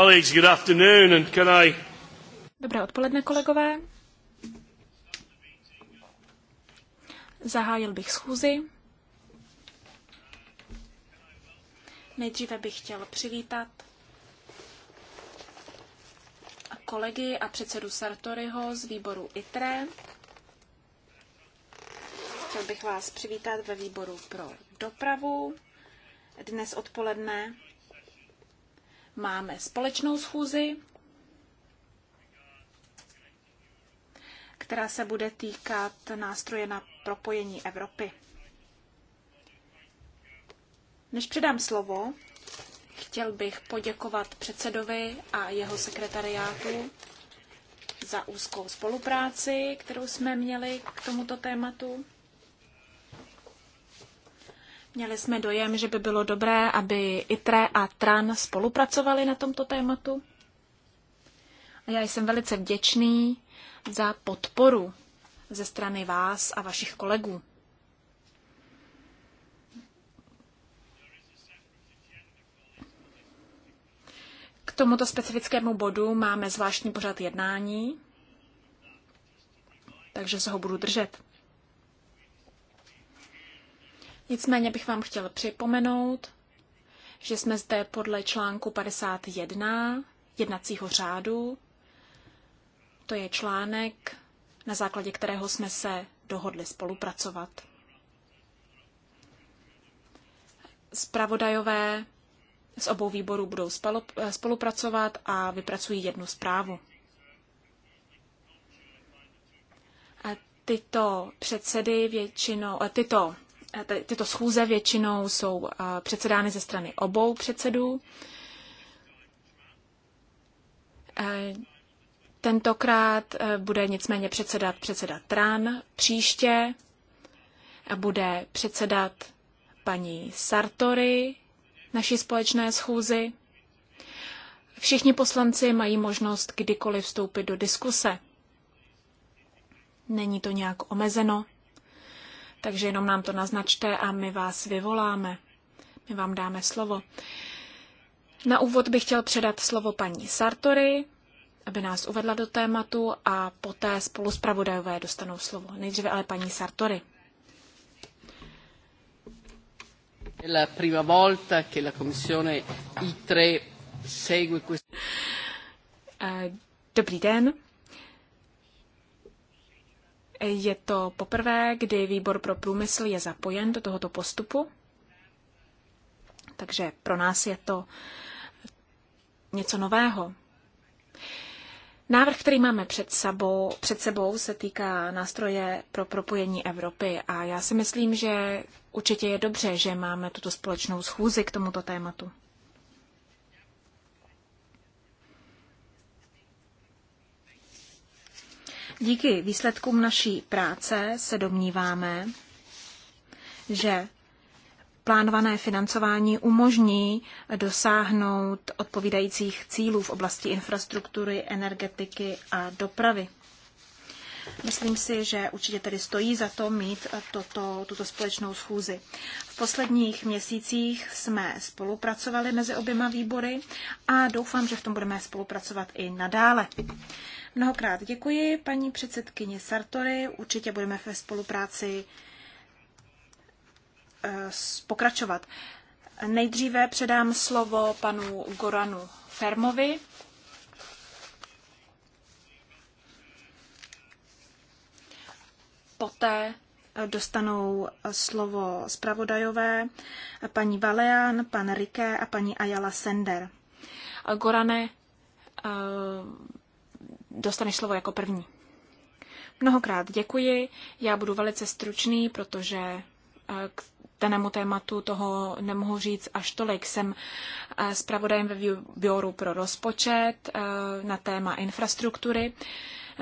Colleagues, good afternoon, and can I... Dobré odpoledne, kolegové. Zahájil bych schůzi. Nejdříve bych chtěl přivítat kolegy a předsedu Sartoriho z výboru ITRE. Chtěl bych vás přivítat ve výboru pro dopravu. Dnes odpoledne Máme společnou schůzi, která se bude týkat nástroje na propojení Evropy. Než předám slovo, chtěl bych poděkovat předsedovi a jeho sekretariátu za úzkou spolupráci, kterou jsme měli k tomuto tématu. Měli jsme dojem, že by bylo dobré, aby ITRE a TRAN spolupracovali na tomto tématu. A já jsem velice vděčný za podporu ze strany vás a vašich kolegů. K tomuto specifickému bodu máme zvláštní pořad jednání, takže se ho budu držet. Nicméně bych vám chtěl připomenout, že jsme zde podle článku 51 jednacího řádu. To je článek, na základě kterého jsme se dohodli spolupracovat. Spravodajové z obou výborů budou eh, spolupracovat a vypracují jednu zprávu. A tyto předsedy většinou, eh, tyto Eh, tyto schůze většinou jsou eh, předsedány ze strany obou předsedů. Eh, tentokrát bude nicméně předsedat předseda Tran, příště bude předsedat paní Sartory naší společné schůzi. Všichni poslanci mají možnost kdykoliv vstoupit do diskuse. Není to nějak omezeno takže jenom nám to naznačte a my vás vyvoláme. My vám dáme slovo. Na úvod bych chtěl předat slovo paní Sartori, aby nás uvedla do tématu a poté spolu pravodajové dostanou slovo. Nejdříve ale paní Sartori. La prima volta che la commissione I3 segue questo. Eh, dobrý den. Je to poprvé, kdy výbor pro průmysl je zapojen do tohoto postupu, takže pro nás je to něco nového. Návrh, který máme před sebou, před sebou, se týká nástroje pro propojení Evropy a já si myslím, že určitě je dobře, že máme tuto společnou schůzi k tomuto tématu. Díky výsledkům naší práce se domníváme, že plánované financování umožní dosáhnout odpovídajících cílů v oblasti infrastruktury, energetiky a dopravy. Myslím si, že určitě tedy stojí za to mít toto, tuto společnou schůzi. V posledních měsících jsme spolupracovali mezi oběma výbory a doufám, že v tom budeme spolupracovat i nadále. Mnohokrát děkuji paní předsedkyni Sartory. Určitě budeme ve spolupráci eh, pokračovat. Nejdříve předám slovo panu Goranu Fermovi. Poté dostanou slovo zpravodajové paní Valean, pan Rike a paní Ayala Sender. Gorane, eh, dostaneš slovo jako první. Mnohokrát děkuji. Já budu velice stručný, protože eh, k danému tématu toho nemohu říct až tolik. Jsem eh, zpravodajem ve výboru pro rozpočet eh, na téma infrastruktury.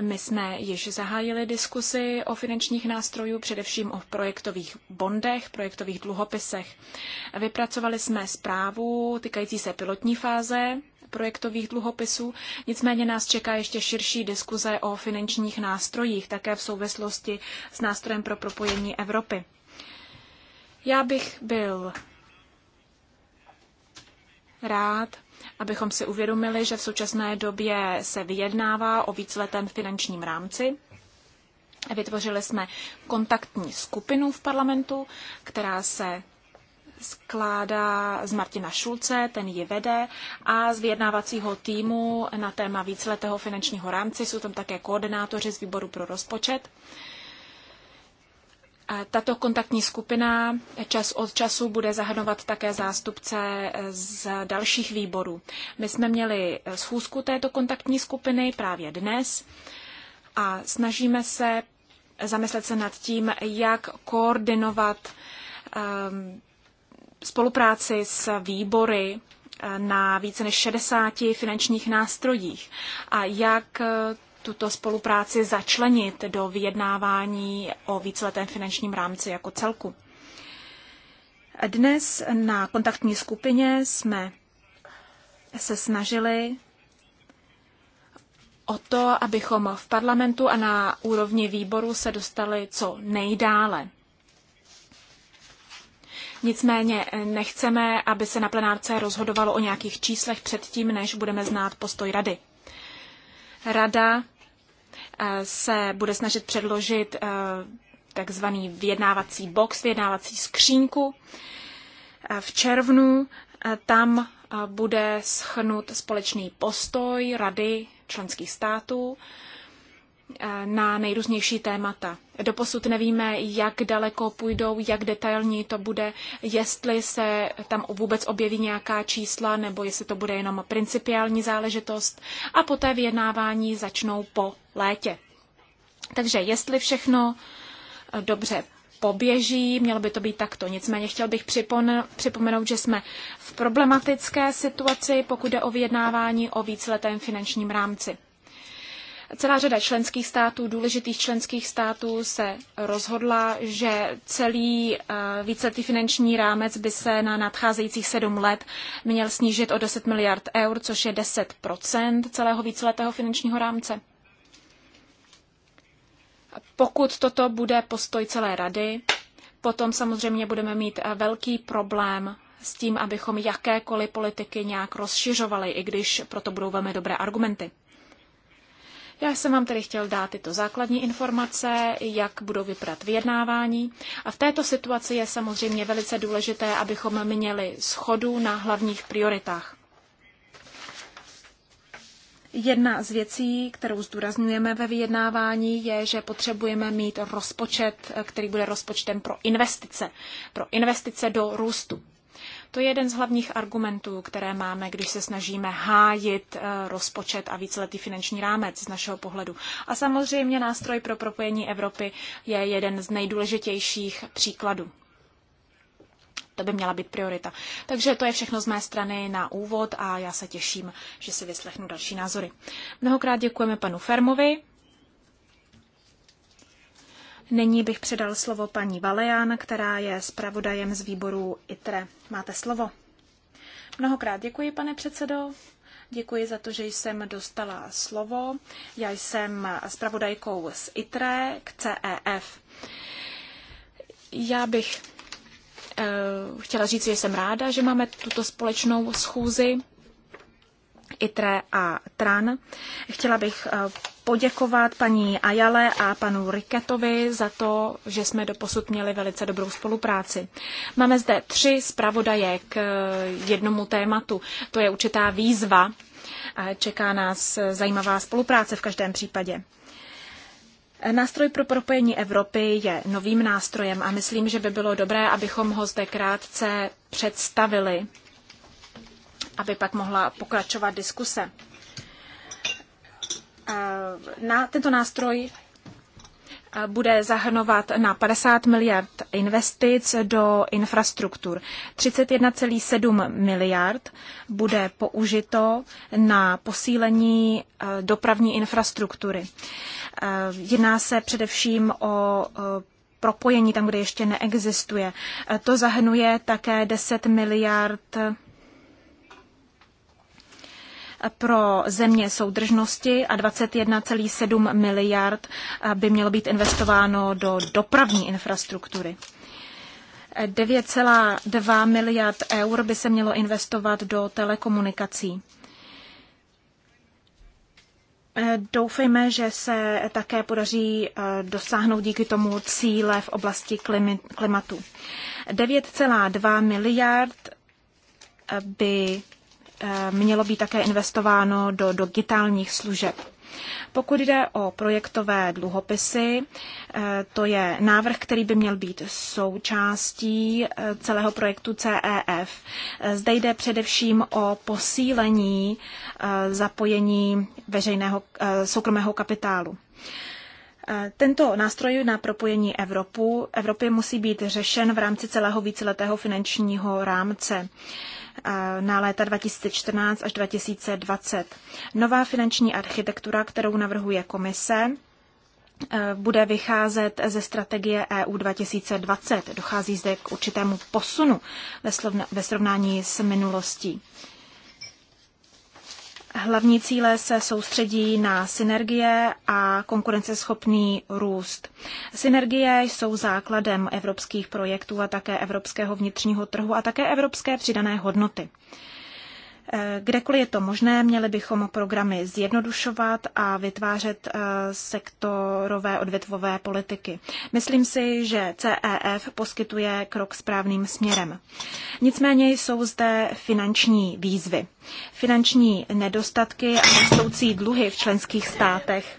My jsme již zahájili diskusy o finančních nástrojů, především o projektových bondech, projektových dluhopisech. Vypracovali jsme zprávu týkající se pilotní fáze projektových dluhopisů. Nicméně nás čeká ještě širší diskuze o finančních nástrojích, také v souvislosti s nástrojem pro propojení Evropy. Já bych byl rád, abychom si uvědomili, že v současné době se vyjednává o víceletém finančním rámci. Vytvořili jsme kontaktní skupinu v parlamentu, která se skládá z Martina Šulce, ten ji vede, a z vyjednávacího týmu na téma víceletého finančního rámce jsou tam také koordinátoři z výboru pro rozpočet. Tato kontaktní skupina čas od času bude zahrnovat také zástupce z dalších výborů. My jsme měli schůzku této kontaktní skupiny právě dnes a snažíme se zamyslet se nad tím, jak koordinovat um, spolupráci s výbory eh, na více než 60 finančních nástrojích a jak eh, tuto spolupráci začlenit do vyjednávání o víceletém finančním rámci jako celku. Dnes na kontaktní skupině jsme se snažili o to, abychom v parlamentu a na úrovni výboru se dostali co nejdále. Nicméně eh, nechceme, aby se na plenárce rozhodovalo o nějakých číslech předtím, než budeme znát postoj rady. Rada eh, se bude snažit předložit eh, takzvaný vyjednávací box, vyjednávací skřínku. V červnu tam bude schnut společný postoj Rady členských států Eh, na nejrůznější témata. Doposud nevíme, jak daleko půjdou, jak detailní to bude, jestli se tam vůbec objeví nějaká čísla, nebo jestli to bude jenom principiální záležitost. A poté vyjednávání začnou po létě. Takže jestli všechno eh, dobře poběží, mělo by to být takto. Nicméně chtěl bych připon, připomenout, že jsme v problematické situaci, pokud jde o vyjednávání o víceletém finančním rámci. Celá řada členských států, důležitých členských států se rozhodla, že celý eh, víceletý finanční rámec by se na nadcházejících sedm let měl snížit o 10 miliard eur, což je 10 celého víceletého finančního rámce. Pokud toto bude postoj celé rady, potom samozřejmě budeme mít eh, velký problém s tím, abychom jakékoliv politiky nějak rozšiřovali, i když proto budou velmi dobré argumenty. Já jsem vám tedy chtěl dát tyto základní informace, jak budou vypadat vyjednávání. A v této situaci je samozřejmě velice důležité, abychom měli schodu na hlavních prioritách. Jedna z věcí, kterou zdůrazňujeme ve vyjednávání, je, že potřebujeme mít rozpočet, který bude rozpočtem pro investice, pro investice do růstu. To je jeden z hlavních argumentů, které máme, když se snažíme hájit eh, rozpočet a víceletý finanční rámec z našeho pohledu. A samozřejmě nástroj pro propojení Evropy je jeden z nejdůležitějších příkladů. To by měla být priorita. Takže to je všechno z mé strany na úvod a já se těším, že si vyslechnu další názory. Mnohokrát děkujeme panu Fermovi. Nyní bych předal slovo paní Valean, která je zpravodajem z výboru ITRE. Máte slovo. Mnohokrát děkuji, pane předsedo. Děkuji za to, že jsem dostala slovo. Já jsem zpravodajkou z ITRE k CEF. Já bych eh, chtěla říct, že jsem ráda, že máme tuto společnou schůzi ITRE a TRAN. Chtěla bych eh, poděkovat paní Ajale a panu Riketovi za to, že jsme do posud měli velice dobrou spolupráci. Máme zde tři zpravodaje k eh, jednomu tématu. To je určitá výzva. Čeká nás eh, zajímavá spolupráce v každém případě. Nástroj pro propojení Evropy je novým nástrojem a myslím, že by bylo dobré, abychom ho zde krátce představili, aby pak mohla pokračovat diskuse. Eh, na tento nástroj eh, bude zahrnovat na 50 miliard investic do infrastruktur. 31,7 miliard bude použito na posílení eh, dopravní infrastruktury. Jedná se především o propojení tam, kde ještě neexistuje. To zahrnuje také 10 miliard pro země soudržnosti a 21,7 miliard eh, by mělo být investováno do dopravní infrastruktury. 9,2 miliard eur by se mělo investovat do telekomunikací. Eh, doufejme, že se také podaří eh, dosáhnout díky tomu cíle v oblasti klimatu. 9,2 miliard by Eh, mělo být také investováno do, digitálních služeb. Pokud jde o projektové dluhopisy, eh, to je návrh, který by měl být součástí eh, celého projektu CEF. Zde jde především o posílení zapojení veřejného soukromého kapitálu. Tento nástroj na propojení Evropu, Evropy musí být řešen v rámci celého víceletého finančního rámce na léta 2014 až 2020. Nová finanční architektura, kterou navrhuje komise, e, bude vycházet ze strategie EU 2020. Dochází zde k určitému posunu ve srovnání s minulostí. Hlavní cíle se soustředí na synergie a konkurenceschopný růst. Synergie jsou základem evropských projektů a také evropského vnitřního trhu a také evropské přidané hodnoty. Eh, kdekoliv je to možné, měli bychom programy zjednodušovat a vytvářet eh, sektorové odvětvové politiky. Myslím si, že CEF poskytuje krok správným směrem. Nicméně jsou zde finanční výzvy. Finanční nedostatky a rostoucí dluhy v členských státech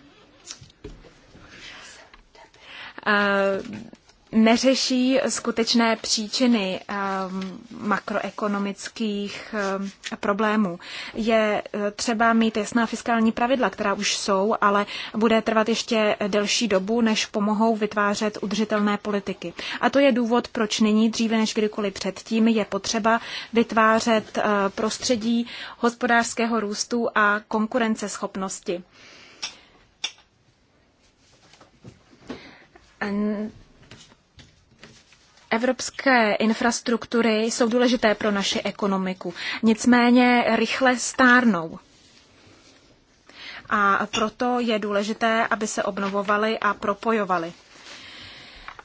eh, neřeší skutečné příčiny ehm, makroekonomických ehm, problémů. Je eh, třeba mít jasná fiskální pravidla, která už jsou, ale bude trvat ještě delší dobu, než pomohou vytvářet udržitelné politiky. A to je důvod, proč nyní, dříve než kdykoliv předtím, je potřeba vytvářet eh, prostředí hospodářského růstu a konkurenceschopnosti Evropské infrastruktury jsou důležité pro naši ekonomiku, nicméně rychle stárnou. A proto je důležité, aby se obnovovaly a propojovaly.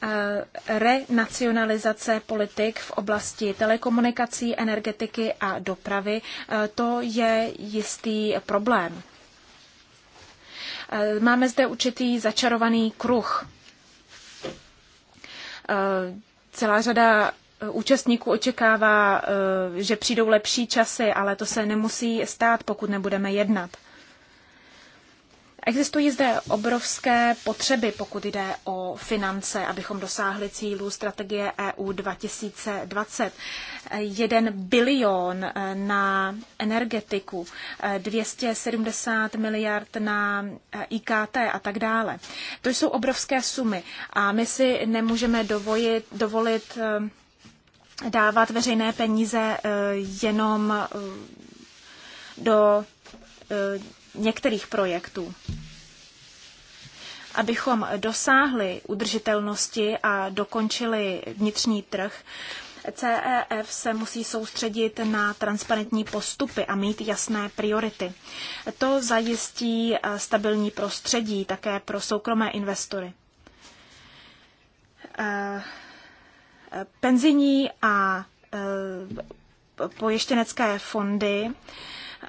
Eh, renacionalizace politik v oblasti telekomunikací, energetiky a dopravy, eh, to je jistý problém. Eh, máme zde určitý začarovaný kruh Celá řada eh, účastníků očekává, eh, že přijdou lepší časy, ale to se nemusí stát, pokud nebudeme jednat. Existují zde obrovské potřeby, pokud jde o finance, abychom dosáhli cílů strategie EU 2020. Jeden bilion eh, na energetiku, 270 eh, miliard na eh, IKT a tak dále. To jsou obrovské sumy a my si nemůžeme dovolit, dovolit dávat veřejné peníze jenom do některých projektů. Abychom dosáhli udržitelnosti a dokončili vnitřní trh, CEF se musí soustředit na transparentní postupy a mít jasné priority. To zajistí eh, stabilní prostředí také pro soukromé investory. Eh, eh, penzijní a pojištěnecké fondy Eh,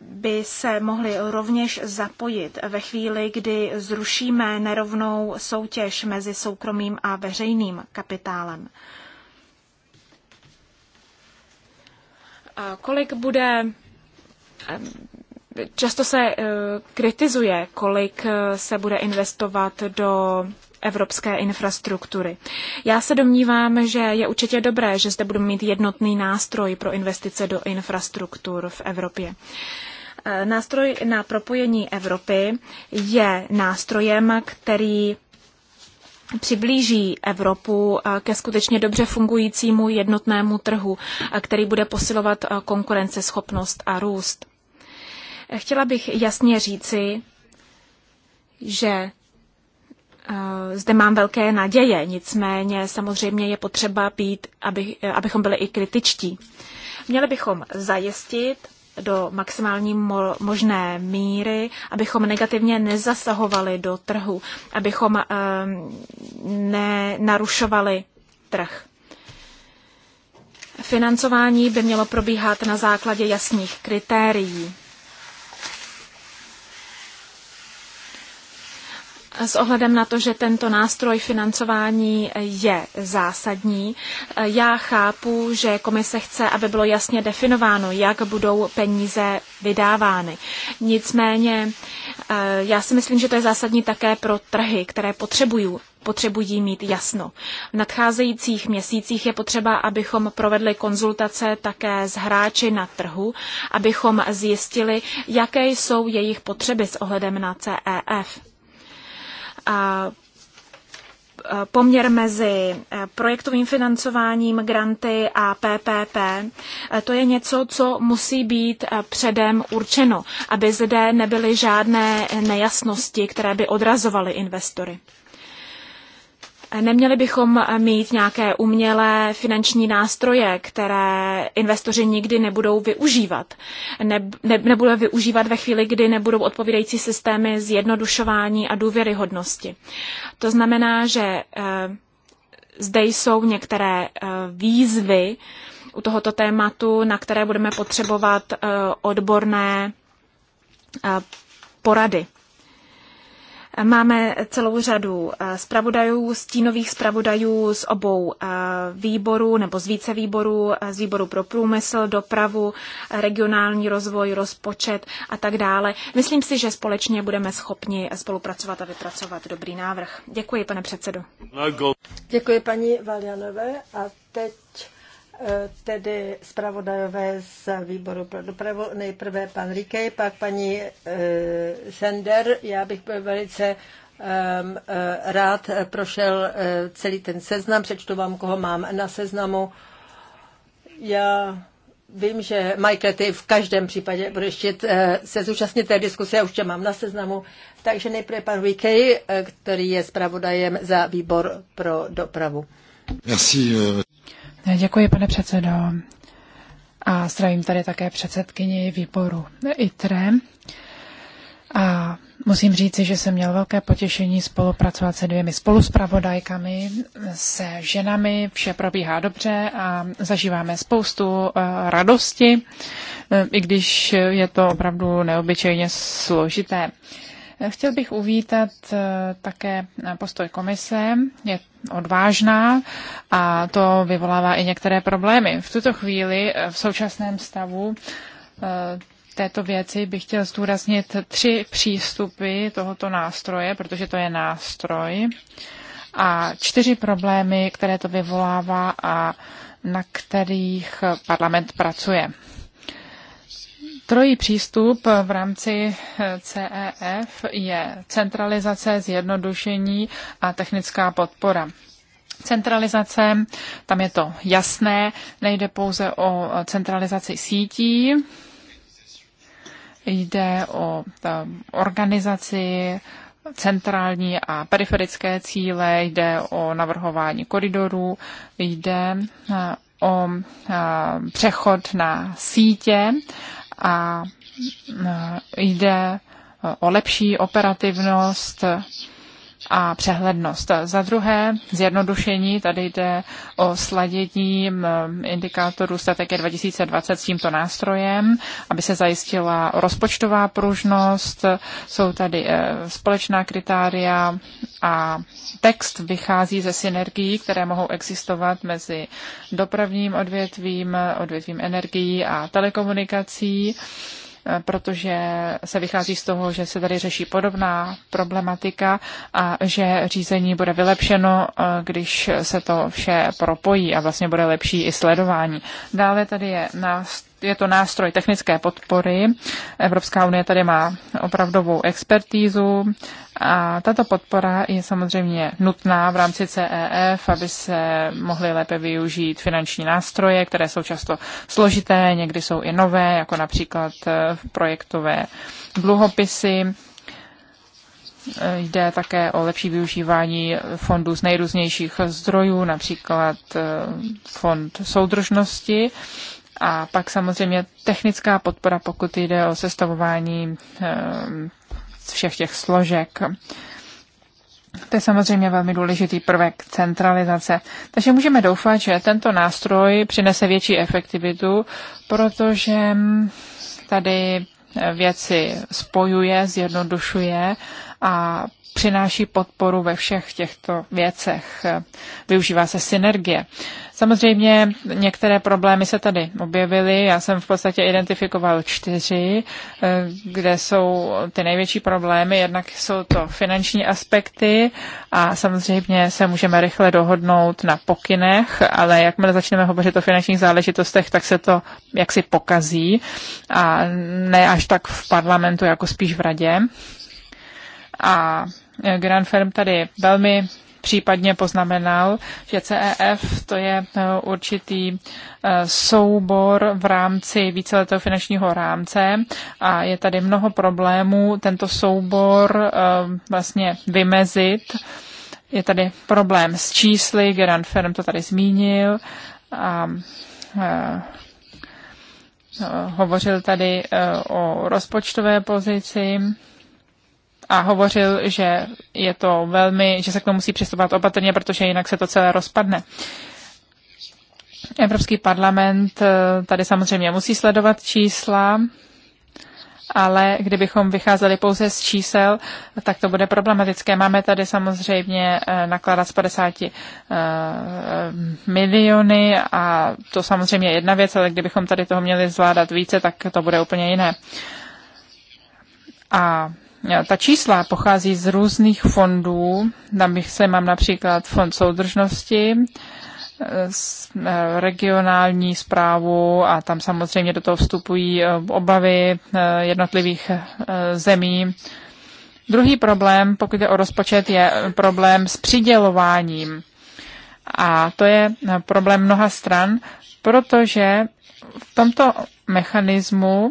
by se mohly rovněž zapojit ve chvíli, kdy zrušíme nerovnou soutěž mezi soukromým a veřejným kapitálem. kolik bude často se eh, kritizuje, kolik eh, se bude investovat do evropské infrastruktury. Já se domnívám, že je určitě dobré, že zde budeme mít jednotný nástroj pro investice do infrastruktur v Evropě. Eh, nástroj na propojení Evropy je nástrojem, který přiblíží Evropu eh, ke skutečně dobře fungujícímu jednotnému trhu, eh, který bude posilovat konkurenceschopnost a růst. Chtěla bych jasně říci, že Eh, zde mám velké naděje, nicméně samozřejmě je potřeba být, aby, eh, abychom byli i kritičtí. Měli bychom zajistit do maximální mo- možné míry, abychom negativně nezasahovali do trhu, abychom um, eh, nenarušovali trh. Financování by mělo probíhat na základě jasných kritérií. s ohledem na to, že tento nástroj financování je zásadní. Já chápu, že komise chce, aby bylo jasně definováno, jak budou peníze vydávány. Nicméně eh, já si myslím, že to je zásadní také pro trhy, které potřebují potřebují mít jasno. V nadcházejících měsících je potřeba, abychom provedli konzultace také s hráči na trhu, abychom zjistili, jaké jsou jejich potřeby s ohledem na CEF poměr mezi e, projektovým financováním, granty a PPP, e, to je něco, co musí být e, předem určeno, aby zde nebyly žádné nejasnosti, které by odrazovaly investory. Neměli bychom mít nějaké umělé finanční nástroje, které investoři nikdy nebudou využívat. Ne, ne, nebudou využívat ve chvíli, kdy nebudou odpovídající systémy zjednodušování a důvěryhodnosti. To znamená, že eh, zde jsou některé eh, výzvy u tohoto tématu, na které budeme potřebovat eh, odborné porady. Máme celou řadu eh, zpravodajů, stínových zpravodajů z obou eh, výborů nebo z více výborů, eh, z výboru pro průmysl, dopravu, regionální rozvoj, rozpočet a tak dále. Myslím si, že společně budeme schopni spolupracovat a vypracovat dobrý návrh. Děkuji, pane předsedo. Děkuji paní Valjanové a teď tedy zpravodajové z výboru pro dopravu. Nejprve pan Rikej, pak paní eh, Sender. Já bych byl velice eh, rád prošel eh, celý ten seznam. Přečtu vám, koho mám na seznamu. Já vím, že Michael, ty v každém případě budeš chtít se zúčastnit té diskuse, já už tě mám na seznamu. Takže nejprve pan Rikej, který je zpravodajem za výbor pro dopravu. Merci. Děkuji, pane předsedo. A zdravím tady také předsedkyni výboru ITRE. A musím říci, že jsem měl velké potěšení spolupracovat se dvěmi spoluspravodajkami, se ženami. Vše probíhá dobře a zažíváme spoustu eh, radosti, eh, i když je to opravdu neobyčejně složité. Chtěl bych uvítat eh, také eh, postoj komise. Je odvážná a to vyvolává i některé problémy. V tuto chvíli, eh, v současném stavu, této věci bych chtěl zdůraznit tři přístupy tohoto nástroje, protože to je nástroj, a čtyři problémy, které to vyvolává a na kterých parlament pracuje. Trojí přístup v rámci eh, CEF je centralizace, zjednodušení a technická podpora centralizace, tam je to jasné, nejde pouze o centralizaci sítí, jde o eh, organizaci centrální a periferické cíle, jde o navrhování koridorů, jde eh, o přechod na sítě a e, jde o lepší operativnost a přehlednost. Za druhé, zjednodušení, tady jde o sladění indikátorů strategie 2020 s tímto nástrojem, aby se zajistila rozpočtová pružnost, jsou tady e, společná kritéria a text vychází ze synergií, které mohou existovat mezi dopravním odvětvím, odvětvím energií a telekomunikací. Eh, protože se vychází z toho, že se tady řeší podobná problematika a že řízení bude vylepšeno, eh, když se to vše propojí a vlastně bude lepší i sledování. Dále tady je nástup je to nástroj technické podpory. Evropská unie tady má opravdovou expertízu a tato podpora je samozřejmě nutná v rámci CEF, aby se mohly lépe využít finanční nástroje, které jsou často složité, někdy jsou i nové, jako například eh, projektové dluhopisy. Eh, jde také o lepší využívání fondů z nejrůznějších zdrojů, například eh, fond soudržnosti. A pak samozřejmě technická podpora, pokud jde o sestavování ehm, všech těch složek. To je samozřejmě velmi důležitý prvek centralizace. Takže můžeme doufat, že tento nástroj přinese větší efektivitu, protože tady věci spojuje, zjednodušuje a přináší podporu ve všech těchto věcech. Využívá se synergie. Samozřejmě některé problémy se tady objevily. Já jsem v podstatě identifikoval čtyři, eh, kde jsou ty největší problémy. Jednak jsou to finanční aspekty a samozřejmě se můžeme rychle dohodnout na pokynech, ale jakmile začneme hovořit o finančních záležitostech, tak se to jaksi pokazí a ne až tak v parlamentu, jako spíš v radě. A eh, Grand Firm tady velmi případně poznamenal, že CEF to je eh, určitý eh, soubor v rámci víceletého finančního rámce a je tady mnoho problémů tento soubor eh, vlastně vymezit. Je tady problém s čísly, Gerard Ferm to tady zmínil a hovořil tady o rozpočtové pozici a hovořil, že je to velmi, že se k tomu musí přistupovat opatrně, protože jinak se to celé rozpadne. Evropský parlament eh, tady samozřejmě musí sledovat čísla, ale kdybychom vycházeli pouze z čísel, tak to bude problematické. Máme tady samozřejmě eh, nakládat z 50 eh, miliony a to samozřejmě je jedna věc, ale kdybychom tady toho měli zvládat více, tak to bude úplně jiné. A ta čísla pochází z různých fondů. Tam bych se mám například fond soudržnosti, eh, regionální zprávu a tam samozřejmě do toho vstupují eh, obavy eh, jednotlivých zemí. Druhý problém, pokud je o rozpočet, je problém s přidělováním. A to je problém mnoha stran, protože v tomto mechanismu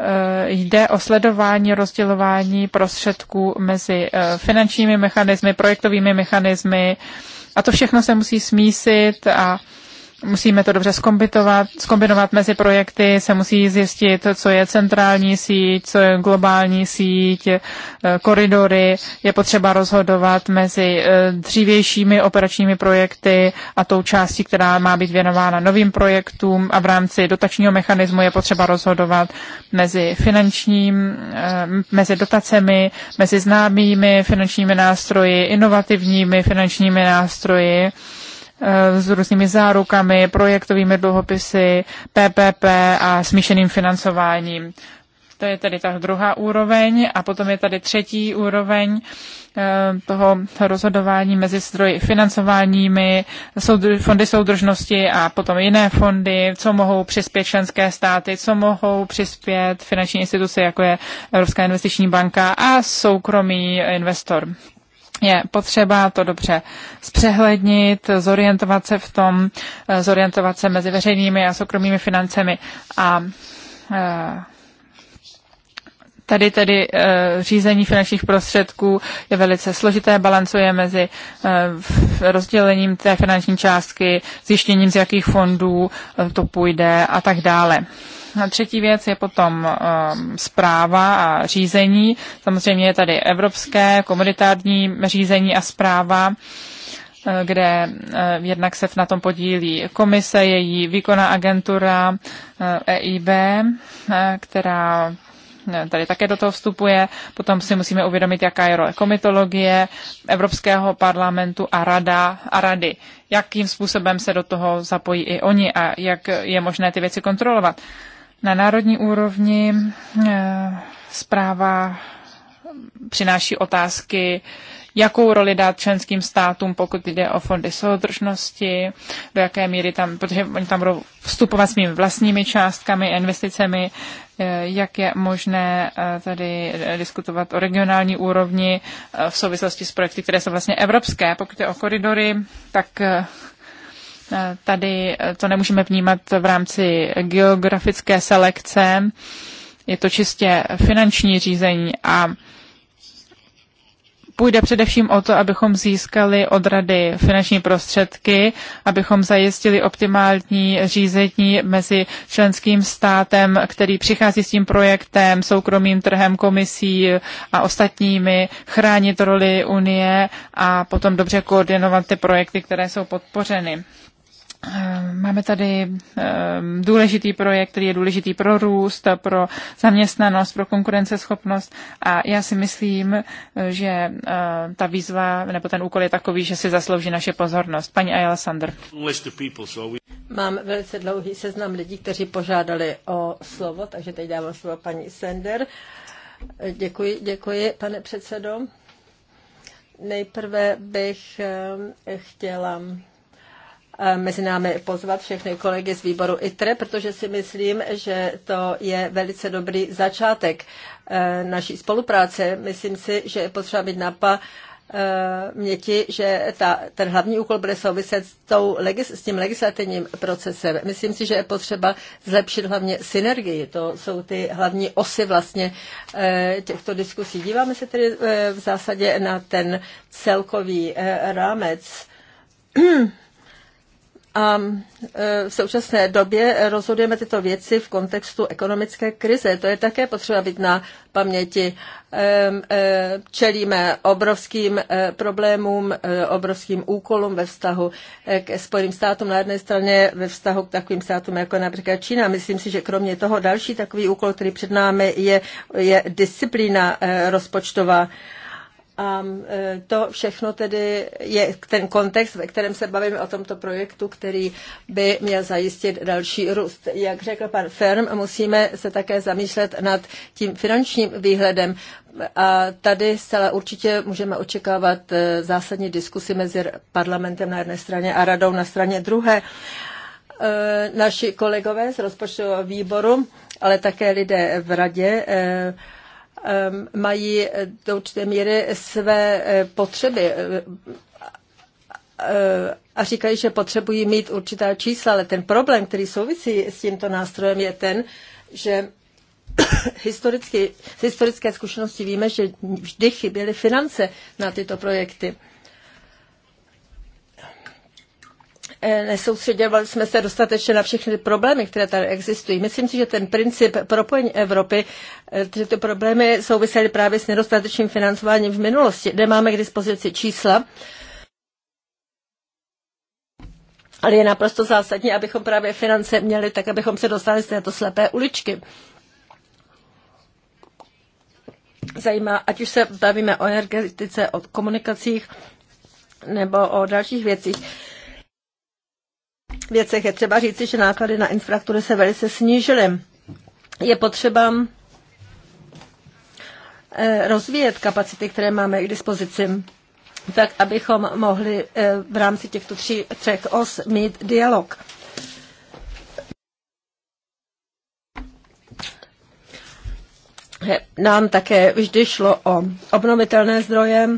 Eh, jde o sledování rozdělování prostředků mezi eh, finančními mechanismy, projektovými mechanismy a to všechno se musí smísit a musíme to dobře zkombinovat, zkombinovat mezi projekty, se musí zjistit, co je centrální síť, co je globální síť, eh, koridory. Je potřeba rozhodovat mezi eh, dřívějšími operačními projekty a tou částí, která má být věnována novým projektům a v rámci dotačního mechanismu je potřeba rozhodovat mezi finančním, eh, mezi dotacemi, mezi známými finančními nástroji, inovativními finančními nástroji Eh, s různými zárukami, projektovými dluhopisy, PPP a smíšeným financováním. To je tedy ta druhá úroveň a potom je tady třetí úroveň eh, toho rozhodování mezi zdroji financováními, fondy soudržnosti a potom jiné fondy, co mohou přispět členské státy, co mohou přispět finanční instituce, jako je Evropská investiční banka a soukromý investor je potřeba to dobře zpřehlednit, zorientovat se v tom, eh, zorientovat se mezi veřejnými a soukromými financemi a eh, Tady tedy eh, řízení finančních prostředků je velice složité, balancuje mezi rozdělením té finanční částky, zjištěním z jakých fondů to půjde a tak dále. Třetí věc je potom um, zpráva a řízení. Samozřejmě je tady evropské komunitární řízení a zpráva eh, kde eh, jednak se na tom podílí komise, její výkonná agentura EIB, eh, e která tady také do toho vstupuje. Potom si musíme uvědomit, jaká je role komitologie Evropského parlamentu a, rada, a rady. Jakým způsobem se do toho zapojí i oni a jak je možné ty věci kontrolovat. Na národní úrovni eh, zpráva přináší otázky, jakou roli dát členským státům, pokud jde o fondy soudržnosti, do jaké míry tam, protože oni tam budou vstupovat mými vlastními částkami, investicemi, eh, jak je možné eh, tady diskutovat o regionální úrovni v souvislosti s projekty, které jsou vlastně evropské. Pokud je o koridory, tak Tady to nemůžeme vnímat v rámci geografické selekce, je to čistě finanční řízení a půjde především o to, abychom získali od rady finanční prostředky, abychom zajistili optimální řízení mezi členským státem, který přichází s tím projektem, soukromým trhem, komisí a ostatními, chránit roli Unie a potom dobře koordinovat ty projekty, které jsou podpořeny. Ehm, máme tady ehm, důležitý projekt, který je důležitý pro růst, pro zaměstnanost, pro konkurenceschopnost a já si myslím, že eh, ta výzva nebo ten úkol je takový, že si zaslouží naše pozornost. Paní Ayala Sander. Mám velice dlouhý seznam lidí, kteří požádali o slovo, takže teď dávám slovo paní Sender. Děkuji, děkuji, pane předsedo. Nejprve bych ehm, chtěla mezi námi pozvat všechny kolegy z výboru ITRE, protože si myslím, že to je velice dobrý začátek e, naší spolupráce. Myslím si, že je potřeba být napa e, měti, že ta, ten hlavní úkol bude souviset s, tou, s tím legislativním procesem. Myslím si, že je potřeba zlepšit hlavně synergii. To jsou ty hlavní osy vlastně e, těchto diskusí. Díváme se tedy v zásadě na ten celkový rámec A e, v současné době rozhodujeme tyto věci v kontextu ekonomické krize. To je také potřeba být na paměti. E, e, čelíme obrovským problémům, obrovským úkolům ve vztahu k Spojeným státům na jedné straně, ve vztahu k takovým státům jako například Čína. Myslím si, že kromě toho další takový úkol, který před námi je, je disciplína rozpočtová. A e, to všechno tedy je ten kontext, ve kterém se bavíme o tomto projektu, který by měl zajistit další růst. Jak řekl pan Ferm, musíme se také zamýšlet nad tím finančním výhledem. A tady zcela určitě můžeme očekávat e, zásadní diskusy mezi parlamentem na jedné straně a radou na straně druhé. E, naši kolegové z rozpočtového výboru, ale také lidé v radě, Ehm, mají do určité míry své eh, potřeby ehm, eh, a říkají, že potřebují mít určitá čísla, ale ten problém, který souvisí s tímto nástrojem, je ten, že historicky, z historické zkušenosti víme, že vždy chyběly finance na tyto projekty. Eh, nesoustředěvali jsme se dostatečně na všechny problémy, které tady existují. Myslím si, že ten princip propojení Evropy, že eh, ty problémy souvisely právě s nedostatečným financováním v minulosti. Nemáme k dispozici čísla, ale je naprosto zásadní, abychom právě finance měli tak, abychom se dostali z této slepé uličky. Zajímá, ať už se bavíme o energetice, o komunikacích nebo o dalších věcích věcech je třeba říci, že náklady na infrastruktury se velice snížily. Je potřeba eh, rozvíjet kapacity, které máme k dispozici, tak abychom mohli eh, v rámci těchto tří, třech os mít dialog. Eh, nám také vždy šlo o obnovitelné zdroje,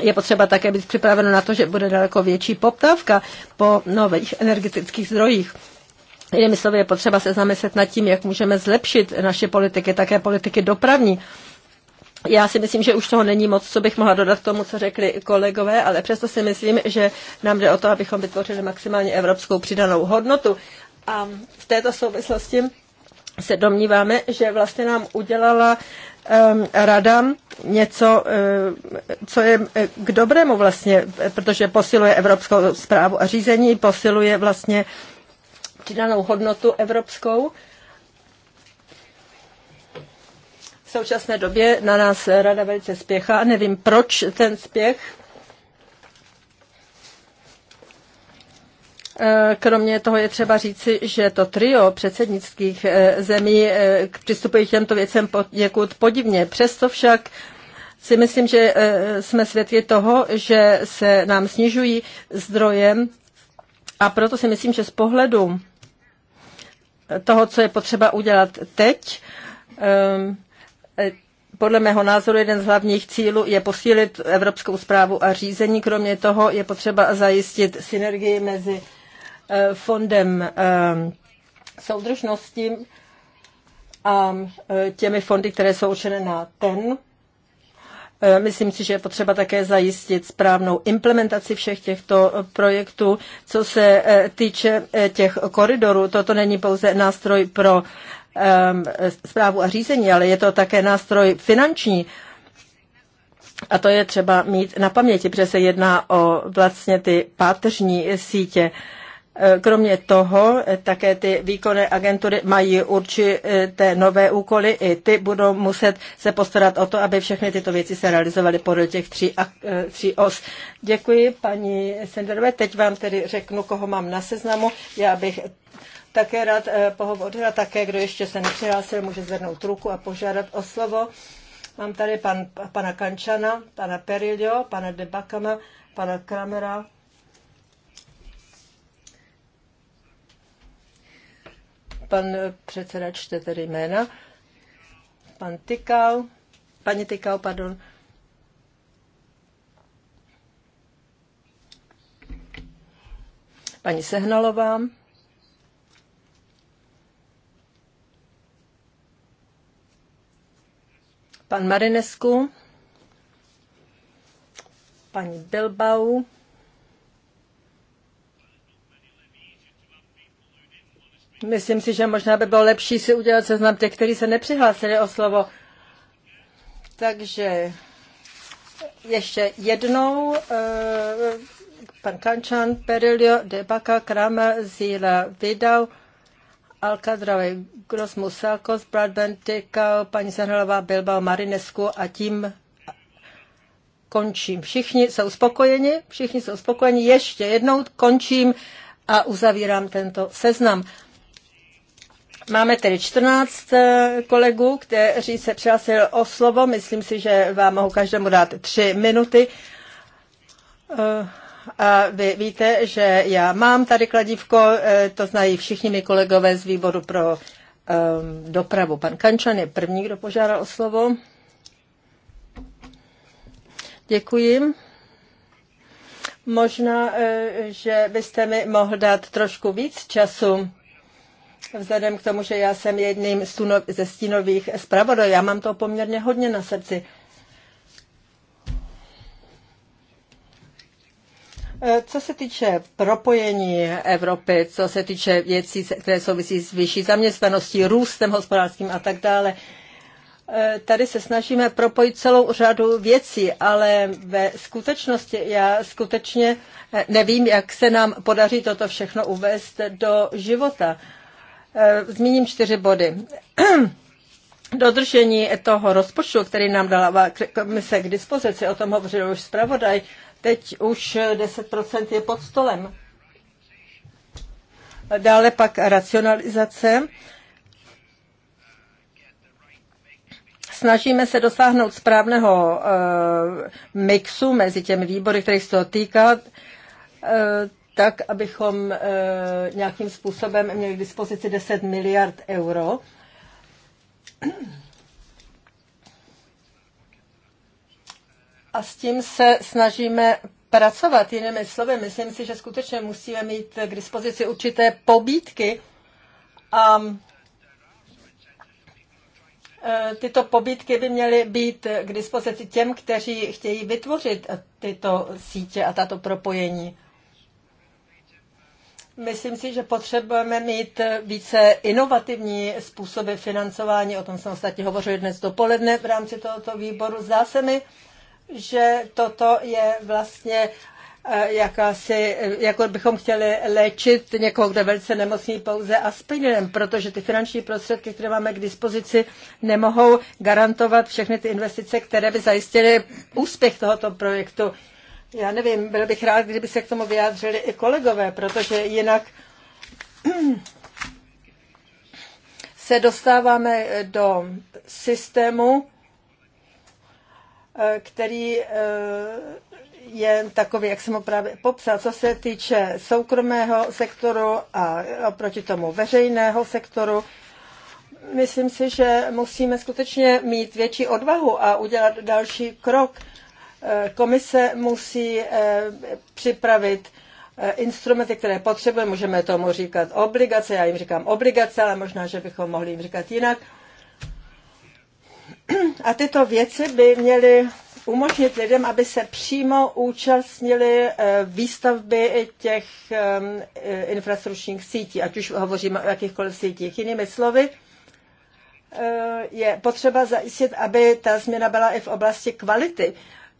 je potřeba také být připraveno na to, že bude daleko větší poptávka po nových energetických zdrojích. Jinými slovy, je potřeba se zamyslet nad tím, jak můžeme zlepšit naše politiky, také politiky dopravní. Já si myslím, že už toho není moc, co bych mohla dodat k tomu, co řekli kolegové, ale přesto si myslím, že nám jde o to, abychom vytvořili maximálně evropskou přidanou hodnotu. A v této souvislosti se domníváme, že vlastně nám udělala um, rada něco, eh, co je eh, k dobrému vlastně, eh, protože posiluje evropskou zprávu a řízení, posiluje vlastně přidanou hodnotu evropskou. V současné době na nás rada velice spěchá. Nevím, proč ten spěch Kromě toho je třeba říci, že to trio předsednických eh, zemí eh, přistupuje k těmto věcem někud podivně. Přesto však si myslím, že eh, jsme svědky toho, že se nám snižují zdroje a proto si myslím, že z pohledu toho, co je potřeba udělat teď, ehm, podle mého názoru jeden z hlavních cílů je posílit evropskou zprávu a řízení. Kromě toho je potřeba zajistit synergii mezi Eh, fondem eh, soudržnosti a eh, těmi fondy, které jsou určené na ten. Myslím si, že je potřeba také zajistit správnou implementaci všech těchto projektů. Co se týče těch koridorů, toto není pouze nástroj pro zprávu a řízení, ale je to také nástroj finanční. A to je třeba mít na paměti, protože se jedná o vlastně ty páteřní sítě. E, kromě toho e, také ty výkonné agentury mají určité nové úkoly, i ty budou muset se postarat o to, aby všechny tyto věci se realizovaly podle těch tří, e, tří os. Děkuji, paní Senderové. Teď vám tedy řeknu, koho mám na seznamu. Já bych také rád pohovořila také, kdo ještě se nepřihlásil, může zvednout ruku a požádat o slovo. Mám tady pan, pana Kančana, pana Perilio, pana Debakama, pana Kramera, Pan předseda čte tedy jména. Pan Tykal, paní Tykal, pardon. Paní Sehnalová. Pan Marinesku. Paní Bilbao. Myslím si, že možná by bylo lepší si udělat seznam těch, kteří se nepřihlásili o slovo. Takže ještě jednou eh, pan Kančan, Perilio, Debaka, Kramer, Zíla, Vidal, Alcadrave, Grosmus, Musalkos, Bradben, Tykal, paní Zahralová, Bilbao, Marinesku a tím končím. Všichni jsou spokojeni, všichni jsou spokojeni. Ještě jednou končím a uzavírám tento seznam. Máme tedy 14 eh, kolegů, kteří se přihlásili o slovo. Myslím si, že vám mohu každému dát tři minuty. Eh, a vy víte, že já mám tady kladívko, eh, to znají všichni mi kolegové z výboru pro dopravu. Pan Kančan je první, kdo požádal o slovo. Děkuji. Možná, že byste mi mohl dát trošku víc času Vzhledem k tomu, že já jsem jedním ze stínových zpravodajů, já mám to poměrně hodně na srdci. Eh, co se týče propojení Evropy, co se týče věcí, které souvisí s vyšší zaměstnaností, růstem hospodářským a tak dále, eh, tady se snažíme propojit celou řadu věcí, ale ve skutečnosti já skutečně eh, nevím, jak se nám podaří toto všechno uvést do života. Eh, zmíním čtyři body. Dodržení toho rozpočtu, který nám dala komise k dispozici, o tom hovořil už zpravodaj, teď už 10% je pod stolem. Dále pak racionalizace. snažíme se dosáhnout správného uh, mixu mezi těmi výbory, kterých se to týká. Uh, tak, abychom eh, nějakým způsobem měli k dispozici 10 miliard euro. A s tím se snažíme pracovat. Jinými slovy, myslím si, že skutečně musíme mít k dispozici určité pobídky a eh, tyto pobídky by měly být k dispozici těm, kteří chtějí vytvořit tyto sítě a tato propojení. Myslím si, že potřebujeme mít více inovativní způsoby financování, o tom jsem ostatně hovořil dnes dopoledne v rámci tohoto výboru. Zdá se mi, že toto je vlastně eh, jakási, eh, jako bychom chtěli léčit někoho, kdo je velice nemocný pouze aspirinem, protože ty finanční prostředky, které máme k dispozici, nemohou garantovat všechny ty investice, které by zajistily úspěch tohoto projektu. Já nevím, byl bych rád, kdyby se k tomu vyjádřili i kolegové, protože jinak se dostáváme do systému, eh, který eh, je takový, jak jsem ho právě popsal, co se týče soukromého sektoru a oproti tomu veřejného sektoru. Myslím si, že musíme skutečně mít větší odvahu a udělat další krok Eh, komise musí eh, připravit eh, instrumenty, které potřebujeme, můžeme tomu říkat obligace, já jim říkám obligace, ale možná, že bychom mohli jim říkat jinak. A tyto věci by měly umožnit lidem, aby se přímo účastnili výstavby těch ehm, infrastrukturních sítí, ať už hovoříme o jakýchkoliv sítích. Jinými slovy, je potřeba zajistit, aby ta změna byla i v oblasti kvality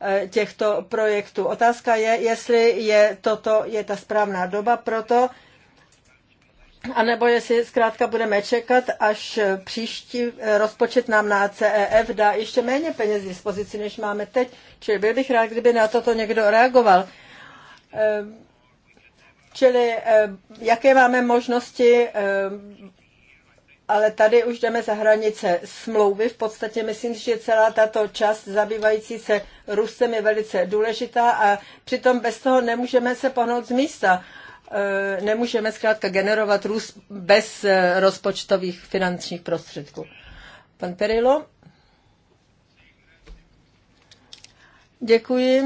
Eh, těchto projektů. Otázka je, jestli je toto je ta správná doba pro to, anebo jestli zkrátka budeme čekat, až příští eh, rozpočet nám na CEF dá ještě méně peněz dispozici, než máme teď. Čili byl bych rád, kdyby na toto někdo reagoval. Eh, čili jaké máme možnosti ale tady už jdeme za hranice smlouvy. V podstatě myslím, že celá tato část zabývající se Rusem je velice důležitá a přitom bez toho nemůžeme se pohnout z místa. E, nemůžeme zkrátka generovat růst bez e, rozpočtových finančních prostředků. Pan Perilo? Děkuji.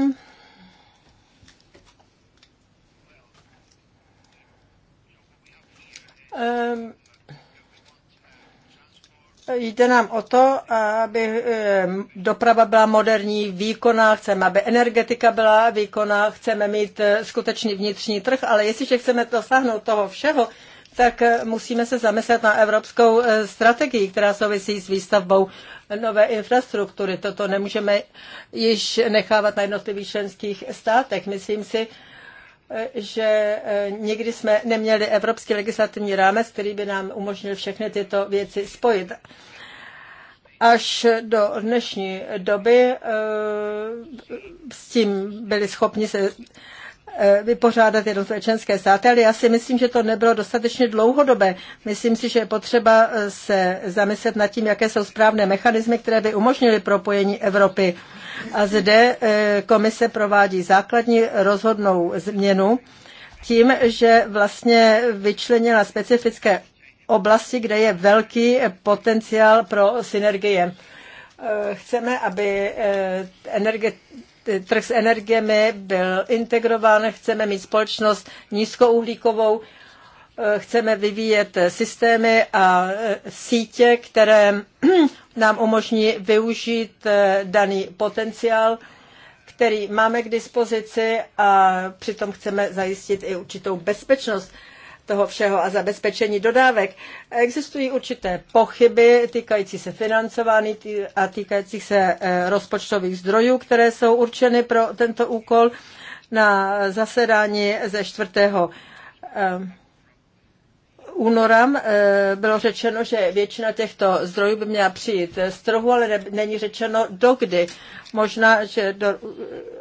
Um, Jde nám o to, aby eh, doprava byla moderní, výkonná, chceme, aby energetika byla výkonná, chceme mít eh, skutečný vnitřní trh, ale jestliže chceme dosáhnout toho všeho, tak eh, musíme se zamyslet na evropskou strategii, která souvisí s výstavbou nové infrastruktury. Toto nemůžeme již nechávat na jednotlivých členských státech. Myslím si, že e, nikdy jsme neměli evropský legislativní rámec, který by nám umožnil všechny tyto věci spojit. Až do dnešní doby e, s tím byli schopni se e, vypořádat jednotlivé členské státy, ale já si myslím, že to nebylo dostatečně dlouhodobé. Myslím si, že je potřeba se zamyslet nad tím, jaké jsou správné mechanismy, které by umožnily propojení Evropy a zde eh, komise provádí základní rozhodnou změnu tím, že vlastně vyčlenila specifické oblasti, kde je velký potenciál pro synergie. Eh, chceme, aby eh, energie, trh s energiemi byl integrován, chceme mít společnost nízkouhlíkovou, chceme vyvíjet systémy a sítě, které nám umožní využít eh, daný potenciál, který máme k dispozici a přitom chceme zajistit i určitou bezpečnost toho všeho a zabezpečení dodávek. Existují určité pochyby týkající se financování a týkající se eh, rozpočtových zdrojů, které jsou určeny pro tento úkol na zasedání ze 4 února eh, bylo řečeno, že většina těchto zdrojů by měla přijít z trhu, ale není řečeno dokdy. Možná, že do, eh,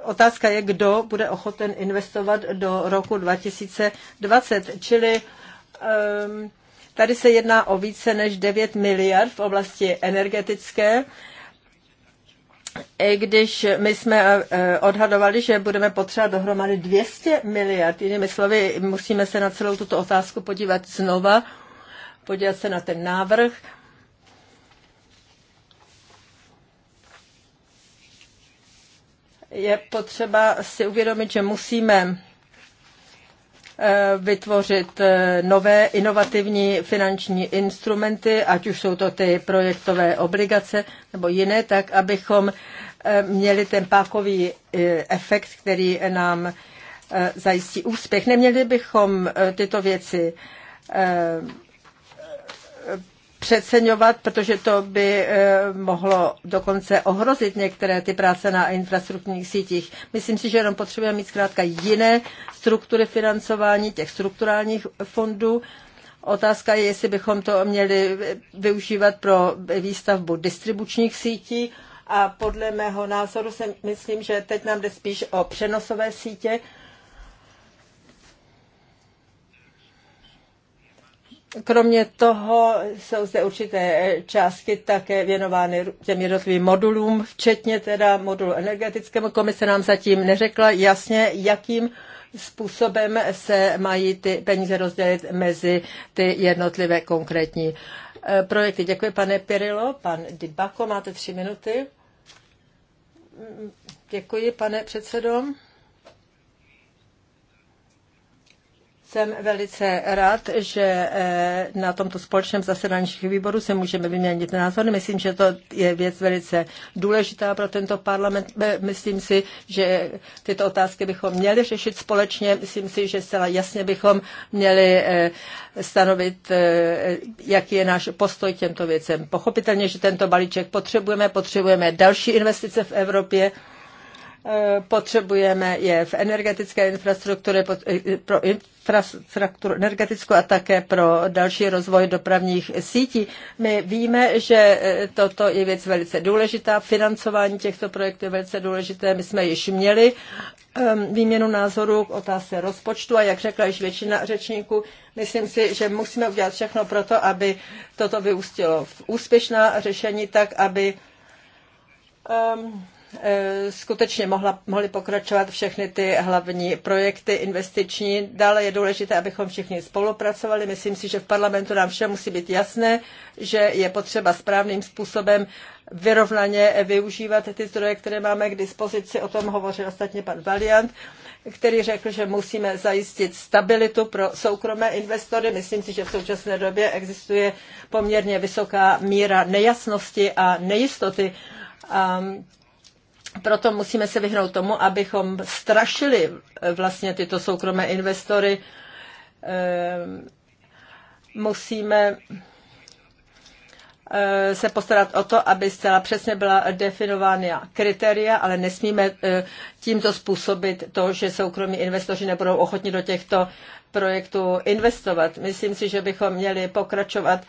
otázka je, kdo bude ochoten investovat do roku 2020, čili ehm, tady se jedná o více než 9 miliard v oblasti energetické když my jsme eh, odhadovali, že budeme potřebovat dohromady 200 miliard, jinými slovy, musíme se na celou tuto otázku podívat znova, podívat se na ten návrh. Je potřeba si uvědomit, že musíme Eh, vytvořit eh, nové inovativní finanční instrumenty, ať už jsou to ty projektové obligace nebo jiné, tak abychom eh, měli ten pákový efekt, který nám zajistí úspěch. Neměli bychom tyto věci přeceňovat, protože to by eh, mohlo dokonce ohrozit některé ty práce na infrastrukturních sítích. Myslím si, že jenom potřebujeme mít zkrátka jiné struktury financování těch strukturálních fondů. Otázka je, jestli bychom to měli využívat pro výstavbu distribučních sítí a podle mého názoru si myslím, že teď nám jde spíš o přenosové sítě, Kromě toho jsou zde určité částky také věnovány těm jednotlivým modulům, včetně teda modulu energetickému. Komise nám zatím neřekla jasně, jakým způsobem se mají ty peníze rozdělit mezi ty jednotlivé konkrétní eh, projekty. Děkuji, pane Pirilo. Pan Dybako, máte tři minuty. Děkuji, pane předsedo. Jsem velice rád, že eh, na tomto společném zasedání výboru se můžeme vyměnit názory. Myslím, že to je věc velice důležitá pro tento parlament. Eh, myslím si, že tyto otázky bychom měli řešit společně. Myslím si, že zcela jasně bychom měli eh, stanovit, jaký je náš postoj k těmto věcem. Pochopitelně, že tento balíček potřebujeme, potřebujeme další investice v Evropě. Eh, potřebujeme je v energetické infrastruktuře, eh, pro infrastrukturu energetickou a také pro další rozvoj dopravních sítí. My víme, že eh, toto je věc velice důležitá, financování těchto projektů je velice důležité. My jsme již měli ehm, výměnu názorů k otázce rozpočtu a jak řekla již většina řečníků, myslím si, že musíme udělat všechno pro to, aby toto vyústilo v úspěšná řešení, tak aby um, E, skutečně mohla, mohly pokračovat všechny ty hlavní projekty investiční. Dále je důležité, abychom všichni spolupracovali. Myslím si, že v parlamentu nám všem musí být jasné, že je potřeba správným způsobem vyrovnaně využívat ty zdroje, které máme k dispozici. O tom hovořil ostatně pan Valiant, který řekl, že musíme zajistit stabilitu pro soukromé investory. Myslím si, že v současné době existuje poměrně vysoká míra nejasnosti a nejistoty. Um, proto musíme se vyhnout tomu, abychom strašili eh, vlastně tyto soukromé investory. Eh, musíme eh, se postarat o to, aby zcela přesně byla definována kritéria, ale nesmíme tímto způsobit to, že soukromí investoři nebudou ochotni do těchto projektů investovat. Myslím si, že bychom měli pokračovat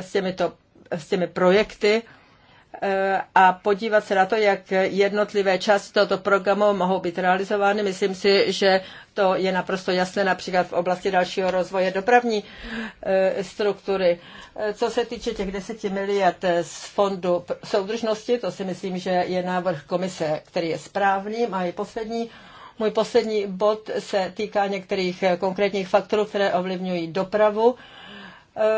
s těmito s těmi projekty, a podívat se na to, jak jednotlivé části tohoto programu mohou být realizovány. Myslím si, že to je naprosto jasné například v oblasti dalšího rozvoje dopravní eh, struktury. Eh, co se týče těch 10 miliard z fondu soudržnosti, to si myslím, že je návrh komise, který je správný a je poslední. Můj poslední bod se týká některých eh, konkrétních faktorů, které ovlivňují dopravu.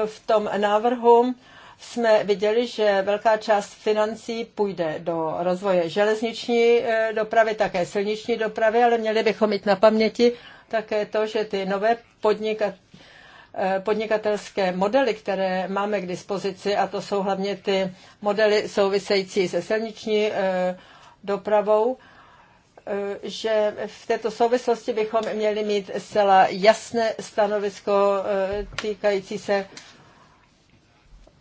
V tom návrhu jsme viděli, že velká část financí půjde do rozvoje železniční eh, dopravy, také silniční dopravy, ale měli bychom mít na paměti také to, že ty nové eh, podnikatelské modely, které máme k dispozici, a to jsou hlavně ty modely související se silniční eh, dopravou, že v této souvislosti bychom měli mít zcela jasné stanovisko týkající se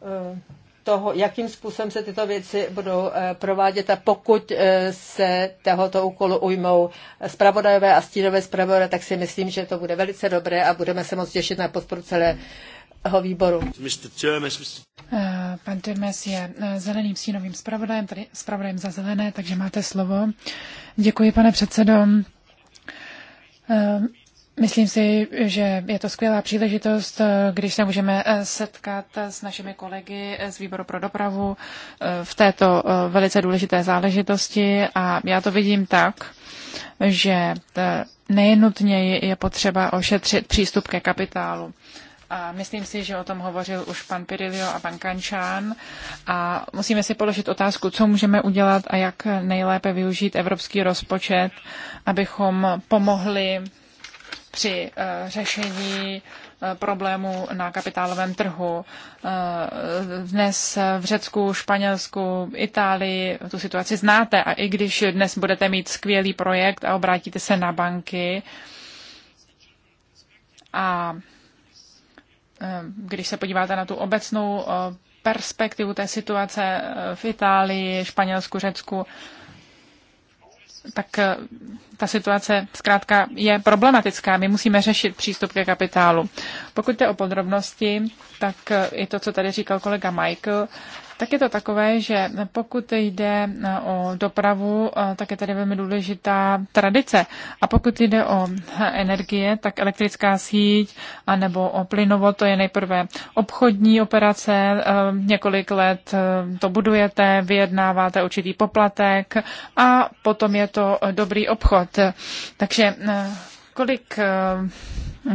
Eh, toho, jakým způsobem se tyto věci budou eh, provádět a pokud eh, se tohoto úkolu ujmou zpravodajové a stínové zpravodajové, tak si myslím, že to bude velice dobré a budeme se moc těšit na podporu celé výboru. Pan Termes je zeleným sínovým zpravodajem, tedy zpravodajem za zelené, takže máte slovo. Děkuji, pane předsedo. Myslím si, že je to skvělá příležitost, eh, když se můžeme eh, setkat eh, s našimi kolegy z výboru pro dopravu v této velice důležité záležitosti a já to vidím tak, že nejnutně je potřeba ošetřit přístup ke kapitálu. A myslím si, že o tom hovořil už pan Pirilio a pan Kančán. A musíme si položit otázku, co můžeme udělat a jak nejlépe využít evropský rozpočet, abychom pomohli při eh, řešení eh, problému na kapitálovém trhu. Eh, dnes v Řecku, Španělsku, Itálii tu situaci znáte a i když dnes budete mít skvělý projekt a obrátíte se na banky a když se podíváte na tu obecnou perspektivu té situace v Itálii, Španělsku, Řecku, tak eh, ta situace zkrátka je problematická. My musíme řešit přístup ke kapitálu. Pokud jde o podrobnosti, tak i eh, to, co tady říkal kolega Michael, tak je to takové, že pokud jde eh, o dopravu, eh, tak je tady velmi důležitá tradice. A pokud jde o eh, energie, tak elektrická síť nebo o plynovo, to je nejprve obchodní operace, několik let to budujete, vyjednáváte určitý poplatek a potom je to dobrý obchod. Takže kolik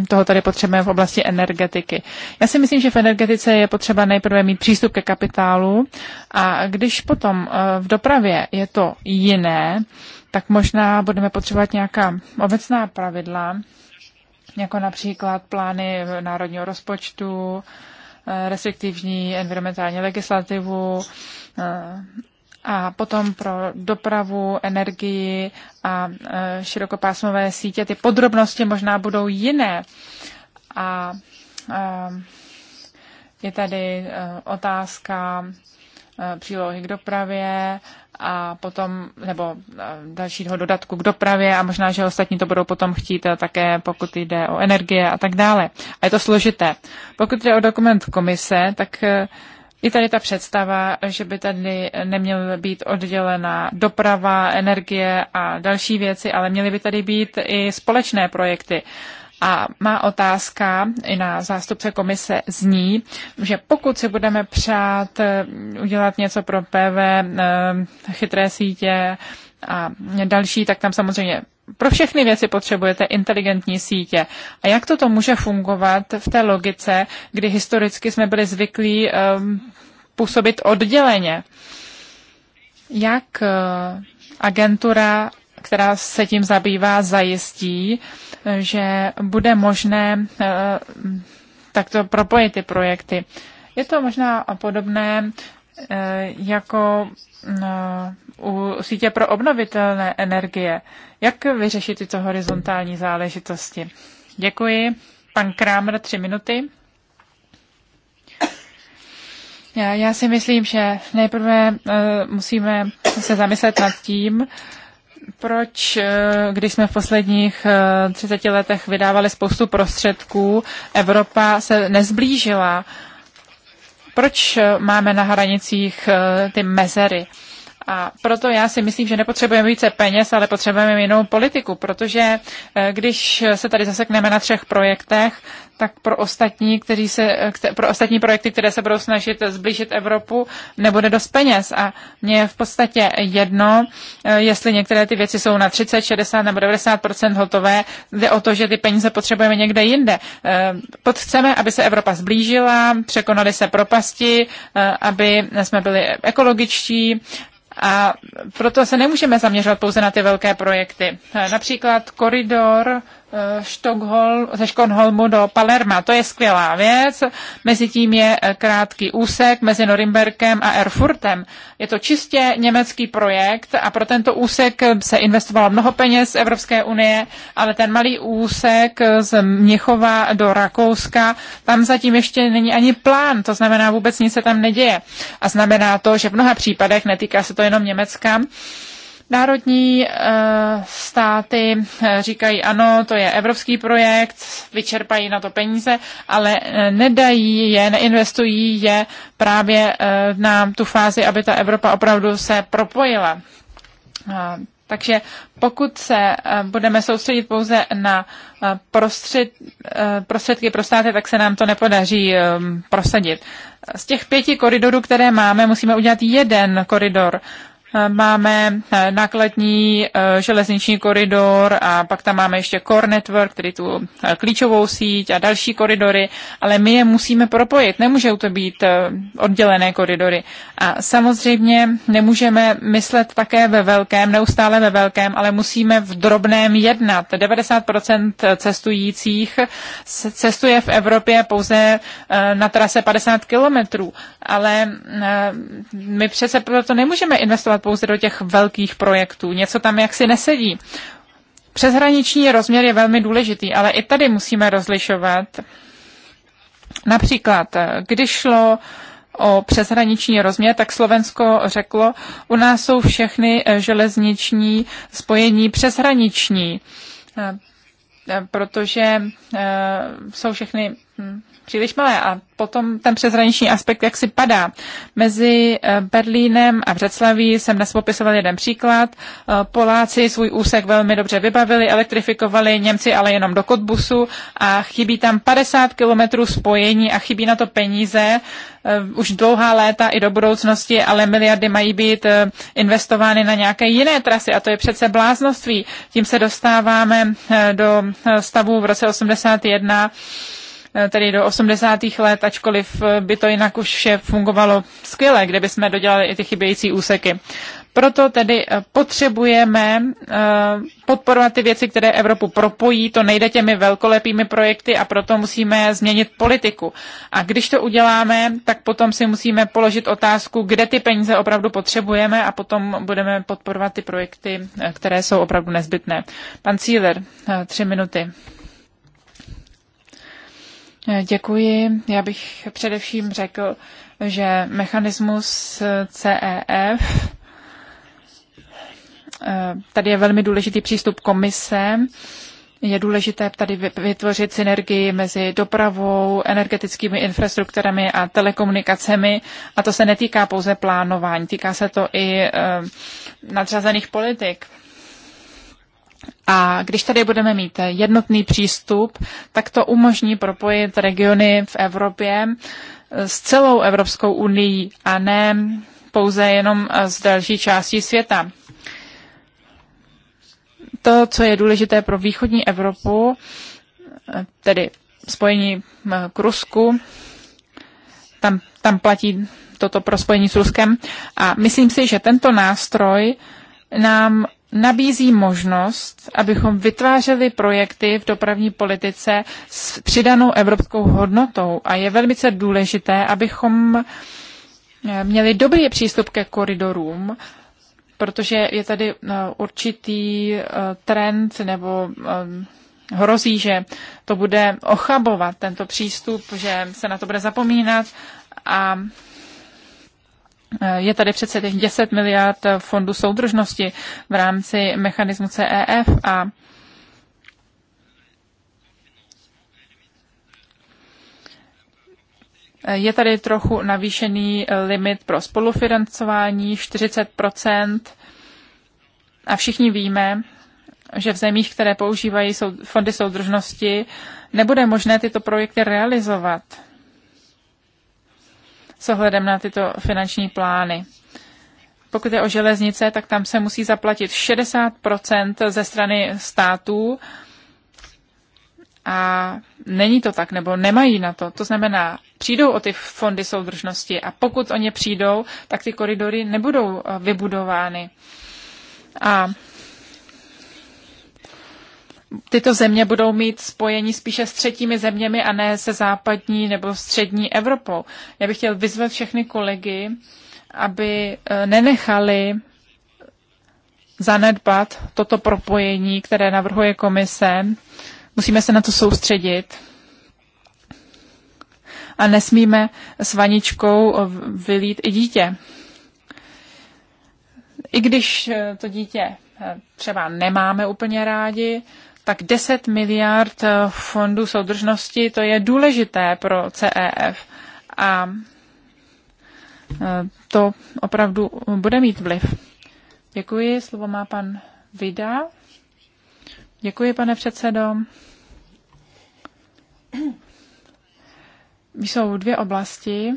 toho tady potřebujeme v oblasti energetiky. Já si myslím, že v energetice je potřeba nejprve mít přístup ke kapitálu a když potom eh, v dopravě je to jiné, tak možná budeme potřebovat nějaká obecná pravidla, jako například plány národního rozpočtu, eh, restriktivní environmentální legislativu eh, a potom pro dopravu, energii a e, širokopásmové sítě. Ty podrobnosti možná budou jiné. A e, je tady e, otázka přílohy k dopravě a potom, nebo dalšího dodatku k dopravě a možná, že ostatní to budou potom chtít také, pokud jde o energie a tak dále. A je to složité. Pokud jde o dokument komise, tak je tady ta představa, že by tady neměla být oddělena doprava, energie a další věci, ale měly by tady být i společné projekty. A má otázka i na zástupce komise zní, že pokud si budeme přát eh, udělat něco pro PV, eh, chytré sítě a další, tak tam samozřejmě pro všechny věci potřebujete inteligentní sítě. A jak toto může fungovat v té logice, kdy historicky jsme byli zvyklí um, působit odděleně? Jak uh, agentura, která se tím zabývá, zajistí, eh, že bude možné uh, takto propojit ty projekty? Je to možná podobné jako u sítě pro obnovitelné energie. Jak vyřešit tyto horizontální záležitosti? Děkuji. Pan Krámer, tři minuty. Já, já si myslím, že nejprve uh, musíme se zamyslet nad tím, proč, eh, když jsme v posledních 30 eh, letech vydávali spoustu prostředků, Evropa se nezblížila uh, proč máme na hranicích eh, ty mezery? A proto já si myslím, že nepotřebujeme více peněz, ale potřebujeme jinou politiku, protože eh, když se tady zasekneme na třech projektech, tak pro ostatní, kteří se, eh, pro ostatní projekty, které se budou snažit zblížit Evropu, nebude dost peněz. A mně je v podstatě jedno, eh, jestli některé ty věci jsou na 30, 60 nebo 90 hotové, jde o to, že ty peníze potřebujeme někde jinde. Podchceme, aby se Evropa zblížila, překonaly se propasti, aby jsme byli ekologičtí, a proto se nemůžeme zaměřovat pouze na ty velké projekty. Například koridor Štokholm, eh, ze Štokholmu do Palerma. To je skvělá věc. Mezitím je eh, krátký úsek mezi Norimberkem a Erfurtem. Je to čistě německý projekt a pro tento úsek eh, se investovalo mnoho peněz z Evropské unie, ale ten malý úsek z Měchova do Rakouska, tam zatím ještě není ani plán, to znamená vůbec nic se tam neděje. A znamená to, že v mnoha případech, netýká se to jenom Německa, Národní eh, státy eh, říkají ano, to je evropský projekt, vyčerpají na to peníze, ale eh, nedají je, neinvestují je právě na tu fázi, aby ta Evropa opravdu se propojila. Takže pokud se budeme soustředit pouze na prostřed, prostředky pro státy, tak se nám to nepodaří prosadit. Z těch pěti koridorů, které máme, musíme udělat jeden koridor máme eh, nákladní eh, železniční koridor a pak tam máme ještě core network, tedy tu eh, klíčovou síť a další koridory, ale my je musíme propojit, nemůžou to být oddělené koridory. A samozřejmě nemůžeme myslet také ve velkém, neustále ve velkém, ale musíme v drobném jednat. 90% cestujících cestuje v Evropě pouze na trase 50 kilometrů, ale my přece proto nemůžeme investovat pouze do těch velkých projektů. Něco tam jaksi nesedí. Přeshraniční rozměr je velmi důležitý, ale i tady musíme rozlišovat. Například, když šlo o přeshraniční rozměr, tak Slovensko řeklo, u nás jsou všechny eh, železniční spojení přeshraniční, eh, eh, protože jsou všechny Hmm, příliš malé. A potom ten přeshraniční aspekt, jak si padá. Mezi eh, Berlínem a Břeclaví jsem nespopisoval popisoval jeden příklad. Eh, Poláci svůj úsek velmi dobře vybavili, elektrifikovali, Němci ale jenom do Kotbusu a chybí tam 50 kilometrů spojení a chybí na to peníze eh, už dlouhá léta i do budoucnosti, ale miliardy mají být investovány na nějaké jiné trasy a to je přece bláznoství. Tím se dostáváme do stavu v roce 81 Eh, tedy do 80. let, ačkoliv eh, by to jinak už vše fungovalo skvěle, kde jsme dodělali i ty chybějící úseky. Proto tedy eh, potřebujeme podporovat ty věci, které Evropu propojí. To nejde těmi velkolepými projekty a proto musíme změnit politiku. A když to uděláme, tak potom si musíme položit otázku, kde ty peníze opravdu potřebujeme a potom budeme podporovat ty projekty, které jsou opravdu nezbytné. Pan Cíler, tři minuty. Děkuji. Já bych především řekl, že mechanismus CEF eh, tady je velmi důležitý přístup komise. Je důležité tady vytvořit synergii mezi dopravou, energetickými infrastrukturami a telekomunikacemi. A to se netýká pouze plánování, týká se to i eh, nadřazených politik. A když tady budeme mít jednotný přístup, tak to umožní propojit regiony v Evropě eh, s celou Evropskou unii a ne pouze jenom eh, z další části světa. To, co je důležité pro východní Evropu, eh, tedy spojení k Rusku, tam, tam platí toto pro spojení s Ruskem. A myslím si, že tento nástroj nám nabízí možnost, abychom vytvářeli projekty v dopravní politice s přidanou evropskou hodnotou a je velmi důležité, abychom eh, měli dobrý přístup ke koridorům, protože je tady eh, určitý eh, trend nebo hrozí, že to bude ochabovat tento přístup, že se na to bude zapomínat a Eh, je tady přece těch 10 miliard eh, fondů soudržnosti v rámci mechanismu CEF a eh, Je tady trochu navýšený limit pro spolufinancování 40 a všichni víme, že v zemích, které používají fondy soudržnosti, nebude možné tyto projekty realizovat s ohledem na tyto finanční plány. Pokud je o železnice, tak tam se musí zaplatit 60% ze strany států a není to tak, nebo nemají na to. To znamená, přijdou o ty fondy soudržnosti a pokud o ně přijdou, tak ty koridory nebudou eh, vybudovány. A tyto země budou mít spojení spíše s třetími zeměmi a ne se západní nebo střední Evropou. Já bych chtěl vyzvat všechny kolegy, aby eh, nenechali zanedbat toto propojení, které navrhuje komise. Musíme se na to soustředit a nesmíme s vaničkou eh, vylít i dítě. I když eh, to dítě třeba nemáme úplně rádi, tak 10 miliard eh, fondů soudržnosti, to je důležité pro CEF. A eh, to opravdu bude mít vliv. Děkuji, slovo má pan Vida. Děkuji, pane předsedo. Jsou dvě oblasti,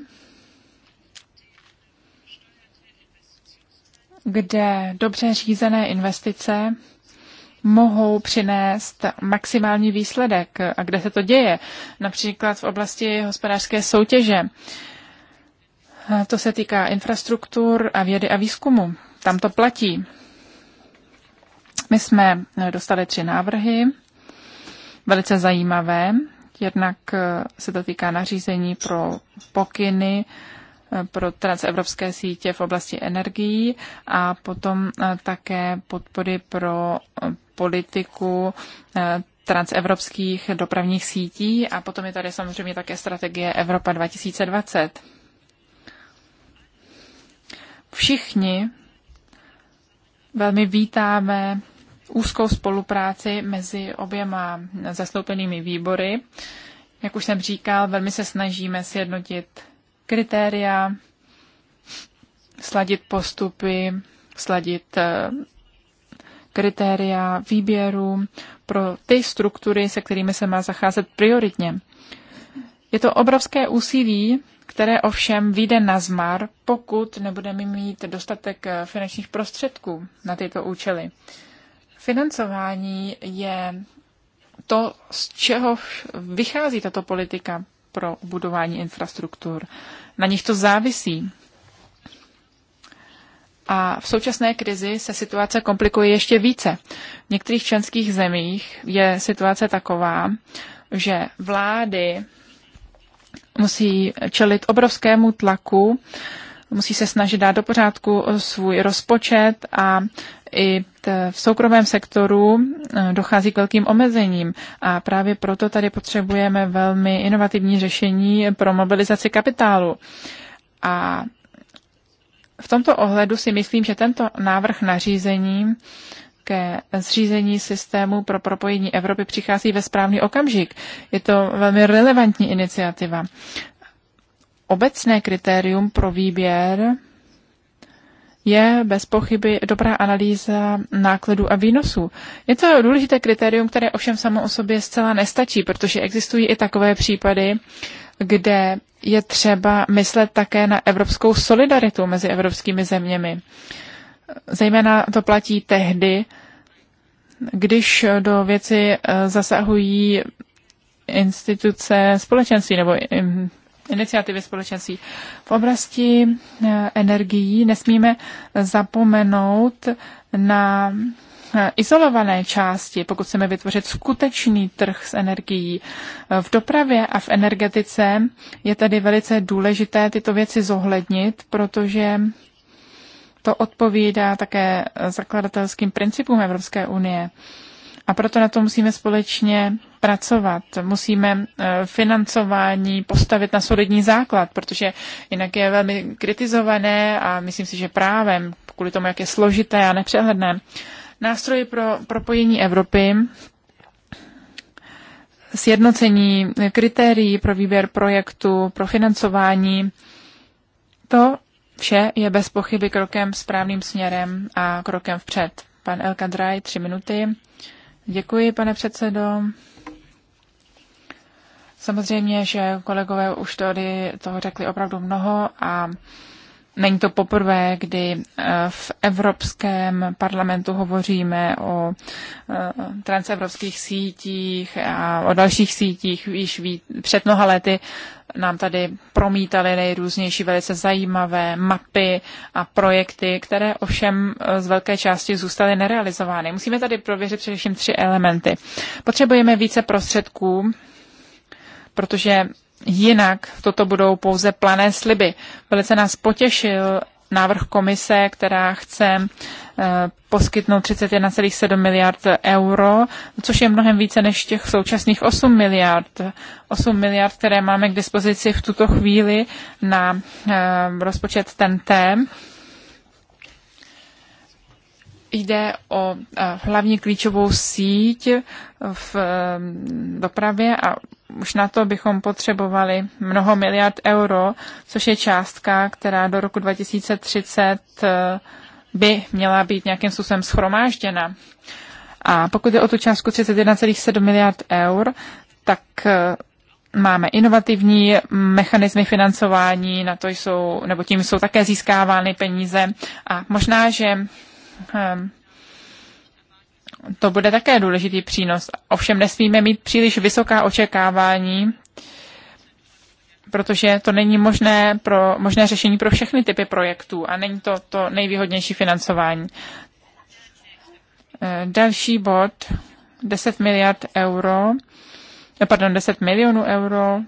kde dobře řízené investice mohou přinést maximální výsledek a kde se to děje, například v oblasti hospodářské soutěže. To se týká infrastruktur a vědy a výzkumu. Tam to platí. My jsme dostali tři návrhy, velice zajímavé. Jednak se to týká nařízení pro pokyny pro transevropské sítě v oblasti energií a potom eh, také podpory pro eh, politiku eh, transevropských dopravních sítí a potom je tady samozřejmě také strategie Evropa 2020. Všichni velmi vítáme úzkou spolupráci mezi oběma zastoupenými výbory. Jak už jsem říkal, velmi se snažíme sjednotit kritéria, sladit postupy, sladit eh, kritéria výběru pro ty struktury, se kterými se má zacházet prioritně. Je to obrovské úsilí, které ovšem vyjde na zmar, pokud nebudeme mít dostatek eh, finančních prostředků na tyto účely. Financování je to, z čeho vychází tato politika pro budování infrastruktur. Na nich to závisí. A v současné krizi se situace komplikuje ještě více. V některých členských zemích je situace taková, že vlády musí čelit obrovskému tlaku musí se snažit dát do pořádku eh, svůj rozpočet a i v soukromém sektoru eh, dochází k velkým omezením a právě proto tady potřebujeme velmi inovativní řešení pro mobilizaci kapitálu. A v tomto ohledu si myslím, že tento návrh nařízení ke zřízení systému pro propojení Evropy přichází ve správný okamžik. Je to velmi relevantní iniciativa obecné kritérium pro výběr je bez pochyby dobrá analýza nákladů a výnosů. Je to důležité kritérium, které ovšem samo o sobě zcela nestačí, protože existují i takové případy, kde je třeba myslet také na evropskou solidaritu mezi evropskými zeměmi. Zejména to platí tehdy, když do věci eh, zasahují instituce společenství nebo iniciativy společenství. V oblasti eh, energií nesmíme zapomenout na eh, izolované části, pokud chceme vytvořit skutečný trh s energií. Eh, v dopravě a v energetice je tedy velice důležité tyto věci zohlednit, protože to odpovídá také zakladatelským principům Evropské unie a proto na to musíme společně pracovat. Musíme eh, financování postavit na solidní základ, protože jinak je velmi kritizované a myslím si, že právem, kvůli tomu, jak je složité a nepřehledné. nástroje pro propojení Evropy, sjednocení kritérií pro výběr projektu, pro financování, to vše je bez pochyby krokem správným směrem a krokem vpřed. Pan Elkadraj, tři minuty. Děkuji, pane předsedo. Samozřejmě, že kolegové už tady toho řekli opravdu mnoho a Není to poprvé, kdy eh, v Evropském parlamentu hovoříme o eh, transevropských sítích a o dalších sítích. Již před mnoha lety nám tady promítali nejrůznější velice zajímavé mapy a projekty, které ovšem eh, z velké části zůstaly nerealizovány. Musíme tady prověřit především tři elementy. Potřebujeme více prostředků, protože jinak toto budou pouze plané sliby. Velice nás potěšil návrh komise, která chce eh, poskytnout 31,7 miliard euro, což je mnohem více než těch současných 8 miliard. 8 miliard, které máme k dispozici v tuto chvíli na eh, rozpočet TNT jde o eh, hlavně klíčovou síť eh, v eh, dopravě a už na to bychom potřebovali mnoho miliard euro, což je částka, která do roku 2030 by měla být nějakým způsobem schromážděna. A pokud je o tu částku 31,7 miliard eur, tak máme inovativní mechanismy financování, na to jsou, nebo tím jsou také získávány peníze. A možná, že Ehm, to bude také důležitý přínos. Ovšem nesmíme mít příliš vysoká očekávání, protože to není možné, pro, možné řešení pro všechny typy projektů a není to to nejvýhodnější financování. Ehm, další bod, 10 miliard euro, eh, pardon, 10 milionů euro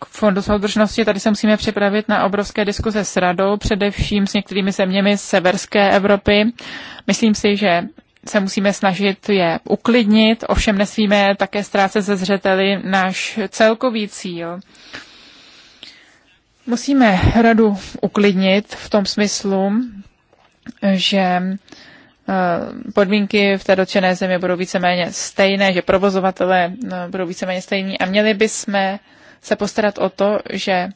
k fondu soudržnosti, tady se musíme připravit na obrovské diskuze s radou, především s některými zeměmi z severské Evropy. Myslím si, že se musíme snažit je uklidnit, ovšem nesmíme také ztrácet ze zřeteli náš celkový cíl. Musíme radu uklidnit v tom smyslu, že eh, podmínky v té dotčené zemi budou víceméně stejné, že provozovatelé eh, budou víceméně stejní a měli bychom se postarat o to, že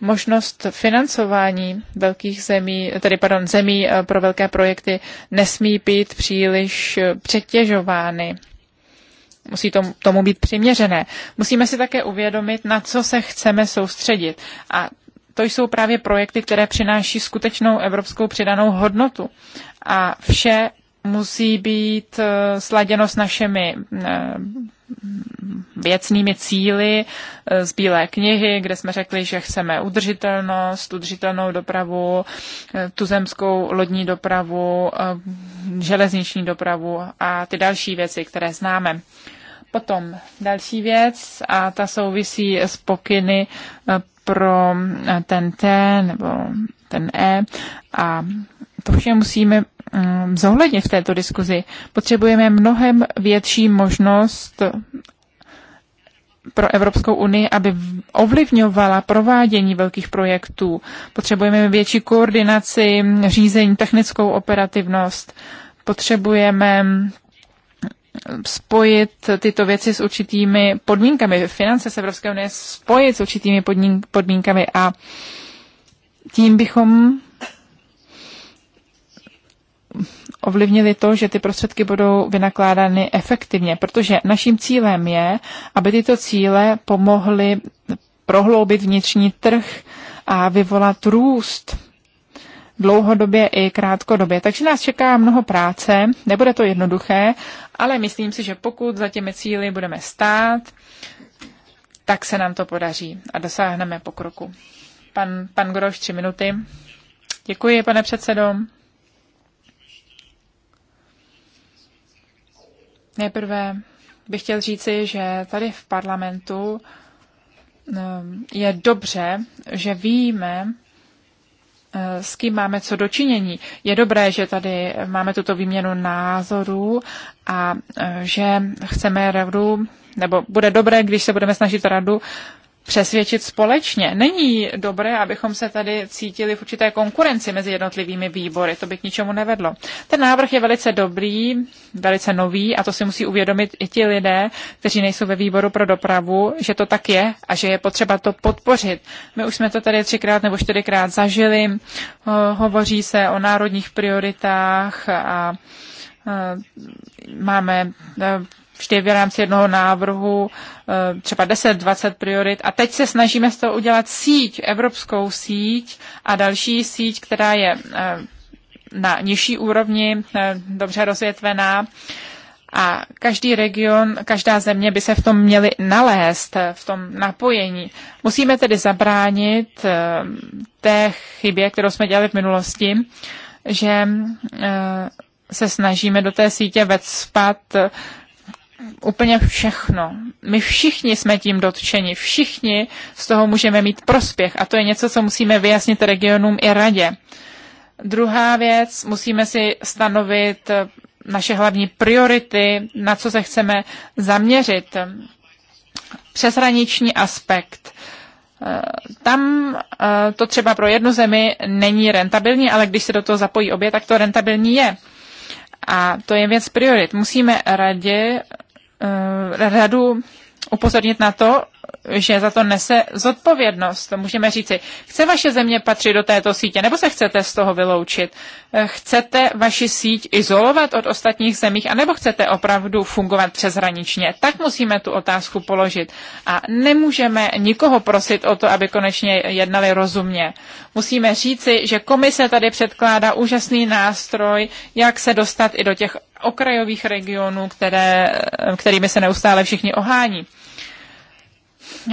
možnost financování velkých zemí, tedy pardon, zemí eh, pro velké projekty nesmí být příliš eh, přetěžovány. Musí tomu, tomu být přiměřené. Musíme si také uvědomit, na co se chceme soustředit. A to jsou právě projekty, které přináší skutečnou evropskou přidanou hodnotu. A vše musí být eh, sladěno s našimi eh, věcnými cíly eh, z Bílé knihy, kde jsme řekli, že chceme udržitelnost, udržitelnou dopravu, tuzemskou lodní dopravu, železniční dopravu a ty další věci, které známe. Potom další věc a ta souvisí s pokyny pro ten T nebo ten E a to vše musíme Mm, zohlednit v této diskuzi. Potřebujeme mnohem větší možnost pro Evropskou unii, aby ovlivňovala provádění velkých projektů. Potřebujeme větší koordinaci, řízení, technickou operativnost. Potřebujeme spojit tyto věci s určitými podmínkami. Finance z Evropské unie spojit s určitými podmínkami a tím bychom ovlivnili to, že ty prostředky budou vynakládány efektivně, protože naším cílem je, aby tyto cíle pomohly prohloubit vnitřní trh a vyvolat růst dlouhodobě i krátkodobě. Takže nás čeká mnoho práce, nebude to jednoduché, ale myslím si, že pokud za těmi cíly budeme stát, tak se nám to podaří a dosáhneme pokroku. Pan, pan Groš, tři minuty. Děkuji, pane předsedo. Nejprve bych chtěl říci, že tady v parlamentu ehm, je dobře, že víme, eh, s kým máme co dočinění. Je dobré, že tady máme tuto výměnu názorů a eh, že chceme radu, nebo bude dobré, když se budeme snažit radu přesvědčit společně. Není dobré, abychom se tady cítili v určité konkurenci mezi jednotlivými výbory, to by k ničemu nevedlo. Ten návrh je velice dobrý, velice nový a to si musí uvědomit i ti lidé, kteří nejsou ve výboru pro dopravu, že to tak je a že je potřeba to podpořit. My už jsme to tady třikrát nebo čtyřikrát zažili, hovoří se o národních prioritách a máme vždy v rámci jednoho návrhu eh, třeba 10-20 priorit a teď se snažíme z toho udělat síť, evropskou síť a další síť, která je eh, na nižší úrovni, eh, dobře rozvětvená. A každý region, každá země by se v tom měly nalézt, v tom napojení. Musíme tedy zabránit té chybě, kterou jsme dělali v minulosti, že se snažíme do té sítě vecpat úplně všechno. My všichni jsme tím dotčeni, všichni z toho můžeme mít prospěch a to je něco, co musíme vyjasnit regionům i radě. Druhá věc, musíme si stanovit eh, naše hlavní priority, na co se chceme zaměřit. Přeshraniční aspekt. Eh, tam eh, to třeba pro jednu zemi není rentabilní, ale když se do toho zapojí obě, tak to rentabilní je. A to je věc priorit. Musíme radě Eh, radu upozornit na to, že za to nese zodpovědnost. Můžeme říci, chce vaše země patřit do této sítě, nebo se chcete z toho vyloučit? Eh, chcete vaši síť izolovat od ostatních zemích, anebo chcete opravdu fungovat přeshraničně? Tak musíme tu otázku položit. A nemůžeme nikoho prosit o to, aby konečně jednali rozumně. Musíme říci, že komise tady předkládá úžasný nástroj, jak se dostat i do těch okrajových regionů, které, kterými se neustále všichni ohání.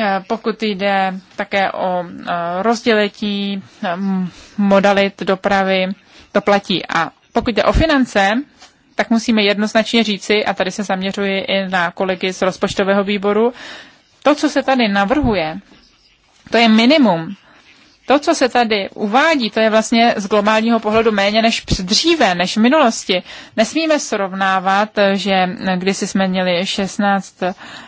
Eh, pokud jde také o eh, rozdělení eh, modalit dopravy, to platí. A pokud jde o finance, tak musíme jednoznačně říci, a tady se zaměřuji i na kolegy z rozpočtového výboru, to, co se tady navrhuje, to je minimum to, co se tady uvádí, to je vlastně z globálního pohledu méně než předříve, než v minulosti. Nesmíme srovnávat, že když jsme měli 16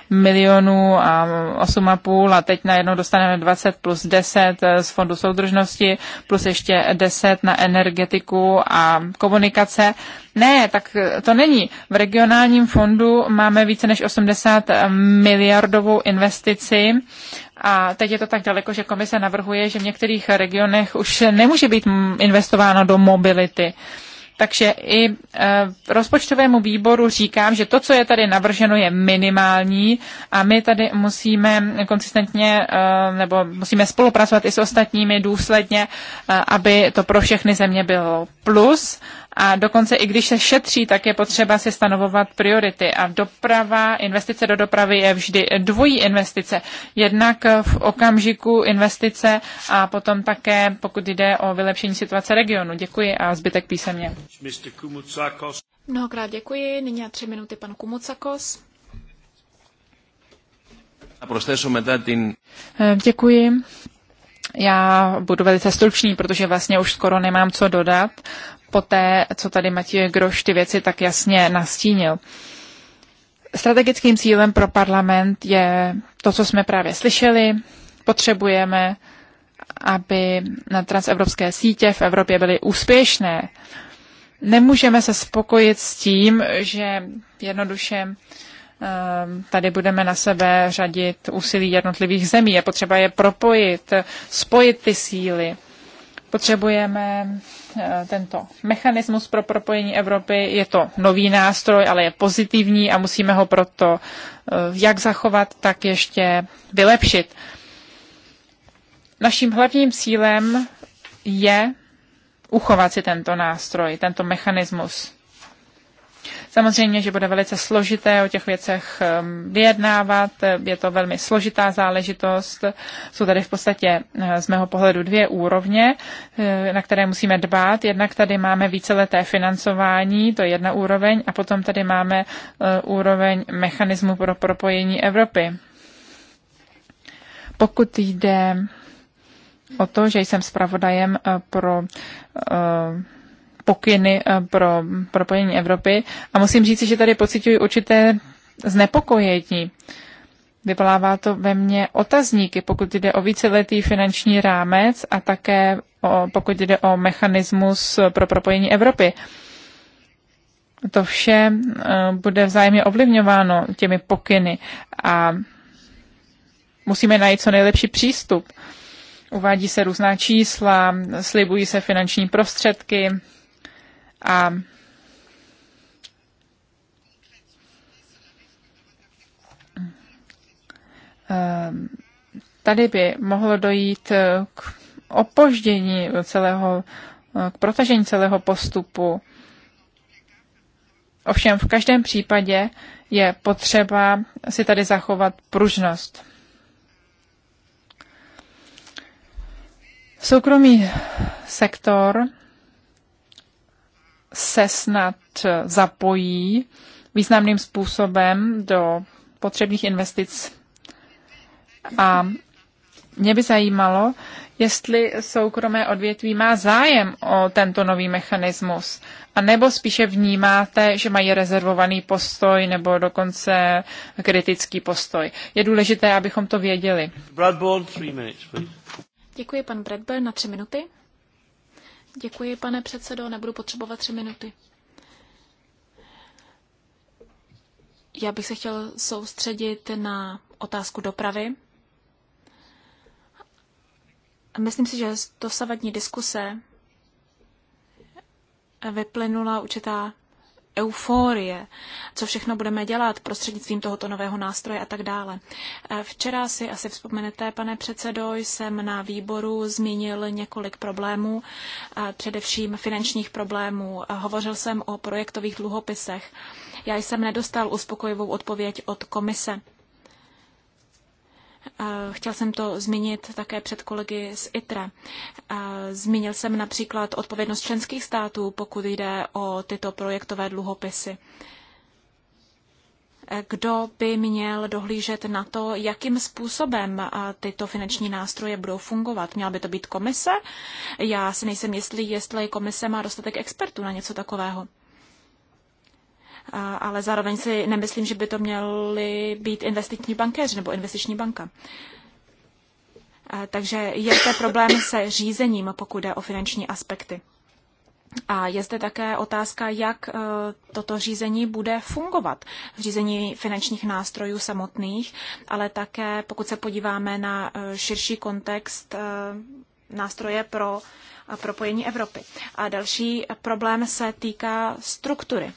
milionů a 8,5 a teď najednou dostaneme 20 plus 10 z Fondu soudržnosti plus ještě 10 na energetiku a komunikace. Ne, tak to není. V regionálním fondu máme více než 80 miliardovou investici a teď je to tak daleko, že komise navrhuje, že v některých regionech už nemůže být investováno do mobility. Takže i e, rozpočtovému výboru říkám, že to, co je tady navrženo, je minimální a my tady musíme konsistentně e, nebo musíme spolupracovat i s ostatními důsledně, e, aby to pro všechny země bylo plus a dokonce i když se šetří, tak je potřeba si stanovovat priority. A doprava, investice do dopravy je vždy dvojí investice. Jednak v okamžiku investice a potom také, pokud jde o vylepšení situace regionu. Děkuji a zbytek písemně. Mnohokrát děkuji. Nyní a tři minuty pan Kumucakos. Eh, děkuji. Já budu velice stručný, protože vlastně už skoro nemám co dodat poté, co tady Matěj Groš ty věci tak jasně nastínil. Strategickým cílem pro parlament je to, co jsme právě slyšeli. Potřebujeme, aby na transevropské sítě v Evropě byly úspěšné. Nemůžeme se spokojit s tím, že jednoduše eh, tady budeme na sebe řadit úsilí jednotlivých zemí. Je potřeba je propojit, spojit ty síly. Potřebujeme Eh, tento mechanismus pro propojení Evropy. Je to nový nástroj, ale je pozitivní a musíme ho proto eh, jak zachovat, tak ještě vylepšit. Naším hlavním cílem je uchovat si tento nástroj, tento mechanismus. Samozřejmě, že bude velice složité o těch věcech um, vyjednávat, je to velmi složitá záležitost. Jsou tady v podstatě eh, z mého pohledu dvě úrovně, eh, na které musíme dbát. Jednak tady máme víceleté financování, to je jedna úroveň, a potom tady máme eh, úroveň mechanismu pro propojení Evropy. Pokud jde o to, že jsem zpravodajem pro pokyny eh, pro propojení Evropy a musím říct, že tady pocituji určité znepokojení. Vyvolává to ve mně otazníky, pokud jde o víceletý finanční rámec a také o, pokud jde o mechanismus eh, pro propojení Evropy. To vše eh, bude vzájemně ovlivňováno těmi pokyny a musíme najít co nejlepší přístup. Uvádí se různá čísla, slibují se finanční prostředky, a ehm, tady by mohlo dojít k opoždění celého, k protažení celého postupu. Ovšem v každém případě je potřeba si tady zachovat pružnost. Soukromý sektor se snad zapojí významným způsobem do potřebných investic. A mě by zajímalo, jestli soukromé odvětví má zájem o tento nový mechanismus, a nebo spíše vnímáte, že mají rezervovaný postoj nebo dokonce kritický postoj. Je důležité, abychom to věděli. Děkuji, pan Bradburn, na tři minuty. Děkuji, pane předsedo, nebudu potřebovat tři minuty. Já bych se chtěl soustředit na otázku dopravy. Myslím si, že z dosavadní diskuse vyplynula určitá euforie, co všechno budeme dělat prostřednictvím tohoto nového nástroje a tak dále. E, včera si asi vzpomenete, pane předsedo, jsem na výboru zmínil několik problémů, e, především finančních problémů. Hovořil jsem o projektových dluhopisech. Já jsem nedostal uspokojivou odpověď od komise. Chtěl jsem to zmínit také před kolegy z ITRE. Zmínil jsem například odpovědnost členských států, pokud jde o tyto projektové dluhopisy. Kdo by měl dohlížet na to, jakým způsobem tyto finanční nástroje budou fungovat? Měla by to být komise? Já si nejsem jistý, jestli komise má dostatek expertů na něco takového ale zároveň si nemyslím, že by to měly být investiční bankéři nebo investiční banka. Takže je to problém se řízením, pokud jde o finanční aspekty. A je zde také otázka, jak e, toto řízení bude fungovat. Řízení finančních nástrojů samotných, ale také pokud se podíváme na e, širší kontext e, nástroje pro propojení Evropy. A další problém se týká struktury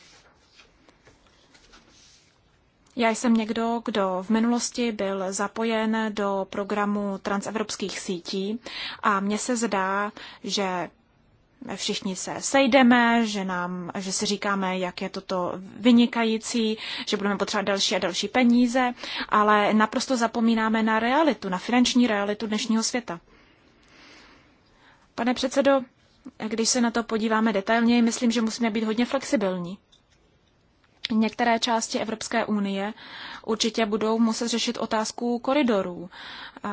já jsem někdo, kdo v minulosti byl zapojen do programu transevropských sítí a mně se zdá, že všichni se sejdeme, že, nám, že si říkáme, jak je toto vynikající, že budeme potřebovat další a další peníze, ale naprosto zapomínáme na realitu, na finanční realitu dnešního světa. Pane předsedo, když se na to podíváme detailně, myslím, že musíme být hodně flexibilní. Některé části Evropské unie určitě budou muset řešit otázku koridorů eh,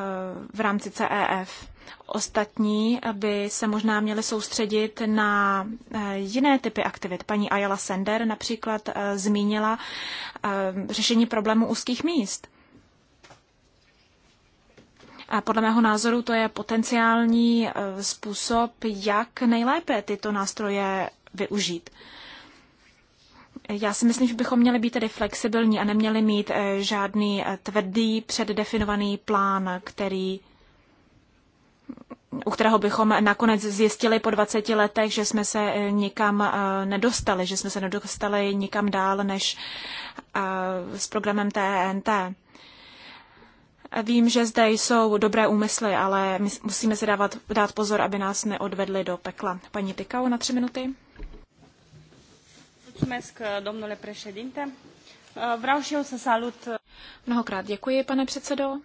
v rámci CEF. Ostatní by se možná měly soustředit na eh, jiné typy aktivit. Paní Ayala Sender například eh, zmínila řešení problému úzkých míst. A podle mého názoru to je potenciální způsob, jak nejlépe tyto nástroje využít. Já si myslím, že bychom měli být tedy flexibilní a neměli mít eh, žádný eh, tvrdý předdefinovaný plán, který u kterého bychom nakonec zjistili po 20 letech, že jsme se eh, nikam nedostali, že jsme se nedostali nikam dál než s programem TNT. Vím, že zde jsou dobré úmysly, ale musíme si dávat, dát pozor, aby nás neodvedli do pekla. Paní Tykau na tři minuty. Mulțumesc, domnule președinte. Vreau și eu să salut. Mnohokrát děkuji, pane předsedo.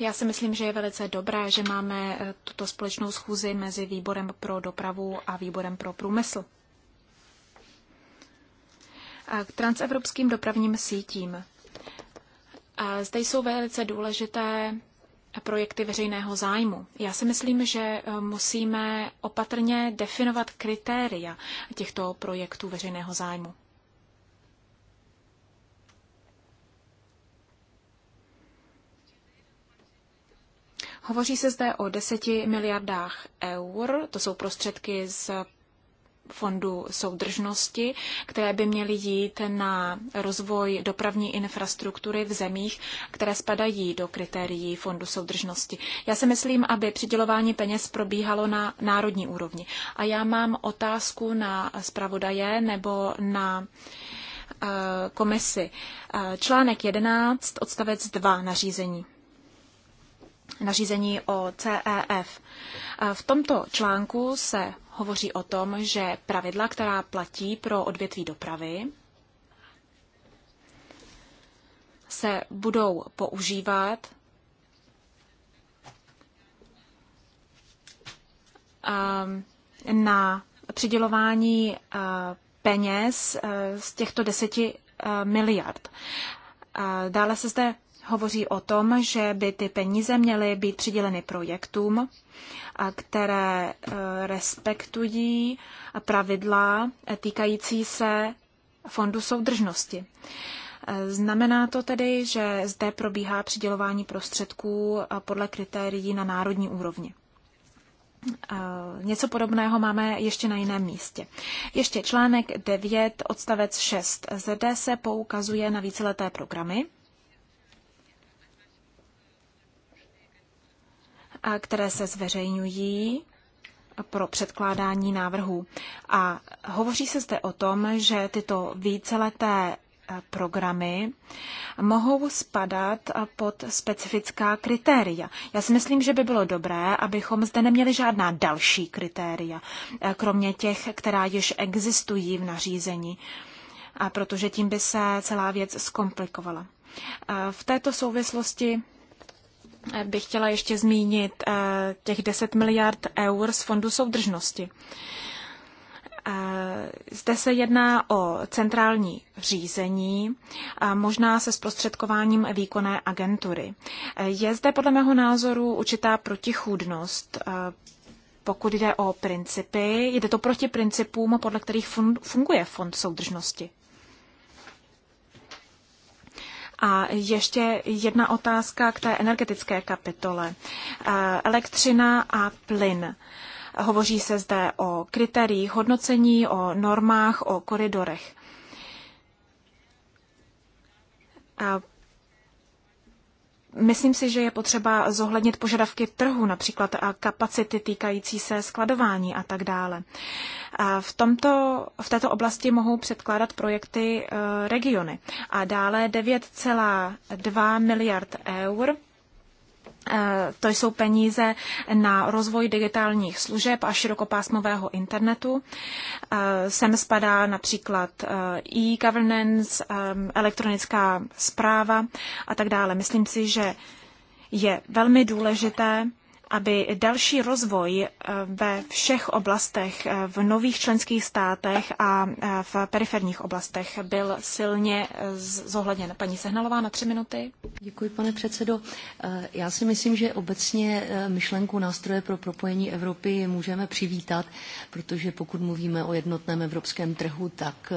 Já si myslím, že je velice dobré, že máme eh, tuto společnou schůzi mezi výborem pro dopravu a výborem pro průmysl. K transevropským dopravním sítím. Zde jsou velice důležité projekty veřejného zájmu. Já si myslím, že eh, musíme opatrně definovat kritéria těchto projektů veřejného zájmu. Hovoří se zde o deseti miliardách eur, to jsou prostředky z fondu soudržnosti, které by měly jít na rozvoj dopravní infrastruktury v zemích, které spadají do kritérií fondu soudržnosti. Já si myslím, aby přidělování peněz probíhalo na národní úrovni. A já mám otázku na zpravodaje nebo na eh, komisi. Eh, článek 11, odstavec 2 nařízení nařízení o CEF. Eh, v tomto článku se hovoří o tom, že pravidla, která platí pro odvětví dopravy, se budou používat ehm, na přidělování eh, peněz eh, z těchto deseti eh, miliard. Dále se zde hovoří o tom, že by ty peníze měly být přiděleny projektům, které e, respektují pravidla týkající se fondu soudržnosti. E, znamená to tedy, že zde probíhá přidělování prostředků e, podle kritérií na národní úrovni. Něco podobného máme ještě na jiném místě. Ještě článek 9, odstavec 6. Zde se poukazuje na víceleté programy které se zveřejňují pro předkládání návrhů. A hovoří se zde o tom, že tyto víceleté eh, programy mohou spadat eh, pod specifická kritéria. Já si myslím, že by bylo dobré, abychom zde neměli žádná další kritéria, eh, kromě těch, která již existují v nařízení, protože tím by se celá věc zkomplikovala. V této souvislosti bych chtěla ještě zmínit eh, těch 10 miliard eur z Fondu soudržnosti. Eh, zde se jedná o centrální řízení, možná se zprostředkováním výkonné agentury. Eh, je zde podle mého názoru určitá protichůdnost, pokud jde o principy. Jde to proti principům, podle kterých funguje Fond soudržnosti. A ještě jedna otázka k té energetické kapitole. Eh, elektřina a plyn. Hovoří se zde o kritériích hodnocení, o normách, o koridorech. Eh, Myslím si, že je potřeba zohlednit požadavky trhu, například kapacity týkající se skladování a tak dále. A v, tomto, v této oblasti mohou předkládat projekty eh, regiony. A dále 9,2 miliard eur Eh, to jsou peníze na rozvoj digitálních služeb a širokopásmového internetu. Eh, sem spadá například eh, e-governance, elektronická zpráva a tak dále. Myslím si, že je velmi důležité aby další rozvoj eh, ve všech oblastech, eh, v nových členských státech a eh, v periferních oblastech byl silně zohledněn. Paní Sehnalová na tři minuty. Děkuji, pane předsedo. Já si myslím, že obecně myšlenku nástroje pro propojení Evropy můžeme přivítat, protože pokud mluvíme o jednotném evropském trhu, tak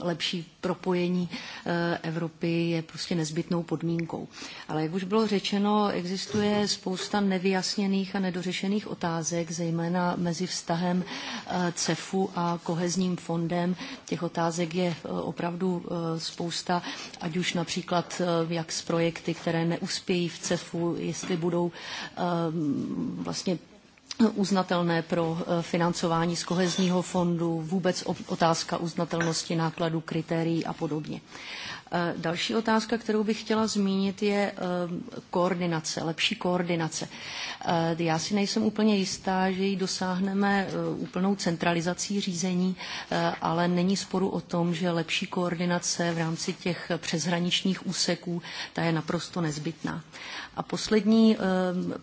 lepší propojení eh, Evropy je prostě nezbytnou podmínkou. Ale jak už bylo řečeno, existuje spousta nevyjasněných a nedořešených otázek, zejména mezi vztahem eh, CEFu a kohezním fondem. Těch otázek je eh, opravdu spousta, ať už například jak s projekty, které neuspějí v CEFu, jestli budou vlastně uznatelné pro eh, financování z kohezního fondu, vůbec otázka uznatelnosti nákladů, kritérií a podobně. Eh, další otázka, kterou bych chtěla zmínit, je eh, koordinace, lepší koordinace. Já si nejsem úplně jistá, že ji dosáhneme úplnou centralizací řízení, ale není sporu o tom, že lepší koordinace v rámci těch přeshraničních úseků, ta je naprosto nezbytná. A poslední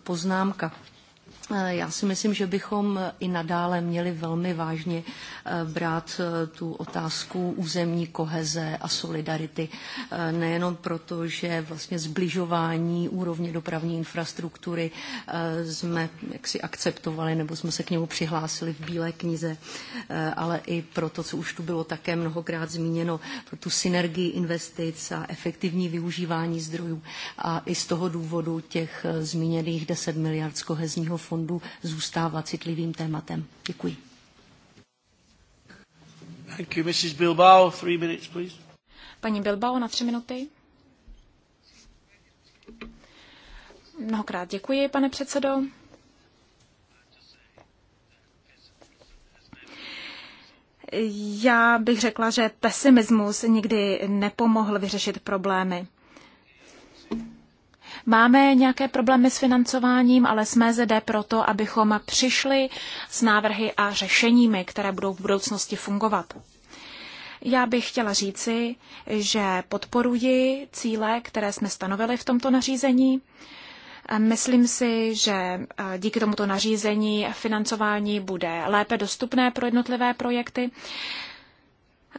poznámka Eh, já si myslím, že bychom eh, i nadále měli velmi vážně eh, brát tu otázku územní koheze a solidarity. Nejenom proto, že vlastně zbližování úrovně dopravní infrastruktury jsme jaksi akceptovali nebo jsme se k němu přihlásili v Bílé knize, ale i proto, co už tu bylo také mnohokrát zmíněno, pro tu synergii investic a efektivní využívání zdrojů. A i z toho důvodu těch zmíněných 10 miliard z kohezního fondu fondu zůstává citlivým tématem. Děkuji. Thank you, Mrs. Bilbao. Three minutes, please. Paní Bilbao na tři minuty. Mnohokrát děkuji, pane předsedo. Já bych řekla, že pesimismus nikdy nepomohl vyřešit problémy. Máme nějaké problémy s financováním, ale jsme zde proto, abychom přišli s návrhy a řešeními, které budou v budoucnosti fungovat. Já bych chtěla říci, že podporuji cíle, které jsme stanovili v tomto nařízení. Myslím si, že eh, díky tomuto nařízení financování bude lépe dostupné pro jednotlivé projekty.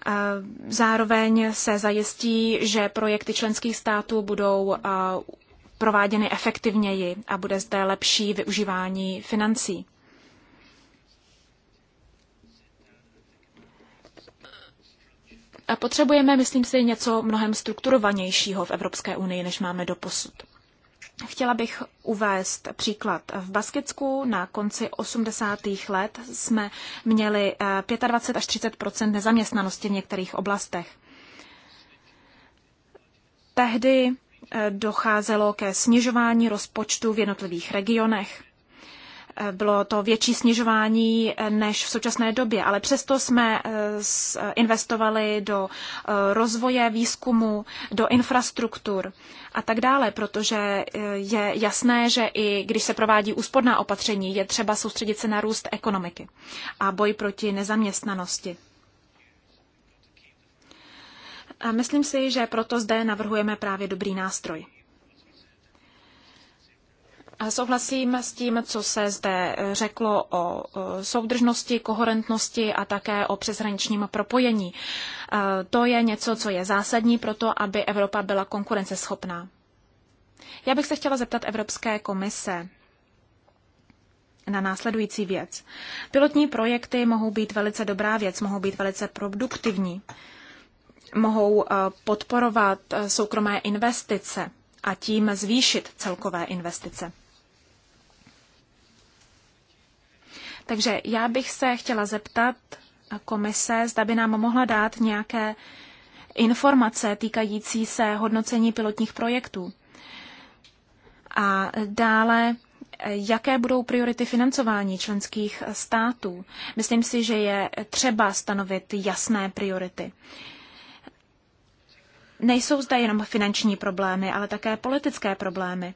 Eh, zároveň se zajistí, že projekty členských států budou eh, prováděny efektivněji a bude zde lepší využívání financí. A potřebujeme, myslím si, něco mnohem strukturovanějšího v Evropské unii, než máme do posud. Chtěla bych uvést příklad. V Baskicku na konci 80. let jsme měli 25 eh, až 30 nezaměstnanosti v některých oblastech. Tehdy docházelo ke snižování rozpočtu v jednotlivých regionech. Bylo to větší snižování eh, než v současné době, ale přesto jsme eh, eh, investovali do rozvoje výzkumu, do infrastruktur a tak dále, protože je jasné, že i když se provádí úsporná opatření, je třeba soustředit se na růst ekonomiky a boj proti nezaměstnanosti. A myslím si, že proto zde navrhujeme právě dobrý nástroj. A souhlasím s tím, co se zde řeklo o soudržnosti, koherentnosti a také o přeshraničním propojení. E, to je něco, co je zásadní pro to, aby Evropa byla konkurenceschopná. Já bych se chtěla zeptat Evropské komise na následující věc. Pilotní projekty mohou být velice dobrá věc, mohou být velice produktivní mohou eh, podporovat eh, soukromé investice a tím zvýšit celkové investice. Takže já bych se chtěla zeptat komise, zda by nám mohla dát nějaké informace týkající se hodnocení pilotních projektů. A dále, jaké budou priority financování členských států. Myslím si, že je třeba stanovit jasné priority. Nejsou zde jenom finanční problémy, ale také politické problémy.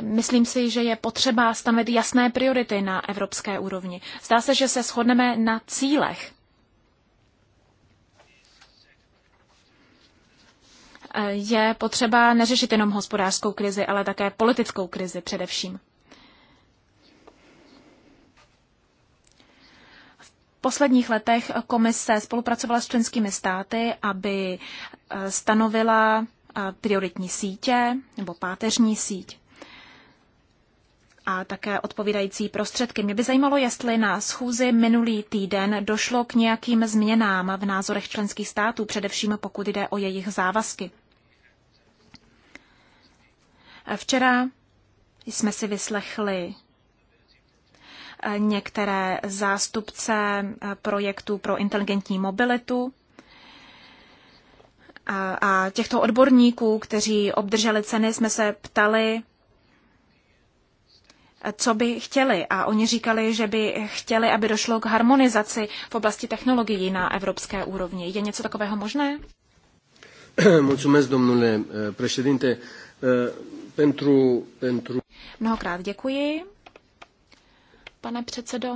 Myslím si, že je potřeba stanovit jasné priority na evropské úrovni. Zdá se, že se shodneme na cílech. Je potřeba neřešit jenom hospodářskou krizi, ale také politickou krizi především. posledních letech komise spolupracovala s členskými státy, aby eh, stanovila eh, prioritní sítě nebo páteřní síť a také odpovídající prostředky. Mě by zajímalo, jestli na schůzi minulý týden došlo k nějakým změnám v názorech členských států, především pokud jde o jejich závazky. Včera jsme si vyslechli některé zástupce eh, projektů pro inteligentní mobilitu a těchto odborníků, kteří obdrželi ceny, jsme se ptali, co by chtěli. A oni říkali, že by chtěli, aby došlo k harmonizaci v oblasti technologií na evropské úrovni. Je něco takového možné? Mulțumesc, domnule eh, președinte. Eh, pentru, pentru... Mnohokrát děkuji pane předsedo.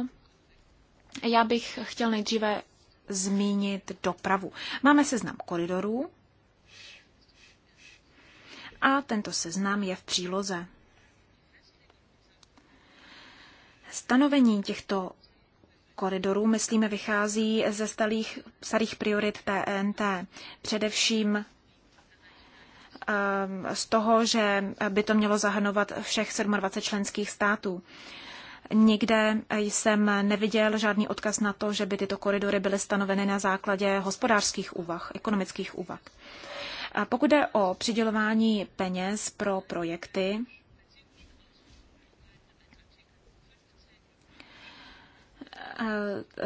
Já bych chtěl nejdříve zmínit dopravu. Máme seznam koridorů a tento seznam je v příloze. Stanovení těchto koridorů, myslíme, vychází ze starých, starých priorit TNT, především ehm, z toho, že by to mělo zahrnovat všech 27 členských států. Nikde jsem neviděl žádný odkaz na to, že by tyto koridory byly stanoveny na základě hospodářských úvah, ekonomických úvah. A pokud jde o přidělování peněz pro projekty,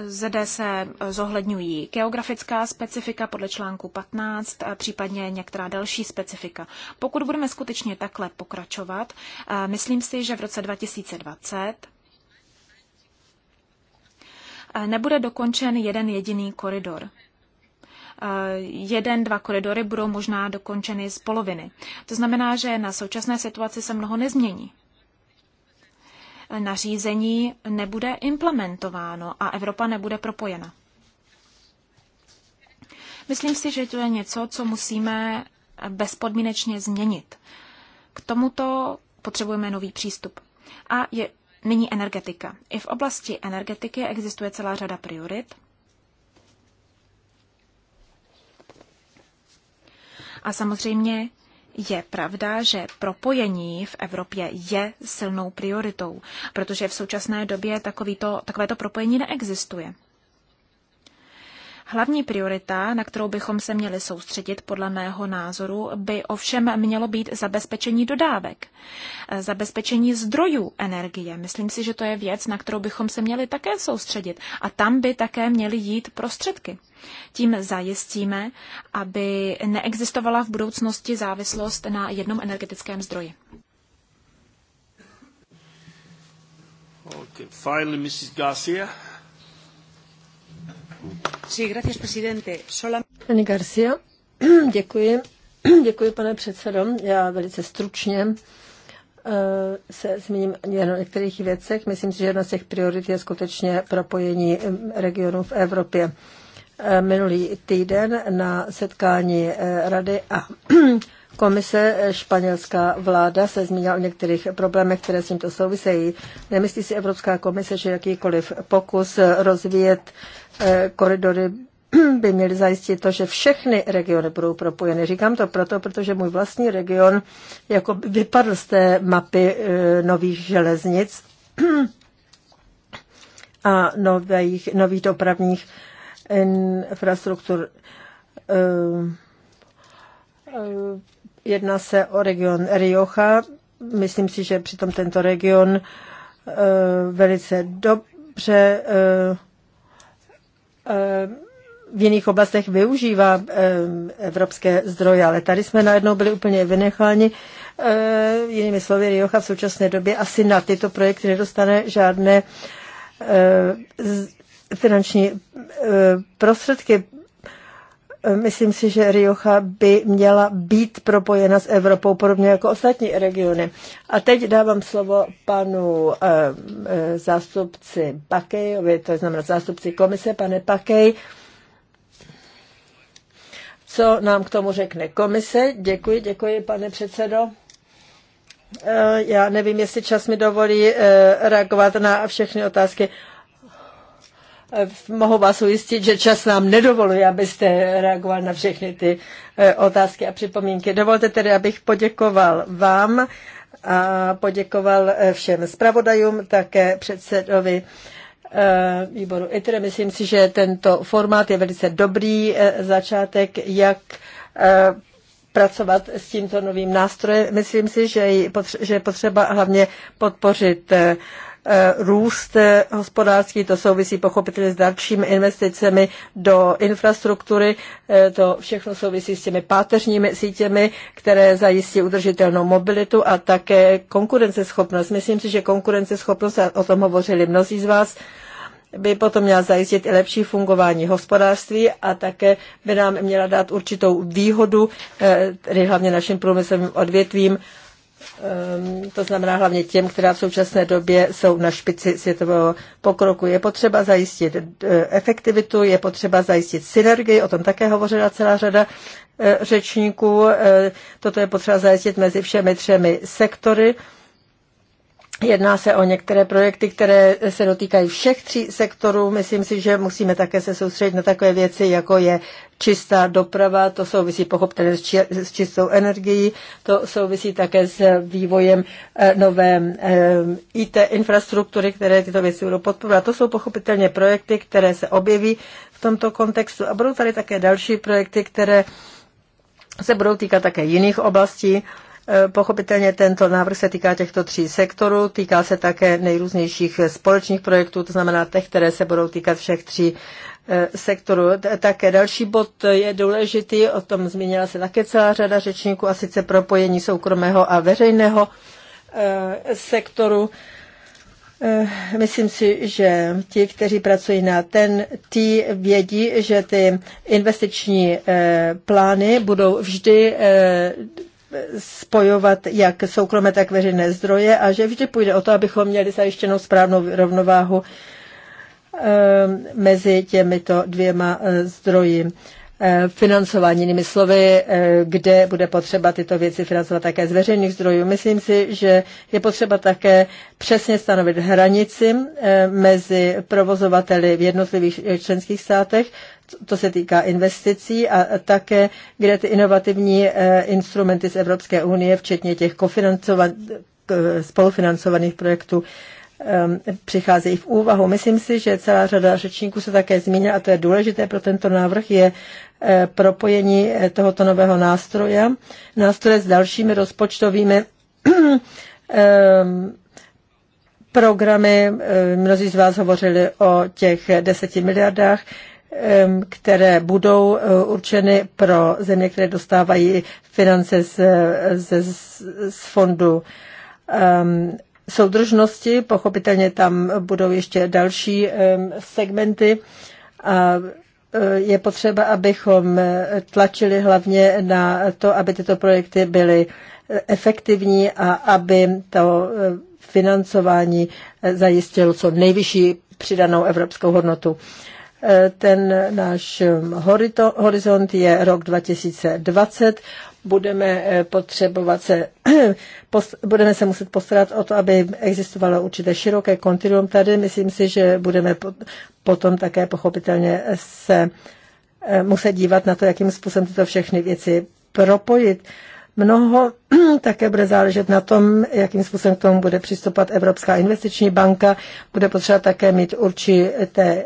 Zde se zohledňují geografická specifika podle článku 15, případně některá další specifika. Pokud budeme skutečně takhle pokračovat, myslím si, že v roce 2020 nebude dokončen jeden jediný koridor. Jeden, dva koridory budou možná dokončeny z poloviny. To znamená, že na současné situaci se mnoho nezmění. Nařízení nebude implementováno a Evropa nebude propojena. Myslím si, že to je něco, co musíme bezpodmínečně změnit. K tomuto potřebujeme nový přístup. A je Nyní energetika. I v oblasti energetiky existuje celá řada priorit. A samozřejmě je pravda, že propojení v Evropě je silnou prioritou, protože v současné době takovýto, takovéto propojení neexistuje. Hlavní priorita, na kterou bychom se měli soustředit, podle mého názoru, by ovšem mělo být zabezpečení dodávek, eh, zabezpečení zdrojů energie. Myslím si, že to je věc, na kterou bychom se měli také soustředit a tam by také měly jít prostředky. Tím zajistíme, aby neexistovala v budoucnosti závislost na jednom energetickém zdroji. Okay, finally, Mrs. Garcia. Pani Garcia, děkuji. Děkuji, pane předsedo. Já velice stručně eh, se zmíním jen o některých věcech. Myslím si, že jedna z těch priorit je skutečně propojení regionů v Evropě. Eh, minulý týden na setkání eh, Rady a Komise eh, španělská vláda se zmínila o některých problémech, které s tímto souvisejí. Nemyslí si Evropská komise, že jakýkoliv pokus eh, rozvíjet eh, koridory by měly zajistit to, že všechny regiony budou propojeny. Říkám to proto, protože můj vlastní region jako vypadl z té mapy nových železnic a nových, nových dopravních infrastruktur. Jedná se o region Rioja. Myslím si, že přitom tento region eh, velice dobře eh, eh, v jiných oblastech využívá evropské zdroje, ale tady jsme najednou byli úplně vynecháni. Jinými slovy, Riocha v současné době asi na tyto projekty nedostane žádné finanční prostředky Myslím si, že Riocha by měla být propojena s Evropou podobně jako ostatní regiony. A teď dávám slovo panu eh, eh, zástupci Pakejovi, to znamená zástupci komise, pane Pakej. Co nám k tomu řekne komise? Děkuji, děkuji, pane předsedo. Eh, já nevím, jestli čas mi dovolí reagovat na všechny otázky. Eh, mohu vás ujistit, že čas nám nedovoluje, abyste reagoval na všechny ty eh, otázky a připomínky. Dovolte tedy, abych poděkoval vám a poděkoval eh, všem zpravodajům, také předsedovi výboru ITRE. Myslím si, že tento formát je velice dobrý začátek, jak pracovat s tímto novým nástrojem. Myslím si, že je potřeba hlavně podpořit Eh, růst eh, hospodářský, to souvisí pochopitelně s dalšími investicemi do infrastruktury, eh, to všechno souvisí s těmi páteřními sítěmi, které zajistí udržitelnou mobilitu a také konkurenceschopnost. Myslím si, že konkurenceschopnost, a o tom hovořili mnozí z vás, by potom měla zajistit i lepší fungování hospodářství a také by nám měla dát určitou výhodu, tedy hlavně našim průmyslovým odvětvím, Ehm, to znamená hlavně těm, která v současné době jsou na špici světového pokroku. Je potřeba zajistit eh, efektivitu, je potřeba zajistit synergii, o tom také hovořila celá řada eh, řečníků. Eh, toto je potřeba zajistit mezi všemi třemi sektory. Jedná se o některé projekty, které se dotýkají všech tří sektorů. Myslím si, že musíme také se soustředit na takové věci, jako je čistá doprava, to souvisí pochopitelně s čistou energií, to souvisí také s vývojem eh, nové eh, IT infrastruktury, které tyto věci budou podporovat. To jsou pochopitelně projekty, které se objeví v tomto kontextu a budou tady také další projekty, které se budou týkat také jiných oblastí. E, pochopitelně tento návrh se týká těchto tří sektorů, týká se také nejrůznějších společných projektů, to znamená těch, které se budou týkat všech tří e, sektorů. Také další bod je důležitý, o tom zmínila se také celá řada řečníků, a sice propojení soukromého a veřejného e, sektoru. Myslím si, že ti, kteří pracují na ten, tý, vědí, že ty investiční plány budou vždy spojovat jak soukromé, tak veřejné zdroje a že vždy půjde o to, abychom měli zajištěnou správnou rovnováhu eh, mezi těmito dvěma eh, zdroji eh, financování, jinými slovy, kde bude potřeba tyto věci financovat také z veřejných zdrojů. Myslím si, že je potřeba také přesně stanovit hranici mezi provozovateli v jednotlivých členských státech, to se týká investicí a také, kde ty inovativní eh, instrumenty z Evropské unie, včetně těch eh, spolufinancovaných projektů, eh, přicházejí v úvahu. Myslím si, že celá řada řečníků se také zmínila a to je důležité pro tento návrh, je propojení tohoto nového nástroje, nástroje s dalšími rozpočtovými programy. Mnozí z vás hovořili o těch deseti miliardách které budou eh, určeny pro země, které dostávají finance z, z, z fondu soudržnosti. Pochopitelně tam budou ještě další segmenty. A eh, je potřeba, abychom tlačili hlavně na to, aby tyto projekty byly eh, efektivní a aby to financování zajistilo co nejvyšší přidanou evropskou hodnotu. Ten náš um, horizont je rok 2020. Budeme eh, potřebovat se, budeme se muset postarat o to, aby existovalo určité široké kontinuum tady. Myslím si, že budeme potom také pochopitelně se eh, muset dívat na to, jakým způsobem tyto všechny věci propojit. Uh, Mnoho také bude záležet na tom, jakým způsobem k tomu bude přistupovat Evropská investiční banka. Bude potřeba také mít určité,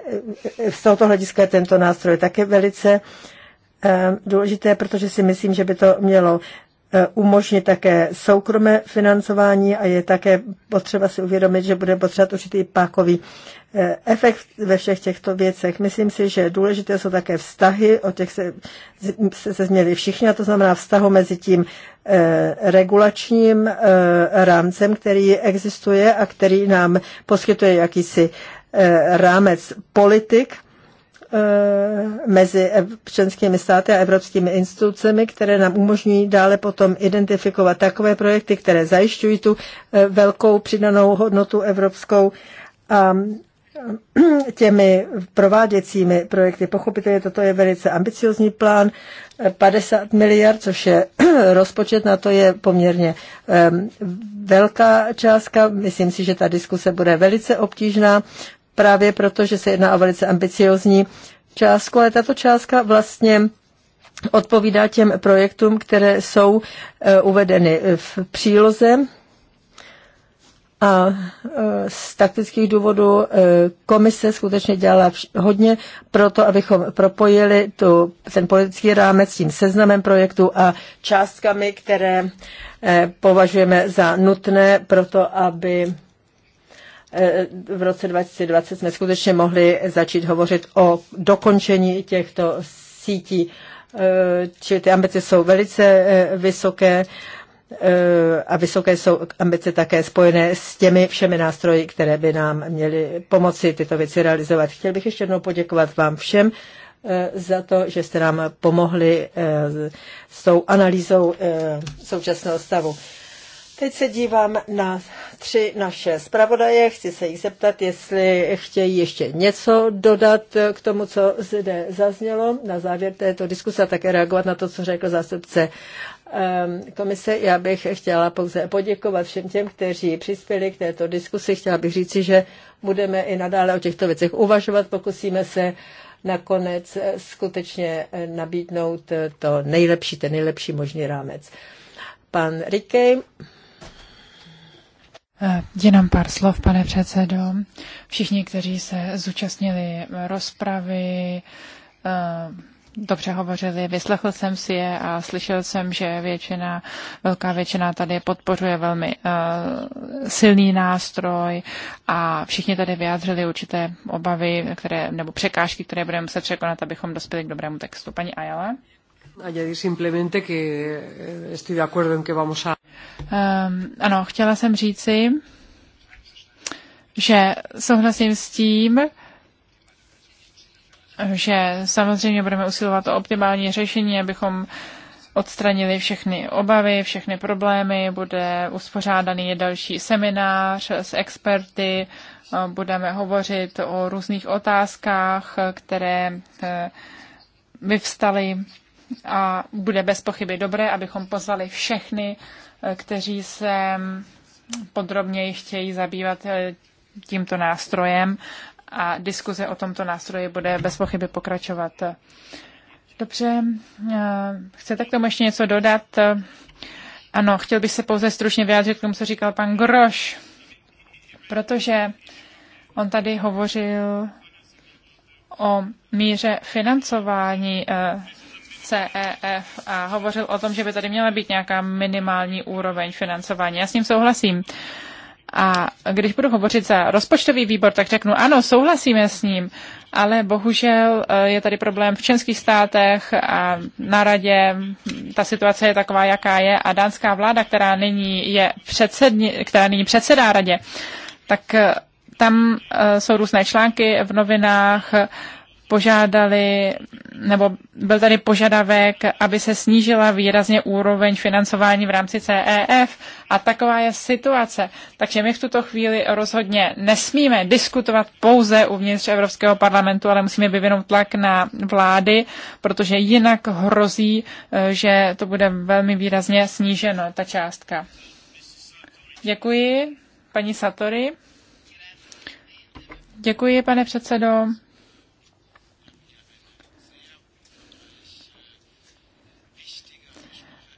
z tohoto hlediska je tento nástroj také velice eh, důležité, protože si myslím, že by to mělo E, umožnit také soukromé financování a je také potřeba si uvědomit, že bude potřebovat určitý pákový e, efekt ve všech těchto věcech. Myslím si, že důležité jsou také vztahy, o těch se, se, se změli všichni, a to znamená vztahu mezi tím eh, regulačním eh, rámcem, který existuje a který nám poskytuje jakýsi eh, rámec politik Eh, mezi členskými státy a evropskými institucemi, které nám umožní dále potom identifikovat takové projekty, které zajišťují tu eh, velkou přidanou hodnotu evropskou a eh, těmi prováděcími projekty. Pochopitelně toto je velice ambiciozní plán, 50 miliard, což je rozpočet, na to je poměrně velká částka. Myslím si, že ta diskuse bude velice obtížná právě proto, že se jedná o velice ambiciozní částku, ale tato částka vlastně odpovídá těm projektům, které jsou e, uvedeny v příloze. A e, z taktických důvodů e, komise skutečně dělala hodně pro to, abychom propojili tu, ten politický rámec s tím seznamem projektů a částkami, které považujeme za nutné pro to, aby v roce 2020 jsme skutečně mohli začít hovořit o dokončení těchto sítí. Čili ty ambice jsou velice eh, vysoké eh, a vysoké jsou ambice také spojené s těmi všemi nástroji, které by nám měly pomoci tyto věci realizovat. Chtěl bych ještě jednou poděkovat vám všem eh, za to, že jste nám pomohli s tou analýzou současného stavu. Teď se dívám na tři naše zpravodaje. Chci se jich zeptat, jestli chtějí ještě něco dodat k tomu, co zde zaznělo na závěr této diskuse a také reagovat na to, co řekl zástupce ehm, komise. Já bych chtěla pouze poděkovat všem těm, kteří přispěli k této diskusi. Chtěla bych říci, že budeme i nadále o těchto věcech uvažovat. Pokusíme se nakonec eh, skutečně eh, nabídnout eh, to nejlepší, ten nejlepší možný rámec. Pan Rikej. Eh, jenom pár slov, pane předsedo. Všichni, kteří se zúčastnili rozpravy, eh, dobře hovořili, vyslechl jsem si je a slyšel jsem, že většina, velká většina tady podpořuje velmi uh, silný nástroj a všichni tady vyjádřili určité obavy které, nebo překážky, které budeme muset překonat, abychom dospěli k dobrému textu. Paní Ajala? Añadir simplemente que eh, estoy de acuerdo en que vamos a... Um, ano, chtěla jsem říci, že souhlasím s tím, že samozřejmě budeme usilovat o optimální řešení, abychom odstranili všechny obavy, všechny problémy, bude uspořádaný další seminář s experty, eh, budeme hovořit o různých otázkách, které eh, vyvstaly a bude bez pochyby dobré, abychom pozvali všechny, eh, kteří se mm, podrobněji chtějí zabývat eh, tímto nástrojem a diskuze o tomto nástroji bude bez pochyby pokračovat. Dobře, eh, chcete k tomu ještě něco dodat? Ano, chtěl bych se pouze stručně vyjádřit k tomu, co říkal pan Groš, protože on tady hovořil o míře financování CEF a hovořil o tom, že by tady měla být nějaká minimální úroveň financování. Já s ním souhlasím. A když budu hovořit za rozpočtový výbor, tak řeknu, ano, souhlasíme s ním, ale bohužel eh, je tady problém v českých státech a na radě ta situace je taková, jaká je a dánská vláda, která nyní, je předsedni, která nyní předsedá radě, tak eh, tam eh, jsou různé články v novinách požádali, nebo byl tady požadavek, aby se snížila výrazně úroveň financování v rámci CEF a taková je situace. Takže my v tuto chvíli rozhodně nesmíme diskutovat pouze uvnitř Evropského parlamentu, ale musíme vyvinout tlak na vlády, protože jinak hrozí, eh, že to bude velmi výrazně sníženo, ta částka. Děkuji, paní Satory. Děkuji, pane předsedo.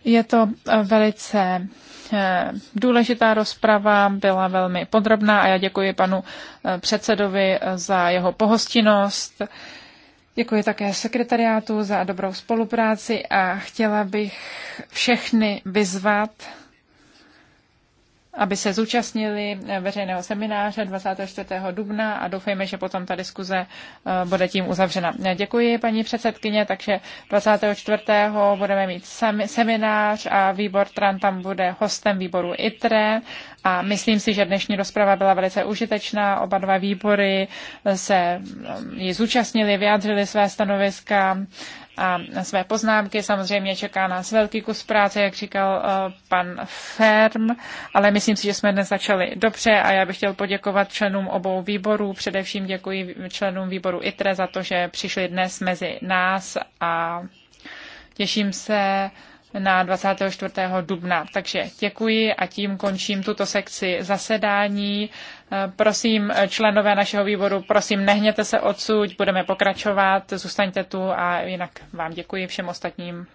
Je to eh, velice eh, důležitá rozprava, byla velmi podrobná a já děkuji panu eh, předsedovi za jeho pohostinnost. Děkuji také sekretariátu za dobrou spolupráci a chtěla bych všechny vyzvat, aby se zúčastnili eh, veřejného semináře 24. dubna a doufejme, že potom ta diskuze eh, bude tím uzavřena. Eh, děkuji, paní předsedkyně, takže 24. budeme mít seminář a výbor TRAN tam bude hostem výboru ITRE a myslím si, že dnešní rozprava byla velice užitečná. Oba dva výbory se ji zúčastnili, vyjádřili své stanoviska a své poznámky. Samozřejmě čeká nás velký kus práce, jak říkal eh, pan Ferm, ale myslím si, že jsme dnes začali dobře a já bych chtěl poděkovat členům obou výborů. Především děkuji členům výboru ITRE za to, že přišli dnes mezi nás a těším se na 24. dubna. Takže děkuji a tím končím tuto sekci zasedání. Eh, prosím, členové našeho výboru, prosím, nehněte se odsud, budeme pokračovat, zůstaňte tu a jinak vám děkuji všem ostatním.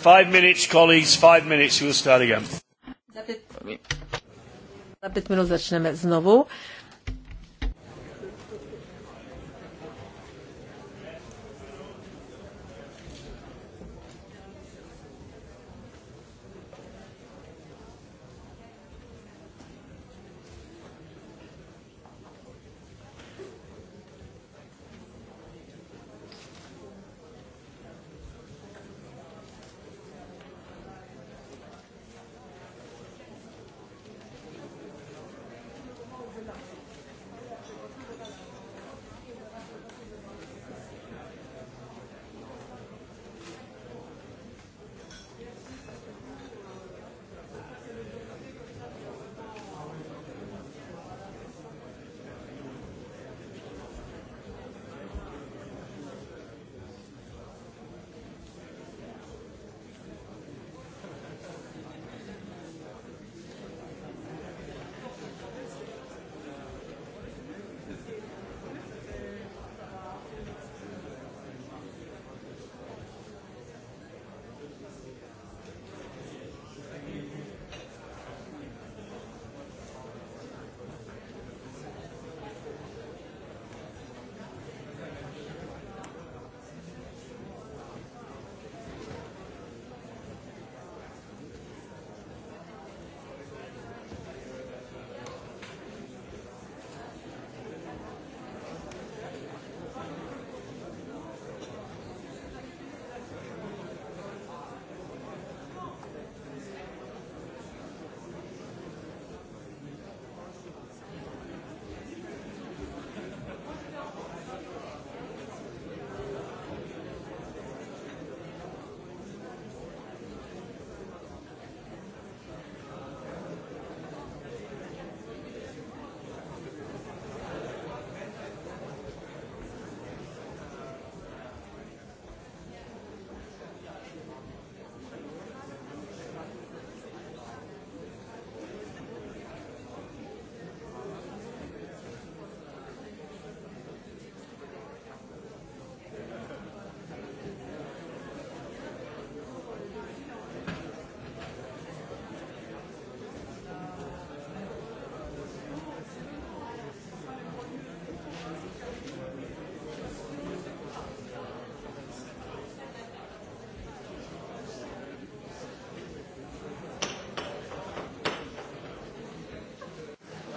Five minutes, colleagues, five minutes, we'll start again. Za pět minut začneme znovu.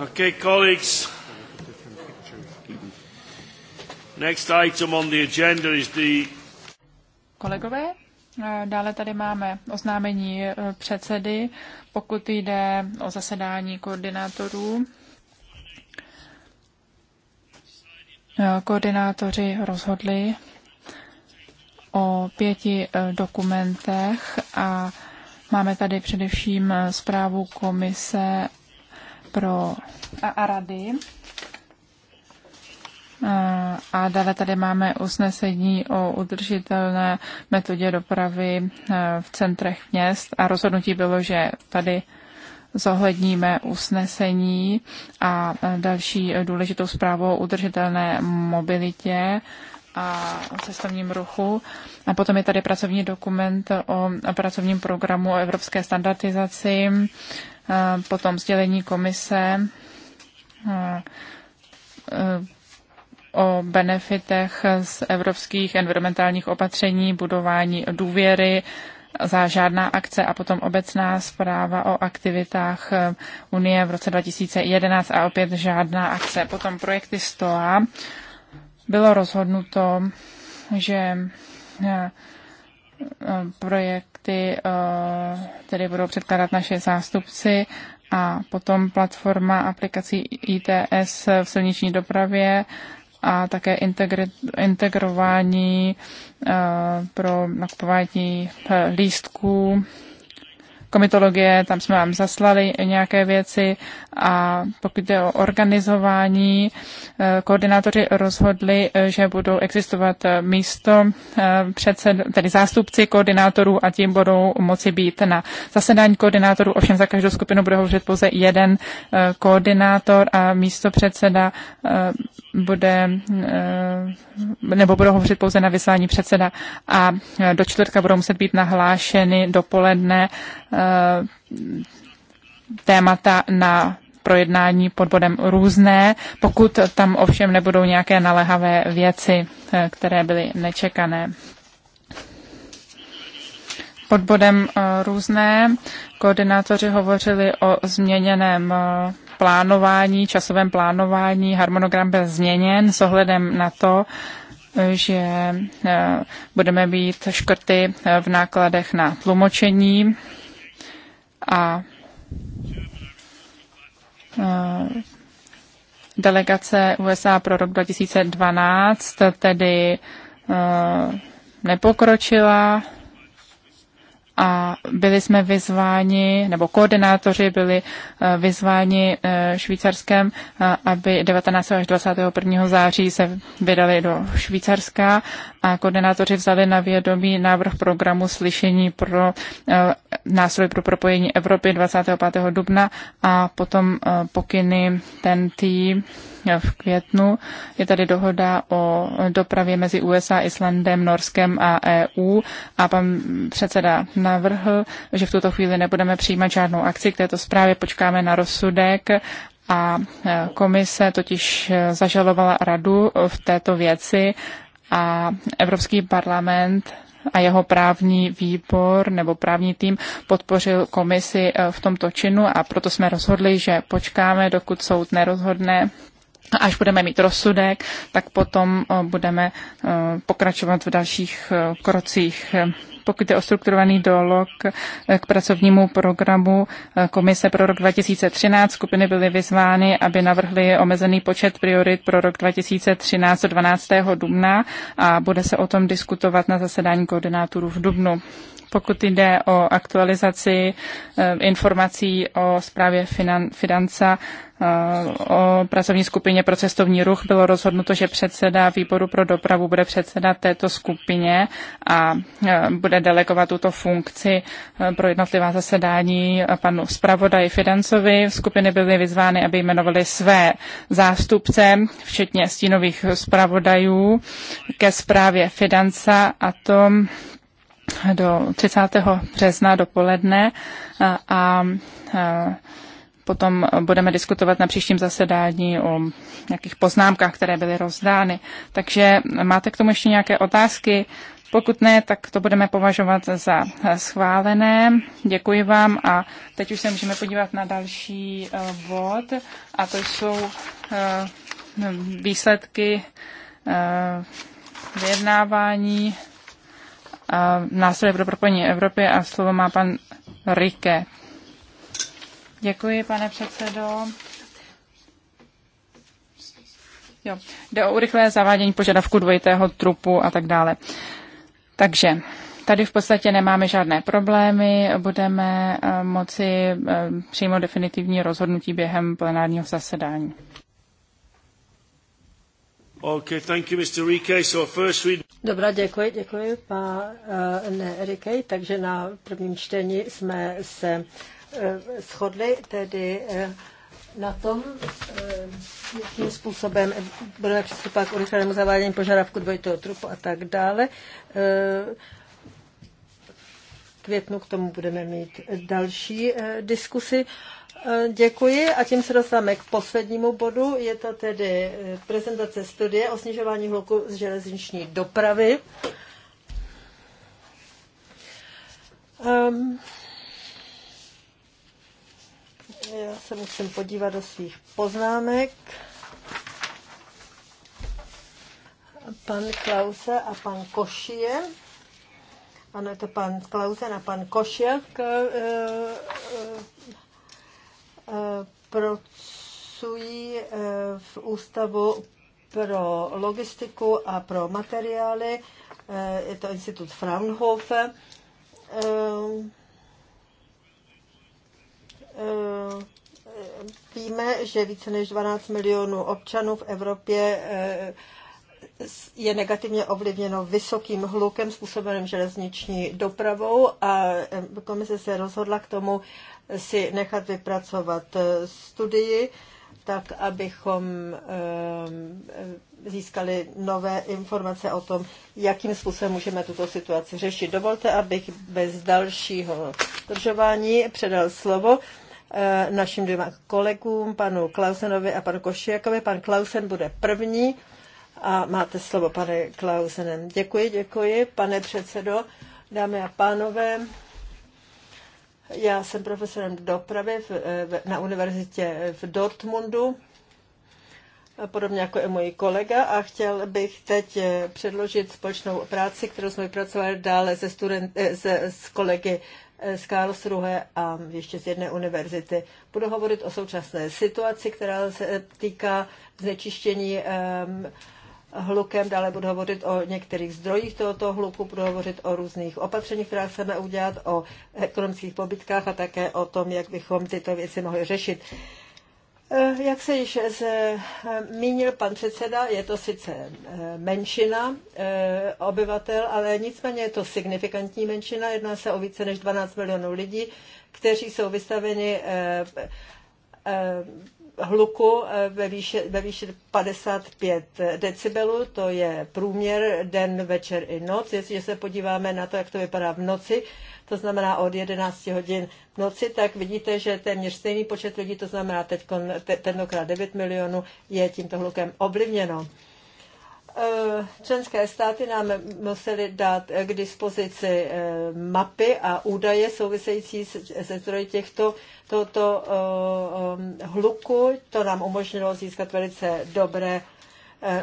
Okay, colleagues. Next item on the agenda is the... Kolegové, eh, dále tady máme oznámení eh, předsedy, pokud jde o zasedání koordinátorů. Eh, koordinátoři rozhodli o pěti dokumentech a máme tady především zprávu komise pro a rady. A dále tady máme usnesení o udržitelné metodě dopravy e, v centrech měst a rozhodnutí bylo, že tady zohledníme usnesení a e, další důležitou zprávu o udržitelné mobilitě a cestovním ruchu. A potom je tady pracovní dokument o pracovním programu o evropské standardizaci, e, potom sdělení komise Eh, o benefitech z evropských environmentálních opatření, budování důvěry, za žádná akce a potom obecná zpráva o aktivitách eh, Unie v roce 2011 a opět žádná akce. Potom projekty STOA bylo rozhodnuto, že eh, projekty tedy budou předkládat naše zástupci a potom platforma aplikací ITS v silniční dopravě a také integri- integrování eh, pro nakupování eh, lístků komitologie, tam jsme vám zaslali nějaké věci a pokud jde o organizování, eh, koordinátoři rozhodli, eh, že budou existovat eh, místo předsed, tedy zástupci koordinátorů a tím budou moci být na zasedání koordinátorů, ovšem za každou skupinu bude hovořit pouze jeden koordinátor a místo předseda bude, nebo budou hovořit pouze na vyslání předseda a do čtvrtka budou muset být nahlášeny dopoledne témata na projednání pod bodem různé, pokud tam ovšem nebudou nějaké naléhavé věci, eh, které byly nečekané. Pod bodem eh, různé koordinátoři hovořili o změněném eh, plánování, časovém plánování. Harmonogram byl změněn s ohledem na to, že budeme být škrty v nákladech na tlumočení a e, delegace USA pro rok 2012 tedy e, nepokročila a byli jsme vyzváni, nebo koordinátoři byli eh, vyzváni eh, Švýcarskem, eh, aby 19. až 21. září se vydali do Švýcarska a koordinátoři vzali na vědomí návrh programu slyšení pro nástroj pro propojení Evropy 25. dubna a potom pokyny ten tým v květnu. Je tady dohoda o dopravě mezi USA, Islandem, Norskem a EU a pan předseda navrhl, že v tuto chvíli nebudeme přijímat žádnou akci k této zprávě, počkáme na rozsudek a e, komise totiž e, zažalovala radu v této věci a Evropský parlament a jeho právní výbor nebo právní tým podpořil komisi e, v tomto činu a proto jsme rozhodli, že počkáme, dokud soud nerozhodne až budeme mít rozsudek, tak potom eh, budeme eh, pokračovat v dalších eh, krocích. Pokud je o strukturovaný k pracovnímu programu Komise pro rok 2013, skupiny byly vyzvány, aby navrhly omezený počet priorit pro rok 2013 do 12. dubna a bude se o tom diskutovat na zasedání koordinátorů v dubnu pokud jde o aktualizaci eh, informací o zprávě finan, financa eh, o pracovní skupině pro cestovní ruch, bylo rozhodnuto, že předseda výboru pro dopravu bude předseda této skupině a eh, bude delegovat tuto funkci pro jednotlivá zasedání panu zpravodaji Fidancovi. Skupiny byly vyzvány, aby jmenovali své zástupce, včetně stínových zpravodajů, ke zprávě Fidanca a tom, do 30. března dopoledne a, a potom budeme diskutovat na příštím zasedání o nějakých poznámkách, které byly rozdány. Takže máte k tomu ještě nějaké otázky? Pokud ne, tak to budeme považovat za schválené. Děkuji vám a teď už se můžeme podívat na další eh, bod a to jsou eh, výsledky eh, vyjednávání nástroje pro propojení Evropy a slovo má pan Rike. Děkuji, pane předsedo. Jo. Jde o urychlé zavádění požadavku dvojitého trupu a tak dále. Takže tady v podstatě nemáme žádné problémy, budeme eh, moci eh, přijmout definitivní rozhodnutí během plenárního zasedání. Okay, thank you, Mr. Rike. So first read... Dobrá, děkuji, děkuji, pane Rikej. Takže na prvním čtení jsme se eh, shodli tedy eh, na tom, eh, jakým způsobem budeme přistupovat k urychlenému zavádění požadavku dvojitého trupu a tak dále. květnu k tomu budeme mít další diskusy. Eh, děkuji a tím se dostáváme k poslednímu bodu. Je to tedy eh, prezentace studie o snižování hluku z železniční dopravy. Um, já se musím podívat do svých poznámek. Pan Klause a pan Košie. Ano, je to pan Klausen a pan Košie. K, uh, uh, pracují eh, v Ústavu pro logistiku a pro materiály. Eh, je to institut Fraunhofer. Eh, víme, že více než 12 milionů občanů v Evropě je negativně ovlivněno vysokým hlukem způsobeným železniční dopravou a komise se rozhodla k tomu si nechat vypracovat eh, studii, tak abychom eh, získali nové informace o tom, jakým způsobem můžeme tuto situaci řešit. Dovolte, abych bez dalšího držování předal slovo eh, našim dvěma kolegům, panu Klausenovi a panu Košiakovi. Pan Klausen bude první a máte slovo, pane Klausenem. Děkuji, děkuji, pane předsedo, dámy a pánové. Já jsem profesorem dopravy v, na univerzitě v Dortmundu, podobně jako i můj kolega, a chtěl bych teď eh, předložit společnou práci, kterou jsme vypracovali dále se, student, se, eh, s kolegy eh, z Karlsruhe a ještě z jedné univerzity. Budu hovořit o současné situaci, která se týká znečištění um, hlukem, dále budu hovořit o některých zdrojích tohoto hluku, budu hovořit o různých opatřeních, která chceme udělat, o ekonomických pobytkách a také o tom, jak bychom tyto věci mohli řešit. Eh, jak se již zmínil eh, pan předseda, je to sice eh, menšina obyvatel, ale nicméně je to signifikantní menšina. Jedná se o více než 12 milionů lidí, kteří jsou vystaveni hluku eh, ve výši, ve výši 55 decibelů, to je průměr den, večer i noc. Jestliže se podíváme na to, jak to vypadá v noci, to znamená od 11 hodin v noci, tak vidíte, že téměř stejný počet lidí, to znamená teď tentokrát 9 milionů, je tímto hlukem ovlivněno. Eh, členské státy nám musely dát eh, k dispozici eh, mapy a údaje související se zdroji těchto tohoto hluku. To nám umožnilo získat velice dobré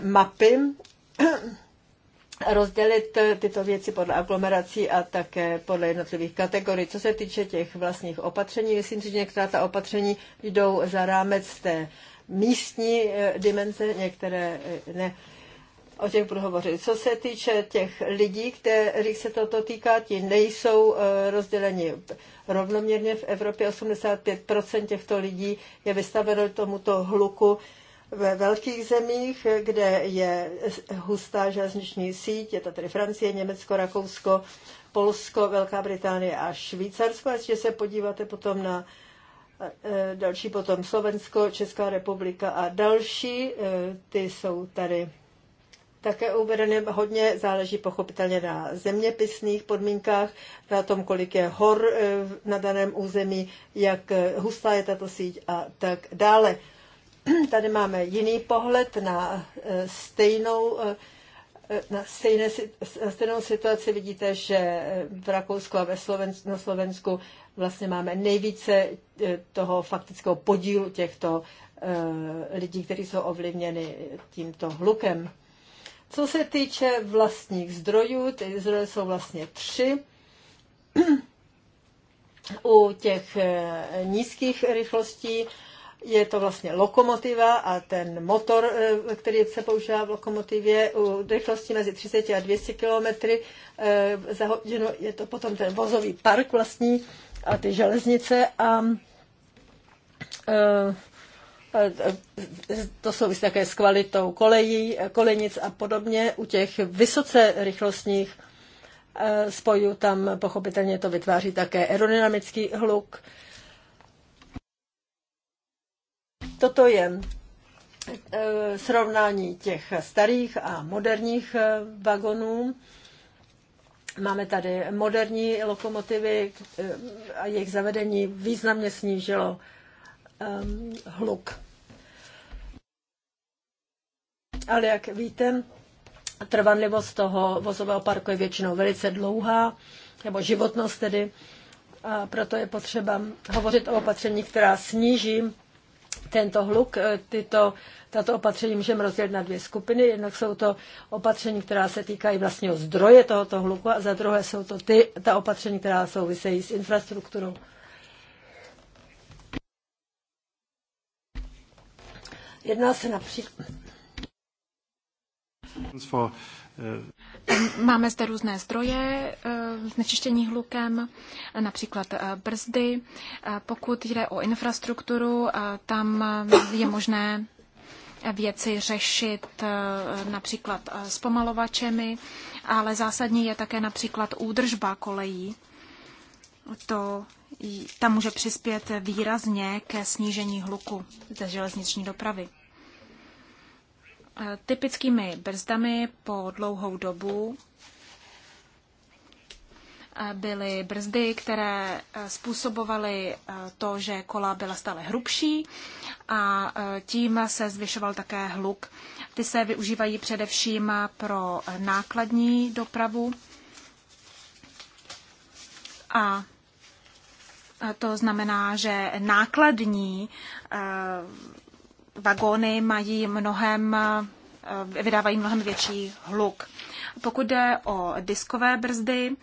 mapy, rozdělit tyto věci podle aglomerací a také podle jednotlivých kategorií. Co se týče těch vlastních opatření, myslím si, že některá ta opatření jdou za rámec té místní dimenze, některé ne o těch budu hovořit. Co se týče těch lidí, kterých se toto týká, ti nejsou eh, rozděleni rovnoměrně. V Evropě 85% těchto lidí je vystaveno tomuto hluku ve velkých zemích, kde je hustá železniční síť, je to tedy Francie, Německo, Rakousko, Polsko, Velká Británie a Švýcarsko. A ještě se podíváte potom na eh, další potom Slovensko, Česká republika a další, eh, ty jsou tady také uvedeny. Hodně záleží pochopitelně na zeměpisných podmínkách, na tom, kolik je hor eh, na daném území, jak eh, hustá je tato síť a tak dále. Tady máme jiný pohled na eh, stejnou na, stejné, na stejnou situaci vidíte, že v Rakousku a ve Slovensku, na Slovensku vlastně máme nejvíce toho faktického podílu těchto lidí, kteří jsou ovlivněni tímto hlukem. Co se týče vlastních zdrojů, ty zdroje jsou vlastně tři. U těch eh, nízkých rychlostí je to vlastně lokomotiva a ten motor, eh, který se používá v lokomotivě u rychlosti mezi 30 a 200 km za hodinu, je to potom ten vozový park vlastní a ty železnice a eh, Eh, eh, to souvisí také s kvalitou kolejí, kolejnic a podobně. U těch vysoce rychlostních eh, spojů tam pochopitelně to vytváří také aerodynamický hluk. Toto je srovnání těch starých a moderních vagonů. Máme tady moderní lokomotivy a jejich zavedení významně snížilo um, hluk. Ale jak víte, trvanlivost toho vozového parku je většinou velice dlouhá, nebo životnost tedy, a proto je potřeba hovořit o opatření, která sníží tento hluk. E, tyto, tato opatření můžeme rozdělit na dvě skupiny. Jednak jsou to opatření, která se týkají vlastního zdroje tohoto hluku a za druhé jsou to ty, ta opatření, která souvisejí s infrastrukturou. Jedná se například. Eh, Máme zde různé zdroje eh, znečištění hlukem, eh, například brzdy. Pokud jde o infrastrukturu, tam je možné věci řešit například zpomalovačemi, ale zásadní je také například údržba kolejí. To ta může přispět výrazně ke snížení hluku ze železniční dopravy. Typickými brzdami po dlouhou dobu byly brzdy, které způsobovaly to, že kola byla stále hrubší a tím se zvyšoval také hluk. Ty se využívají především pro nákladní dopravu a to znamená, že nákladní eh, vagóny mají mnohem, eh, vydávají mnohem větší hluk. Pokud jde o diskové brzdy,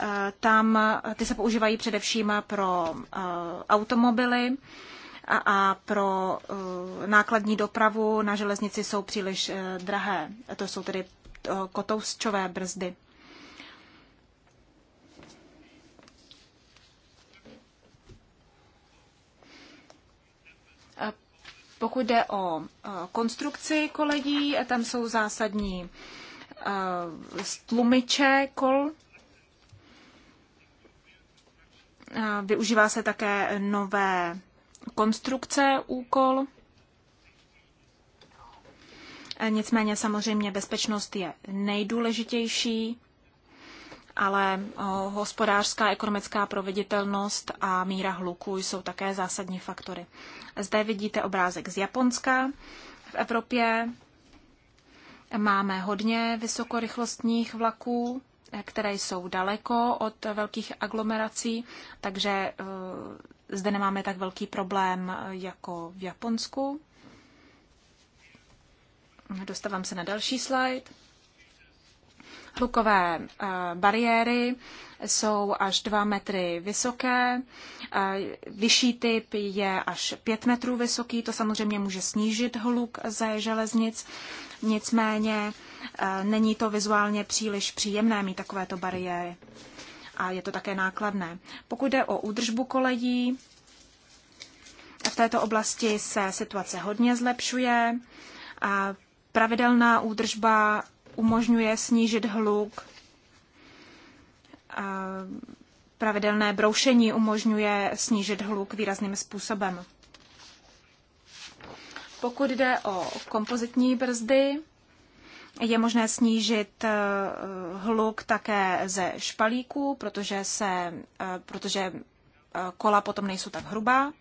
eh, tam ty se používají především pro automobily a, pro nákladní dopravu na železnici jsou příliš drahé. To jsou tedy kotoučové brzdy. Pokud jde o e, konstrukci koledí, tam jsou zásadní stlumiče e, kol. E, využívá se také nové konstrukce úkol. Nicméně samozřejmě bezpečnost je nejdůležitější ale hospodářská, ekonomická proveditelnost a míra hluku jsou také zásadní faktory. Zde vidíte obrázek z Japonska. V Evropě máme hodně vysokorychlostních vlaků, které jsou daleko od velkých aglomerací, takže zde nemáme tak velký problém jako v Japonsku. Dostávám se na další slide. Hlukové eh, bariéry jsou až 2 metry vysoké, eh, vyšší typ je až 5 metrů vysoký, to samozřejmě může snížit hluk ze železnic, nicméně eh, není to vizuálně příliš příjemné mít takovéto bariéry a je to také nákladné. Pokud jde o údržbu kolejí, v této oblasti se situace hodně zlepšuje. A pravidelná údržba umožňuje snížit hluk. Pravidelné broušení umožňuje snížit hluk výrazným způsobem. Pokud jde o kompozitní brzdy, je možné snížit eh, hluk také ze špalíků, protože, se, eh, protože eh, kola potom nejsou tak hrubá.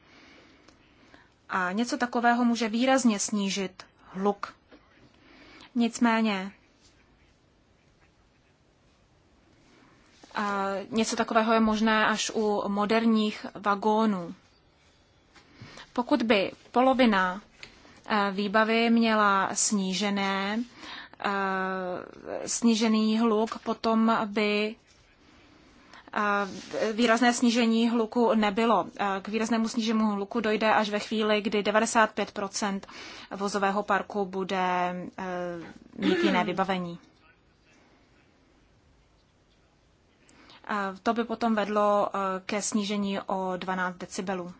A něco takového může výrazně snížit hluk. Nicméně Něco takového je možné až u moderních vagónů. Pokud by polovina eh, výbavy měla snížené, eh, snížený hluk, potom by eh, výrazné snížení hluku nebylo. K výraznému snížení hluku dojde až ve chvíli, kdy 95 vozového parku bude mít jiné vybavení. To by potom vedlo eh, ke snížení o 12 decibelů.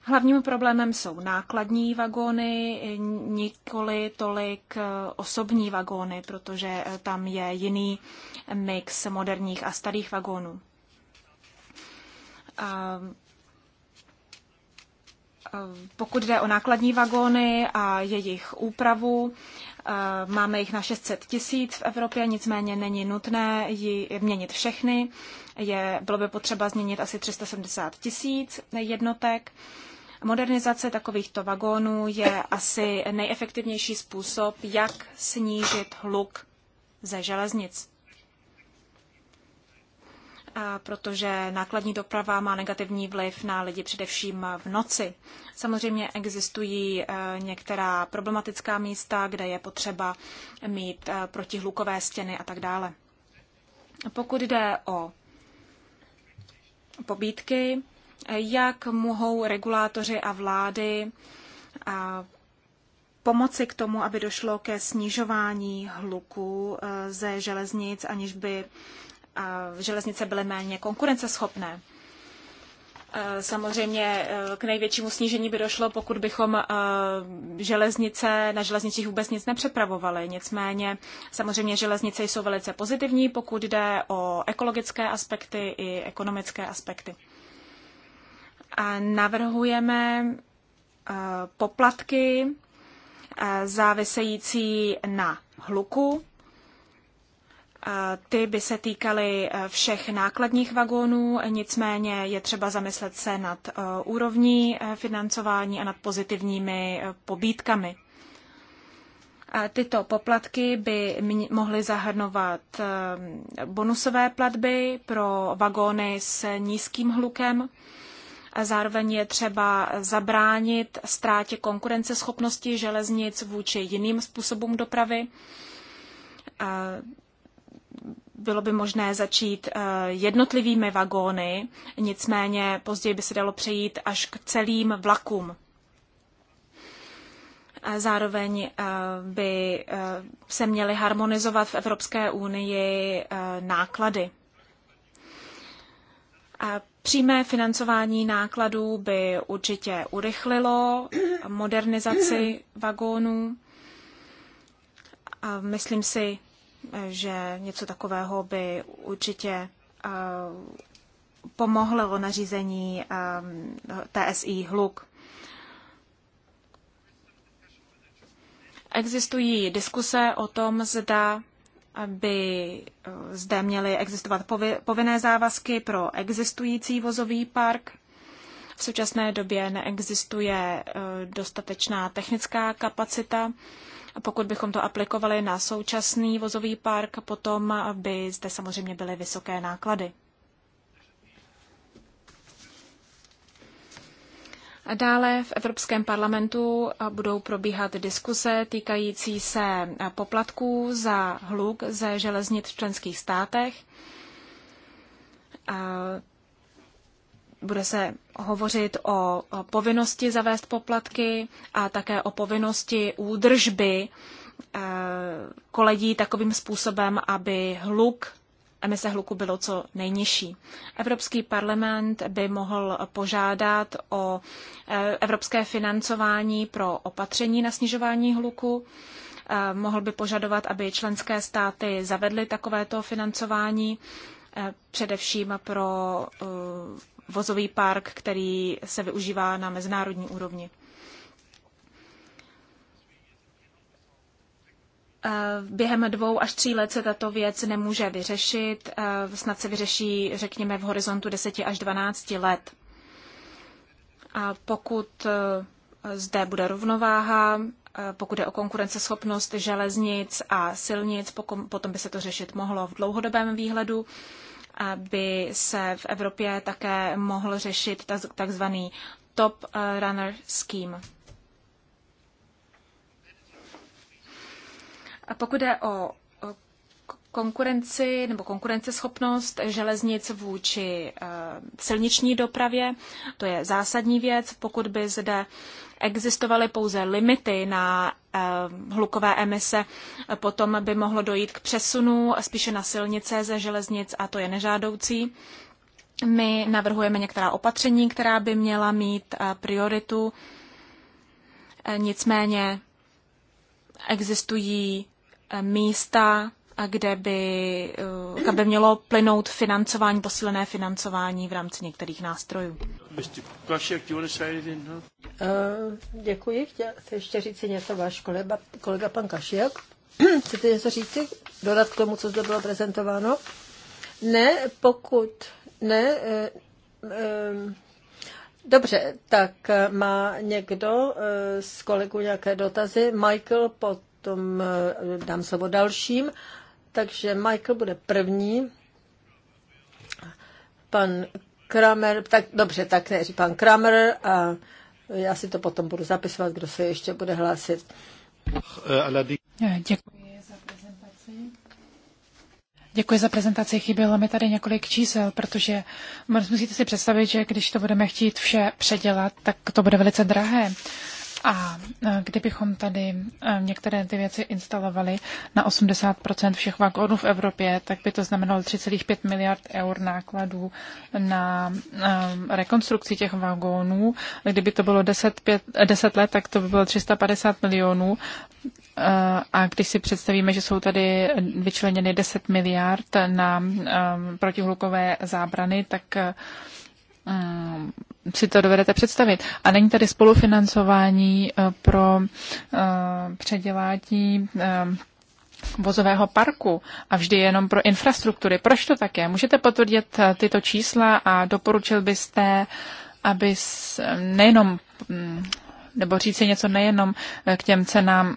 Hlavním problémem jsou nákladní vagóny, nikoli tolik eh, osobní vagóny, protože eh, tam je jiný mix moderních a starých vagónů. pokud jde o nákladní vagóny a jejich úpravu, Máme jich na 600 tisíc v Evropě, nicméně není nutné ji měnit všechny. Je, bylo by potřeba změnit asi 370 tisíc jednotek. Modernizace takovýchto vagónů je asi nejefektivnější způsob, jak snížit hluk ze železnic protože nákladní doprava má negativní vliv na lidi především v noci. Samozřejmě existují eh, některá problematická místa, kde je potřeba mít eh, protihlukové stěny a tak dále. Pokud jde o pobídky, eh, jak mohou regulátoři a vlády pomoci k tomu, aby došlo ke snižování hluku ze železnic, aniž by železnice byly méně konkurenceschopné. E, samozřejmě e, k největšímu snížení by došlo, pokud bychom e, železnice na železnicích vůbec nic nepřepravovali. Nicméně samozřejmě železnice jsou velice pozitivní, pokud jde o ekologické aspekty i ekonomické aspekty. A navrhujeme poplatky závisející na hluku ty by se týkaly eh, všech nákladních vagónů, nicméně je třeba zamyslet se nad eh, úrovní eh, financování a nad pozitivními pobídkami. Tyto poplatky by mohly zahrnovat bonusové platby pro vagóny s nízkým hlukem. Zároveň je třeba zabránit ztrátě konkurenceschopnosti železnic vůči jiným způsobům dopravy bylo by možné začít eh, jednotlivými vagóny, nicméně později by se dalo přejít až k celým vlakům. A zároveň eh, by eh, se měly harmonizovat v Evropské unii náklady. A přímé financování nákladů by určitě urychlilo modernizaci vagónů. A myslím si, že něco takového by určitě eh, pomohlo nařízení eh, TSI hluk. Existují diskuse o tom, zda by eh, zde měly existovat povinné závazky pro existující vozový park. V současné době neexistuje dostatečná technická kapacita pokud bychom to aplikovali na současný vozový park, potom by zde samozřejmě byly vysoké náklady. A dále v Evropském parlamentu budou probíhat diskuse týkající se poplatků za hluk ze železnic v členských státech. A bude se hovořit o povinnosti zavést poplatky a také o povinnosti údržby eh, koledí takovým způsobem, aby hluk, emise hluku bylo co nejnižší. Evropský parlament by mohl požádat o eh, evropské financování pro opatření na snižování hluku eh, mohl by požadovat, aby členské státy zavedly takovéto financování, především pro vozový park, který se využívá na mezinárodní úrovni. Eh, během dvou až tří let se tato věc nemůže vyřešit, eh, snad se vyřeší, řekněme, v horizontu 10 až 12 let. A pokud eh, zde bude rovnováha, pokud je o konkurenceschopnost železnic a silnic, potom by se to řešit mohlo v dlouhodobém výhledu aby se v Evropě také mohl řešit takzvaný Top eh, Runner Scheme. A pokud je o konkurenci nebo konkurenceschopnost železnic vůči eh, silniční dopravě. To je zásadní věc. Pokud by zde existovaly pouze limity na Eh, hlukové emise. Potom by mohlo dojít k přesunu spíše na silnice ze železnic a to je nežádoucí. My navrhujeme některá opatření, která by měla mít eh, prioritu. Eh, nicméně existují místa, kde by, eh, kde by mělo plynout financování, posílené financování v rámci některých nástrojů. No. Eh, děkuji. Chtěl ještě říct si něco váš kolega, kolega pan Kašiak. Chcete něco říct? Dodat k tomu, co zde bylo prezentováno? Ne, pokud ne, eh, Dobře, tak má někdo z kolegů nějaké dotazy? Michael, potom dám slovo dalším. Takže Michael bude první. Pan Kramer, tak dobře, tak neří pan Kramer a já si to potom budu zapisovat, kdo se ještě bude hlásit. Děkuji za prezentaci. Děkuji za prezentaci. Chybělo mi tady několik čísel, protože musíte si představit, že když to budeme chtít vše předělat, tak to bude velice drahé. A e, kdybychom tady e, některé ty věci instalovali na 80 všech vagónů v Evropě, tak by to znamenalo 3,5 miliard eur nákladů na e, rekonstrukci těch vagónů. Kdyby to bylo 10, 5, 10 let, tak to by bylo 350 milionů. A když si představíme, že jsou tady vyčleněny 10 miliard na protihlukové zábrany, tak Ehm, si to dovedete představit. A není tady spolufinancování eh, pro eh, předělání ehm, vozového parku a vždy jenom pro infrastruktury. Proč to tak je? Můžete potvrdit eh, tyto čísla a doporučil byste, aby nejenom, mm, nebo říci něco nejenom k těm cenám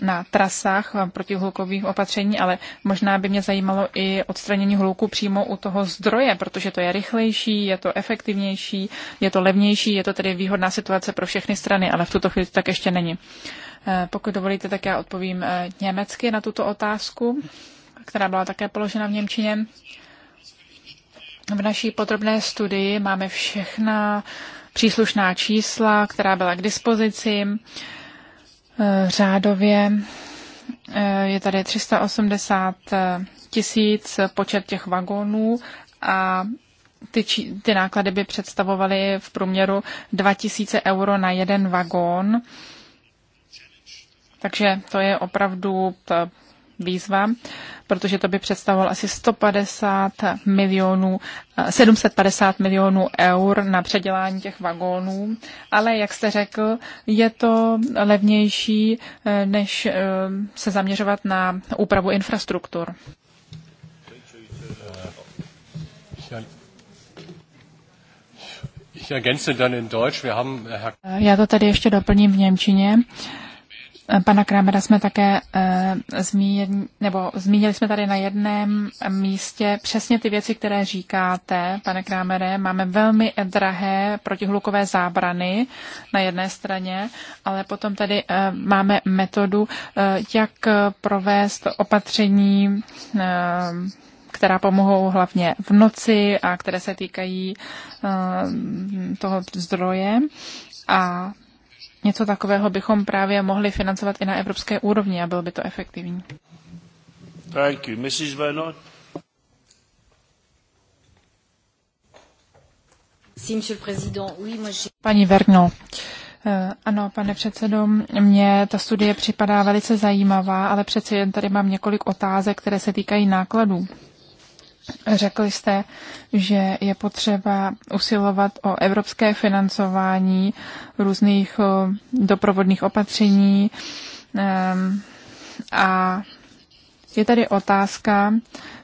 na trasách eh, protihlukových opatření, ale možná by mě zajímalo i odstranění hluku přímo u toho zdroje, protože to je rychlejší, je to efektivnější, je to levnější, je to tedy výhodná situace pro všechny strany, ale v tuto chvíli to tak ještě není. Eh, pokud dovolíte, tak já odpovím eh, německy na tuto otázku, která byla také položena v Němčině. V naší podrobné studii máme všechna příslušná čísla, která byla k dispozici. Eh, řádově eh, je tady 380 eh, tisíc počet těch vagónů a ty, ty náklady by představovaly v průměru 2000 euro na jeden vagón. Takže to je opravdu výzva, protože to by představovalo asi 150 milionů, 750 eh, milionů eur na předělání těch vagónů, ale jak jste řekl, je to levnější, eh, než eh, se zaměřovat na úpravu infrastruktur. Já to tady ještě doplním v Němčině pana Kramera jsme také eh, zmín, nebo zmínili jsme tady na jedném místě přesně ty věci, které říkáte, pane Krámere. Máme velmi drahé protihlukové zábrany na jedné straně, ale potom tady eh, máme metodu, eh, jak provést opatření která pomohou hlavně v noci a které se týkají toho zdroje. A něco takového bychom právě mohli financovat i na evropské úrovni a bylo by to efektivní. Thank you. Mrs. Vernon? Paní Verno, eh, ano, pane předsedo, mně ta studie připadá velice zajímavá, ale přece jen tady mám několik otázek, které se týkají nákladů. Řekli jste, že je potřeba usilovat o evropské financování různých eh, doprovodných opatření ehm, a je tady otázka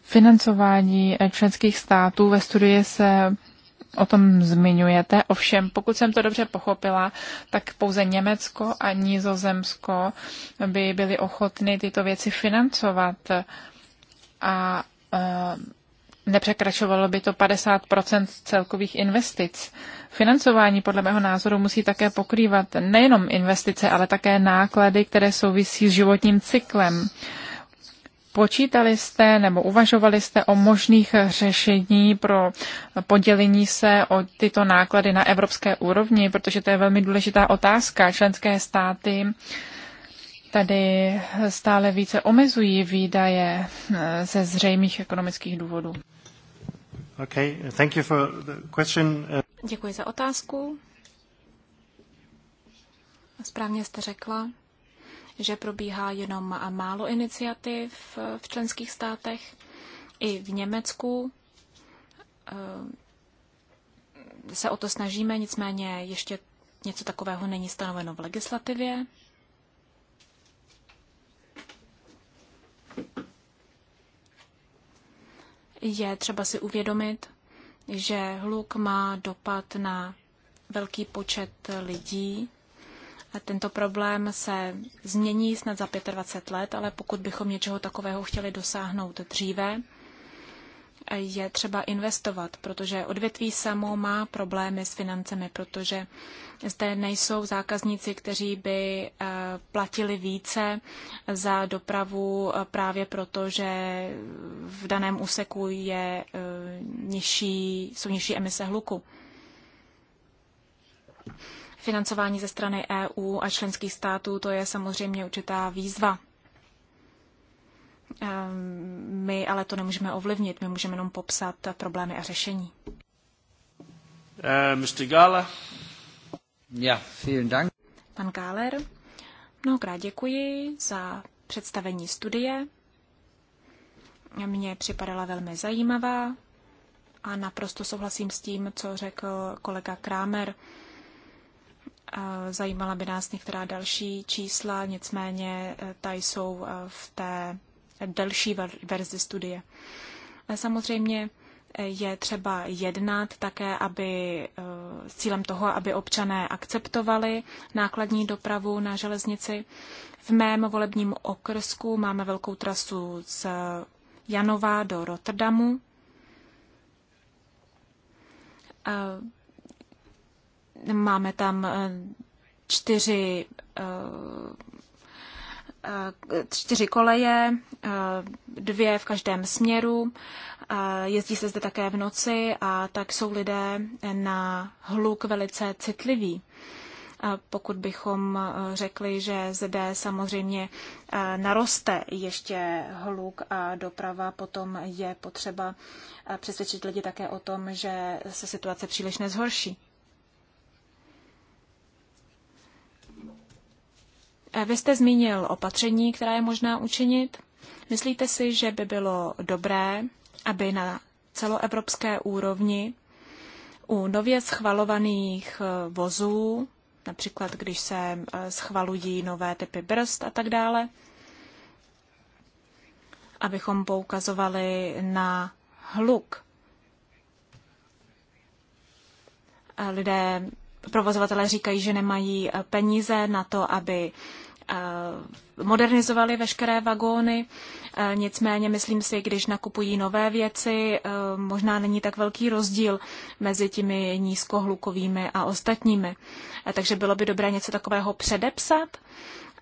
financování eh, členských států. Ve studii se o tom zmiňujete. Ovšem, pokud jsem to dobře pochopila, tak pouze Německo a Nizozemsko by byly ochotny tyto věci financovat. A eh, Nepřekračovalo by to 50 celkových investic. Financování podle mého názoru musí také pokrývat nejenom investice, ale také náklady, které souvisí s životním cyklem. Počítali jste nebo uvažovali jste o možných řešení pro podělení se o tyto náklady na evropské úrovni, protože to je velmi důležitá otázka. Členské státy tady stále více omezují výdaje ze zřejmých ekonomických důvodů. Okay, thank you for the question. Děkuji za otázku. Správně jste řekla, že probíhá jenom málo iniciativ eh, v členských státech. I v Německu eh, se o to snažíme, nicméně ještě něco takového není stanoveno v legislativě. Je třeba si uvědomit, že hluk má dopad na velký počet lidí. A tento problém se změní snad za 25 let, ale pokud bychom něčeho takového chtěli dosáhnout dříve, je třeba investovat, protože odvětví samo má problémy s financemi, protože zde nejsou zákazníci, kteří by eh, platili více za dopravu eh, právě proto, že v daném úseku je eh, nižší, jsou nižší emise hluku. Financování ze strany EU a členských států to je samozřejmě určitá výzva Ehm, my ale to nemůžeme ovlivnit, my můžeme jenom popsat problémy a řešení. Uh, Mr. Gala. Ja, vielen Dank. Pan Gáler, mnohokrát děkuji za představení studie. Mně připadala velmi zajímavá a naprosto souhlasím s tím, co řekl kolega Kramer. Eh, zajímala by nás některá další čísla, nicméně eh, ta jsou eh, v té delší verzi studie. Eh, samozřejmě eh, je třeba jednat také, aby eh, s cílem toho, aby občané akceptovali nákladní dopravu na železnici. V mém volebním okrsku máme velkou trasu z Janova do Rotterdamu. Máme tam čtyři Eh, čtyři koleje, eh, dvě v každém směru. Eh, jezdí se zde také v noci a tak jsou lidé na hluk velice citliví. Pokud bychom řekli, že zde samozřejmě naroste ještě hluk a doprava, potom je potřeba přesvědčit lidi také o tom, že se situace příliš nezhorší. Eh, vy jste zmínil opatření, která je možná učinit. Myslíte si, že by bylo dobré, aby na celoevropské úrovni u nově schvalovaných eh, vozů, například když se eh, schvalují nové typy brzd a tak dále, abychom poukazovali na hluk. Lidé Provozovatelé říkají, že nemají eh, peníze na to, aby eh, modernizovali veškeré vagóny. Eh, nicméně myslím si, když nakupují nové věci, možná není tak velký rozdíl mezi těmi nízkohlukovými a ostatními. Takže bylo by dobré něco takového předepsat,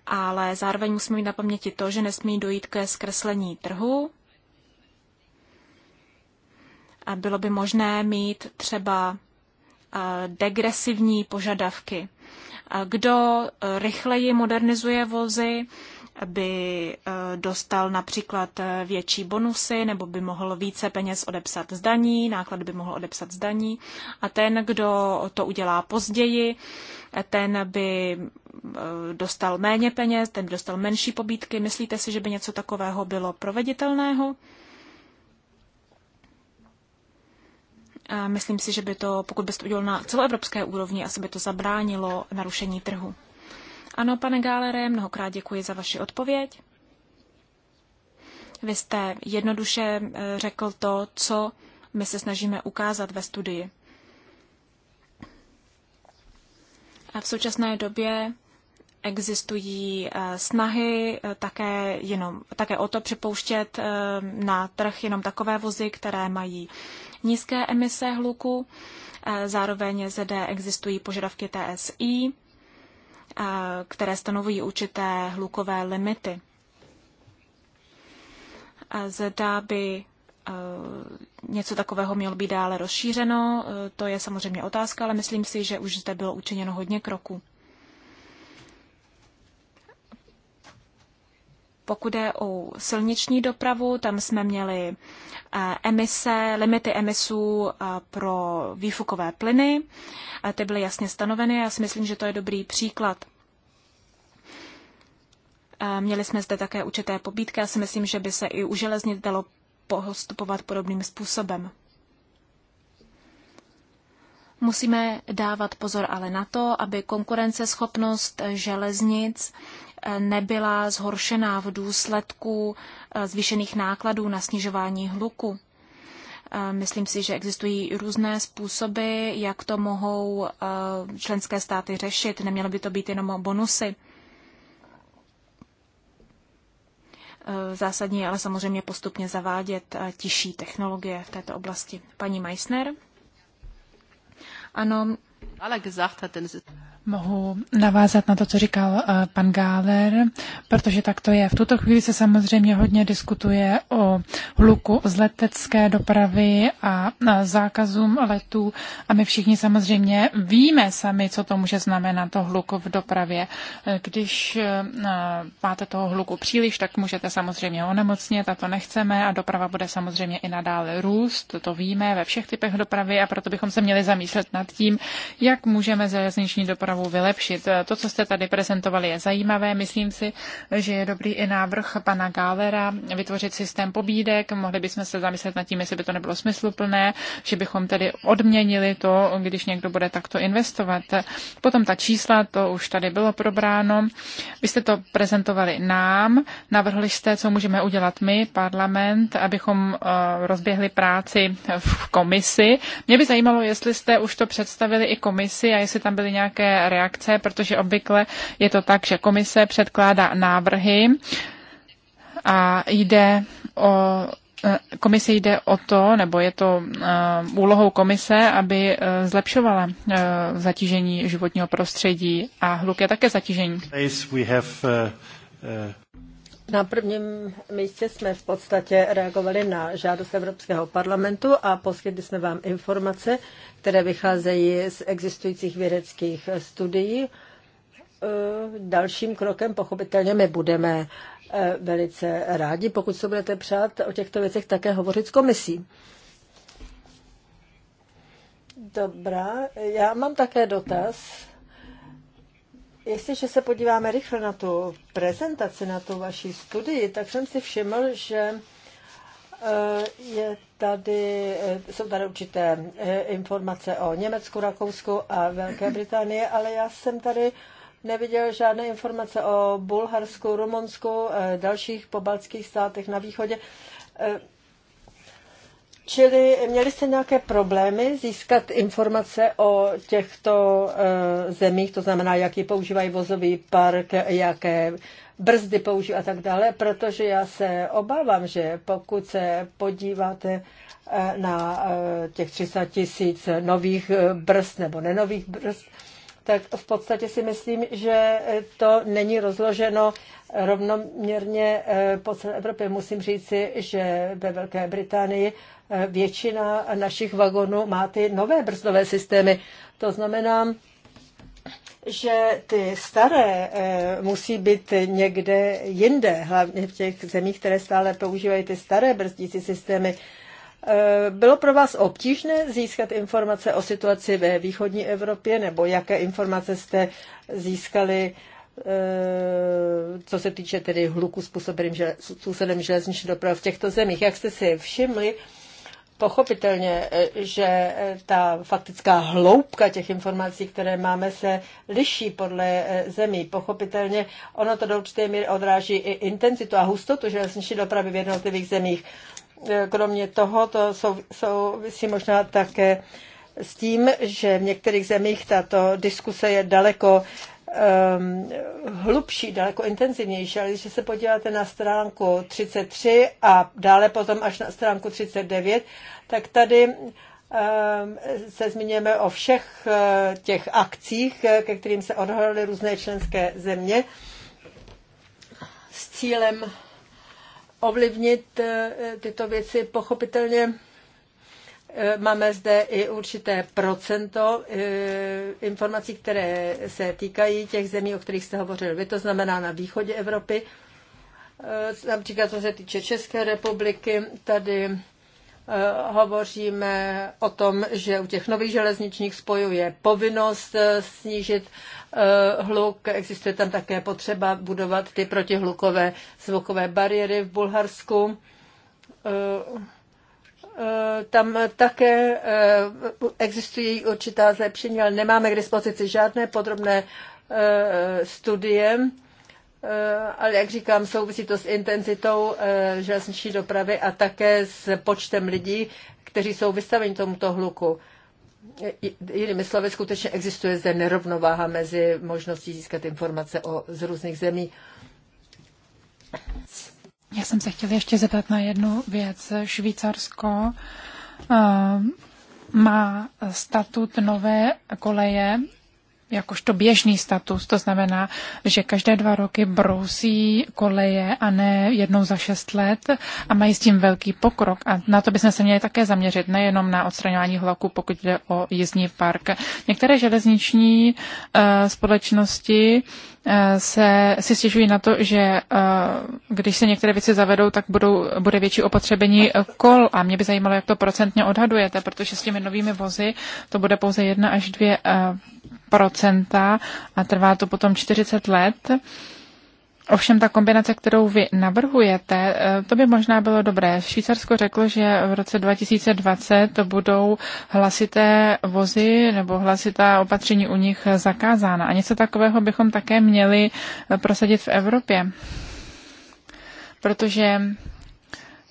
ale zároveň musíme mít na paměti to, že nesmí dojít ke zkreslení trhu. A bylo by možné mít třeba degresivní požadavky. Kdo e, rychleji modernizuje vozy, by e, dostal například e, větší bonusy nebo by mohl více peněz odepsat zdaní, náklad by mohl odepsat zdaní, a ten, kdo to udělá později, ten by dostal méně peněz, ten by dostal menší pobídky. Myslíte si, že by něco takového bylo proveditelného? Myslím si, že by to, pokud by udělal na celoevropské úrovni, asi by to zabránilo narušení trhu. Ano, pane Gálere, mnohokrát děkuji za vaši odpověď. Vy jste jednoduše eh, řekl to, co my se snažíme ukázat ve studii. A v současné době existují eh, snahy eh, také, jenom, také o to připouštět eh, na trh jenom takové vozy, které mají nízké emise hluku. Zároveň zde existují požadavky TSI, které stanovují určité hlukové limity. Zda by něco takového mělo být dále rozšířeno, to je samozřejmě otázka, ale myslím si, že už zde bylo učiněno hodně kroků. Pokud je o silniční dopravu, tam jsme měli eh, emise, limity emisů eh, pro výfukové plyny. Eh, ty byly jasně stanoveny. Já si myslím, že to je dobrý příklad. Měli jsme zde také určité pobídky. Já si myslím, že by se i u železnic dalo postupovat podobným způsobem. Musíme dávat pozor ale na to, aby konkurenceschopnost železnic nebyla zhoršená v důsledku eh, zvýšených nákladů na snižování hluku. Eh, myslím si, že existují různé způsoby, jak to mohou eh, členské státy řešit. Nemělo by to být jenom bonusy. Zásadní je ale samozřejmě postupně zavádět tiší technologie v této oblasti. Paní Meissner? Ano mohu navázat na to, co říkal eh, pan Gáler, protože tak to je. V tuto chvíli se samozřejmě hodně diskutuje o hluku z letecké dopravy a eh, zákazům letů a my všichni samozřejmě víme sami, co to může znamenat to hluk v dopravě. Eh, když máte toho hluku příliš, tak můžete samozřejmě onemocnit a to nechceme a doprava bude samozřejmě i nadále růst, to víme ve všech typech dopravy a proto bychom se měli zamýšlet nad tím, jak můžeme železniční dopravu zprávu vylepšit. To, co jste tady prezentovali, je zajímavé. Myslím si, že je dobrý i návrh pana Gálera vytvořit systém pobídek. Mohli bychom se zamyslet nad tím, jestli by to nebylo smysluplné, že bychom tedy odměnili to, když někdo bude takto investovat. Potom ta čísla, to už tady bylo probráno. Vy jste to prezentovali nám, navrhli jste, co můžeme udělat my, parlament, abychom eh, rozběhli práci v komisi. Mě by zajímalo, jestli jste už to představili i komisi a jestli tam byly nějaké reakce, protože obvykle je to tak, že komise předkládá návrhy a jde o eh, Komise jde o to, nebo je to eh, úlohou komise, aby eh, zlepšovala zatížení životního prostředí a hluk je také zatížení. Na prvním místě jsme v podstatě reagovali na žádost Evropského parlamentu a poskytli jsme vám informace, které vycházejí z existujících vědeckých studií. E, dalším krokem pochopitelně my budeme e, velice rádi, pokud se budete přát o těchto věcech také hovořit s komisí. Dobrá, já mám také dotaz Jestliže se podíváme rychle na tu prezentaci, na tu vaší studii, tak jsem si všiml, že eh, je tady, eh, jsou tady určité eh, informace o Německu, Rakousku a Velké Británii, ale já jsem tady neviděl žádné informace o Bulharsku, Rumunsku, dalších pobaltských státech na východě. Čili měli jste nějaké problémy získat informace o těchto eh, zemích, to znamená, jaký používají vozový park, jaké brzdy používají a tak dále, protože já se obávám, že pokud se podíváte eh, na eh, těch 300 tisíc nových brzd nebo nenových brzd, tak v podstatě si myslím, že to není rozloženo rovnoměrně po celé Evropě. Musím říci, že ve Velké Británii většina našich vagonů má ty nové brzdové systémy. To znamená, že ty staré eh, musí být někde jinde, hlavně v těch zemích, které stále používají ty staré brzdící systémy. Eh, bylo pro vás obtížné získat informace o situaci ve východní Evropě, nebo jaké informace jste získali, eh, co se týče tedy hluku způsobeným, způsobem železniční dopravy v těchto zemích? Jak jste si všimli, Pochopitelně, eh, že eh, ta faktická hloubka těch informací, které máme, se liší podle eh, zemí. Pochopitelně ono to do určité míry odráží i intenzitu a hustotu železniční dopravy v jednotlivých zemích. Kromě toho to souvisí možná také s tím, že v některých zemích tato diskuse je daleko um, hlubší, daleko intenzivnější, ale když se podíváte na stránku 33 a dále potom až na stránku 39, tak tady um, se zmíníme o všech uh, těch akcích, ke kterým se odhodly různé členské země s cílem ovlivnit uh, tyto věci. Pochopitelně Eh, máme zde i určité procento eh, informací, které se týkají těch zemí, o kterých jste hovořil vy, to znamená na východě Evropy. Eh, například co se týče České republiky, tady hovoříme o tom, že u těch nových železničních spojů je povinnost snížit hluk. Existuje tam také potřeba budovat ty protihlukové zvukové bariéry v Bulharsku. Eh, tam také eh, existují určitá zlepšení, ale nemáme k dispozici žádné podrobné eh, studie, ale jak říkám, souvisí to s intenzitou železniční dopravy a také s počtem lidí, kteří jsou vystaveni tomuto hluku. Jinými slovy, skutečně existuje zde nerovnováha mezi možností získat informace o, z různých zemí. Já jsem se chtěla ještě zeptat na jednu věc. Švýcarsko eh, má statut nové koleje jakožto běžný status. To znamená, že každé dva roky brousí koleje a ne jednou za šest let a mají s tím velký pokrok. A na to bychom se měli také zaměřit, nejenom na odstraňování hlaku, pokud jde o jízdní park. Některé železniční uh, společnosti eh, se, si stěžují na to, že eh, když se některé věci zavedou, tak budou, bude větší opotřebení kol. A mě by zajímalo, jak to procentně odhadujete, protože s těmi novými vozy to bude pouze jedna až dvě procenta a trvá to potom 40 let. Ovšem ta kombinace, kterou vy navrhujete, eh, to by možná bylo dobré. Švýcarsko řeklo, že v roce 2020 to budou hlasité vozy nebo hlasitá opatření u nich zakázána. A něco takového bychom také měli eh, prosadit v Evropě. Protože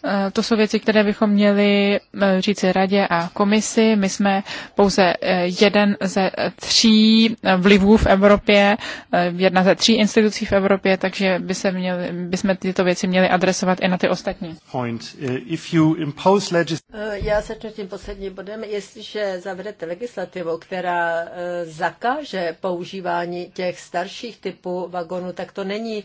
Eh, to jsou věci, které bychom měli eh, říci radě a komisi. My jsme pouze eh, jeden ze tří vlivů v Evropě, jedna ze tří institucí v Evropě, takže by se měli, jsme tyto věci měli adresovat i na ty ostatní. Point. If you impose legis- Já se tím posledním bodem. Jestliže zavedete legislativu, která zakáže používání těch starších typů vagonů, tak to není uh,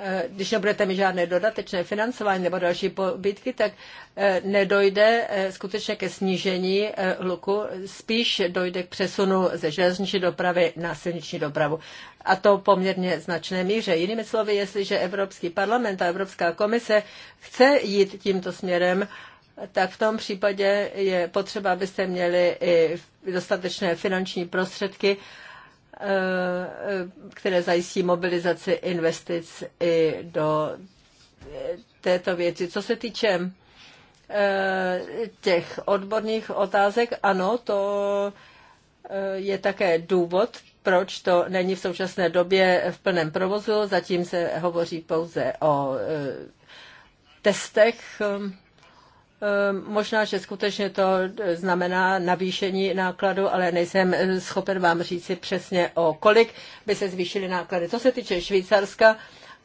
Eh, když nebudete mít žádné dodatečné financování nebo další pobytky, tak eh, nedojde eh, skutečně ke snížení hluku, spíš dojde k přesunu ze železniční dopravy na silniční dopravu. A to poměrně značné míře. Jinými slovy, jestliže Evropský parlament a Evropská komise chce jít tímto směrem, tak v tom případě je potřeba, abyste měli i dostatečné finanční prostředky, Eh, které zajistí mobilizaci investic i do eh, této věci. Co se týče eh, těch odborných otázek, ano, to je také důvod, proč to není v současné době v plném provozu. Zatím se hovoří pouze o testech Ehm, možná, že skutečně to eh, znamená navýšení nákladu, ale nejsem eh, schopen vám říci přesně o kolik by se zvýšily náklady. Co se týče Švýcarska,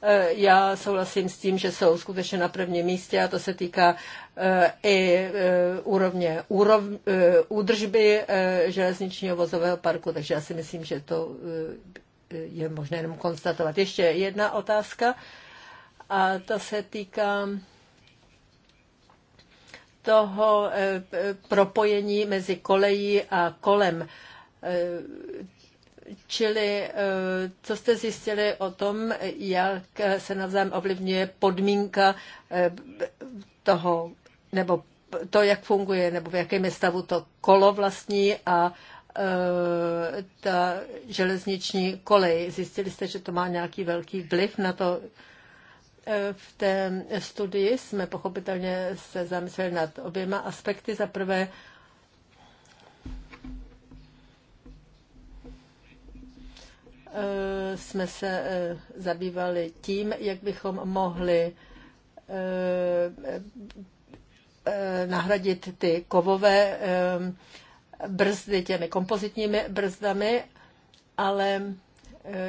eh, já souhlasím s tím, že jsou skutečně na prvním místě a to se týká i úrovně úrov, údržby železničního vozového parku, takže já si myslím, že to je možné jenom konstatovat. Ještě jedna otázka a ta se týká toho eh, propojení mezi kolejí a kolem. Eh, čili eh, co jste zjistili o tom, jak se navzájem ovlivňuje podmínka toho, nebo to, jak funguje, nebo v jakém je stavu to kolo vlastní a ta železniční kolej. Zjistili jste, že to má nějaký velký vliv na to, v té studii jsme pochopitelně se zamysleli nad oběma aspekty. Za prvé, eh, jsme se eh, zabývali tím, jak bychom mohli eh, nahradit ty kovové brzdy těmi kompozitními brzdami, ale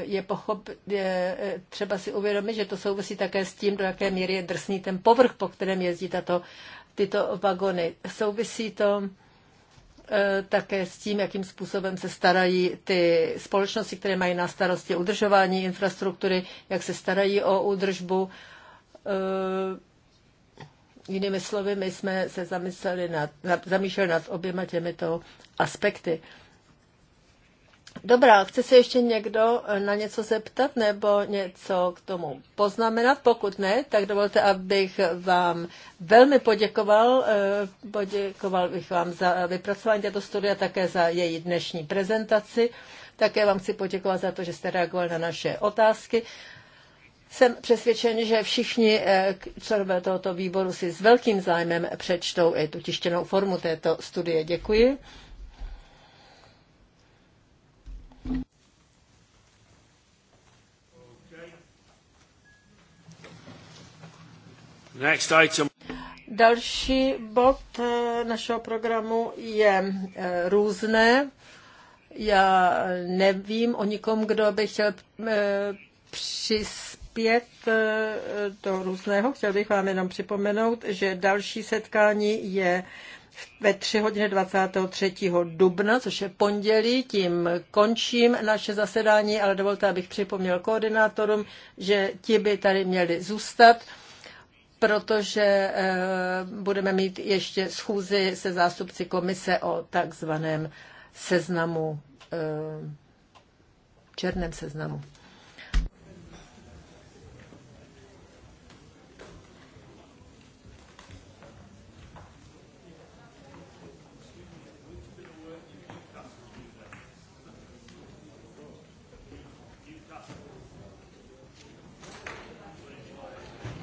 je, pochop, je e, třeba si uvědomit, že to souvisí také s tím, do jaké míry je drsný ten povrch, po kterém jezdí tato, tyto vagony. Souvisí to e, také s tím, jakým způsobem se starají ty společnosti, které mají na starosti udržování infrastruktury, jak se starají o údržbu. E, jinými slovy, my jsme se zamysleli nad, zamýšleli nad oběma těmito aspekty. Dobrá, chce se ještě někdo eh, na něco zeptat nebo něco k tomu poznamenat? Pokud ne, tak dovolte, abych vám velmi poděkoval. Eh, poděkoval bych vám za vypracování této studie, také za její dnešní prezentaci. Také vám chci poděkovat za to, že jste reagoval na naše otázky. Jsem přesvědčen, že všichni eh, členové tohoto výboru si s velkým zájmem přečtou i tu tištěnou formu této studie. Děkuji. Next item. Další bod eh, našeho programu je eh, různé. Já nevím o nikom, kdo by chtěl eh, přispět do různého. Chtěl bych vám jenom připomenout, že další setkání je ve 3 hodiny 23. dubna, což je pondělí. Tím končím naše zasedání, ale dovolte, abych připomněl koordinátorům, že ti by tady měli zůstat protože eh, budeme mít ještě schůzi se zástupci komise o takzvaném seznamu, eh, černém seznamu.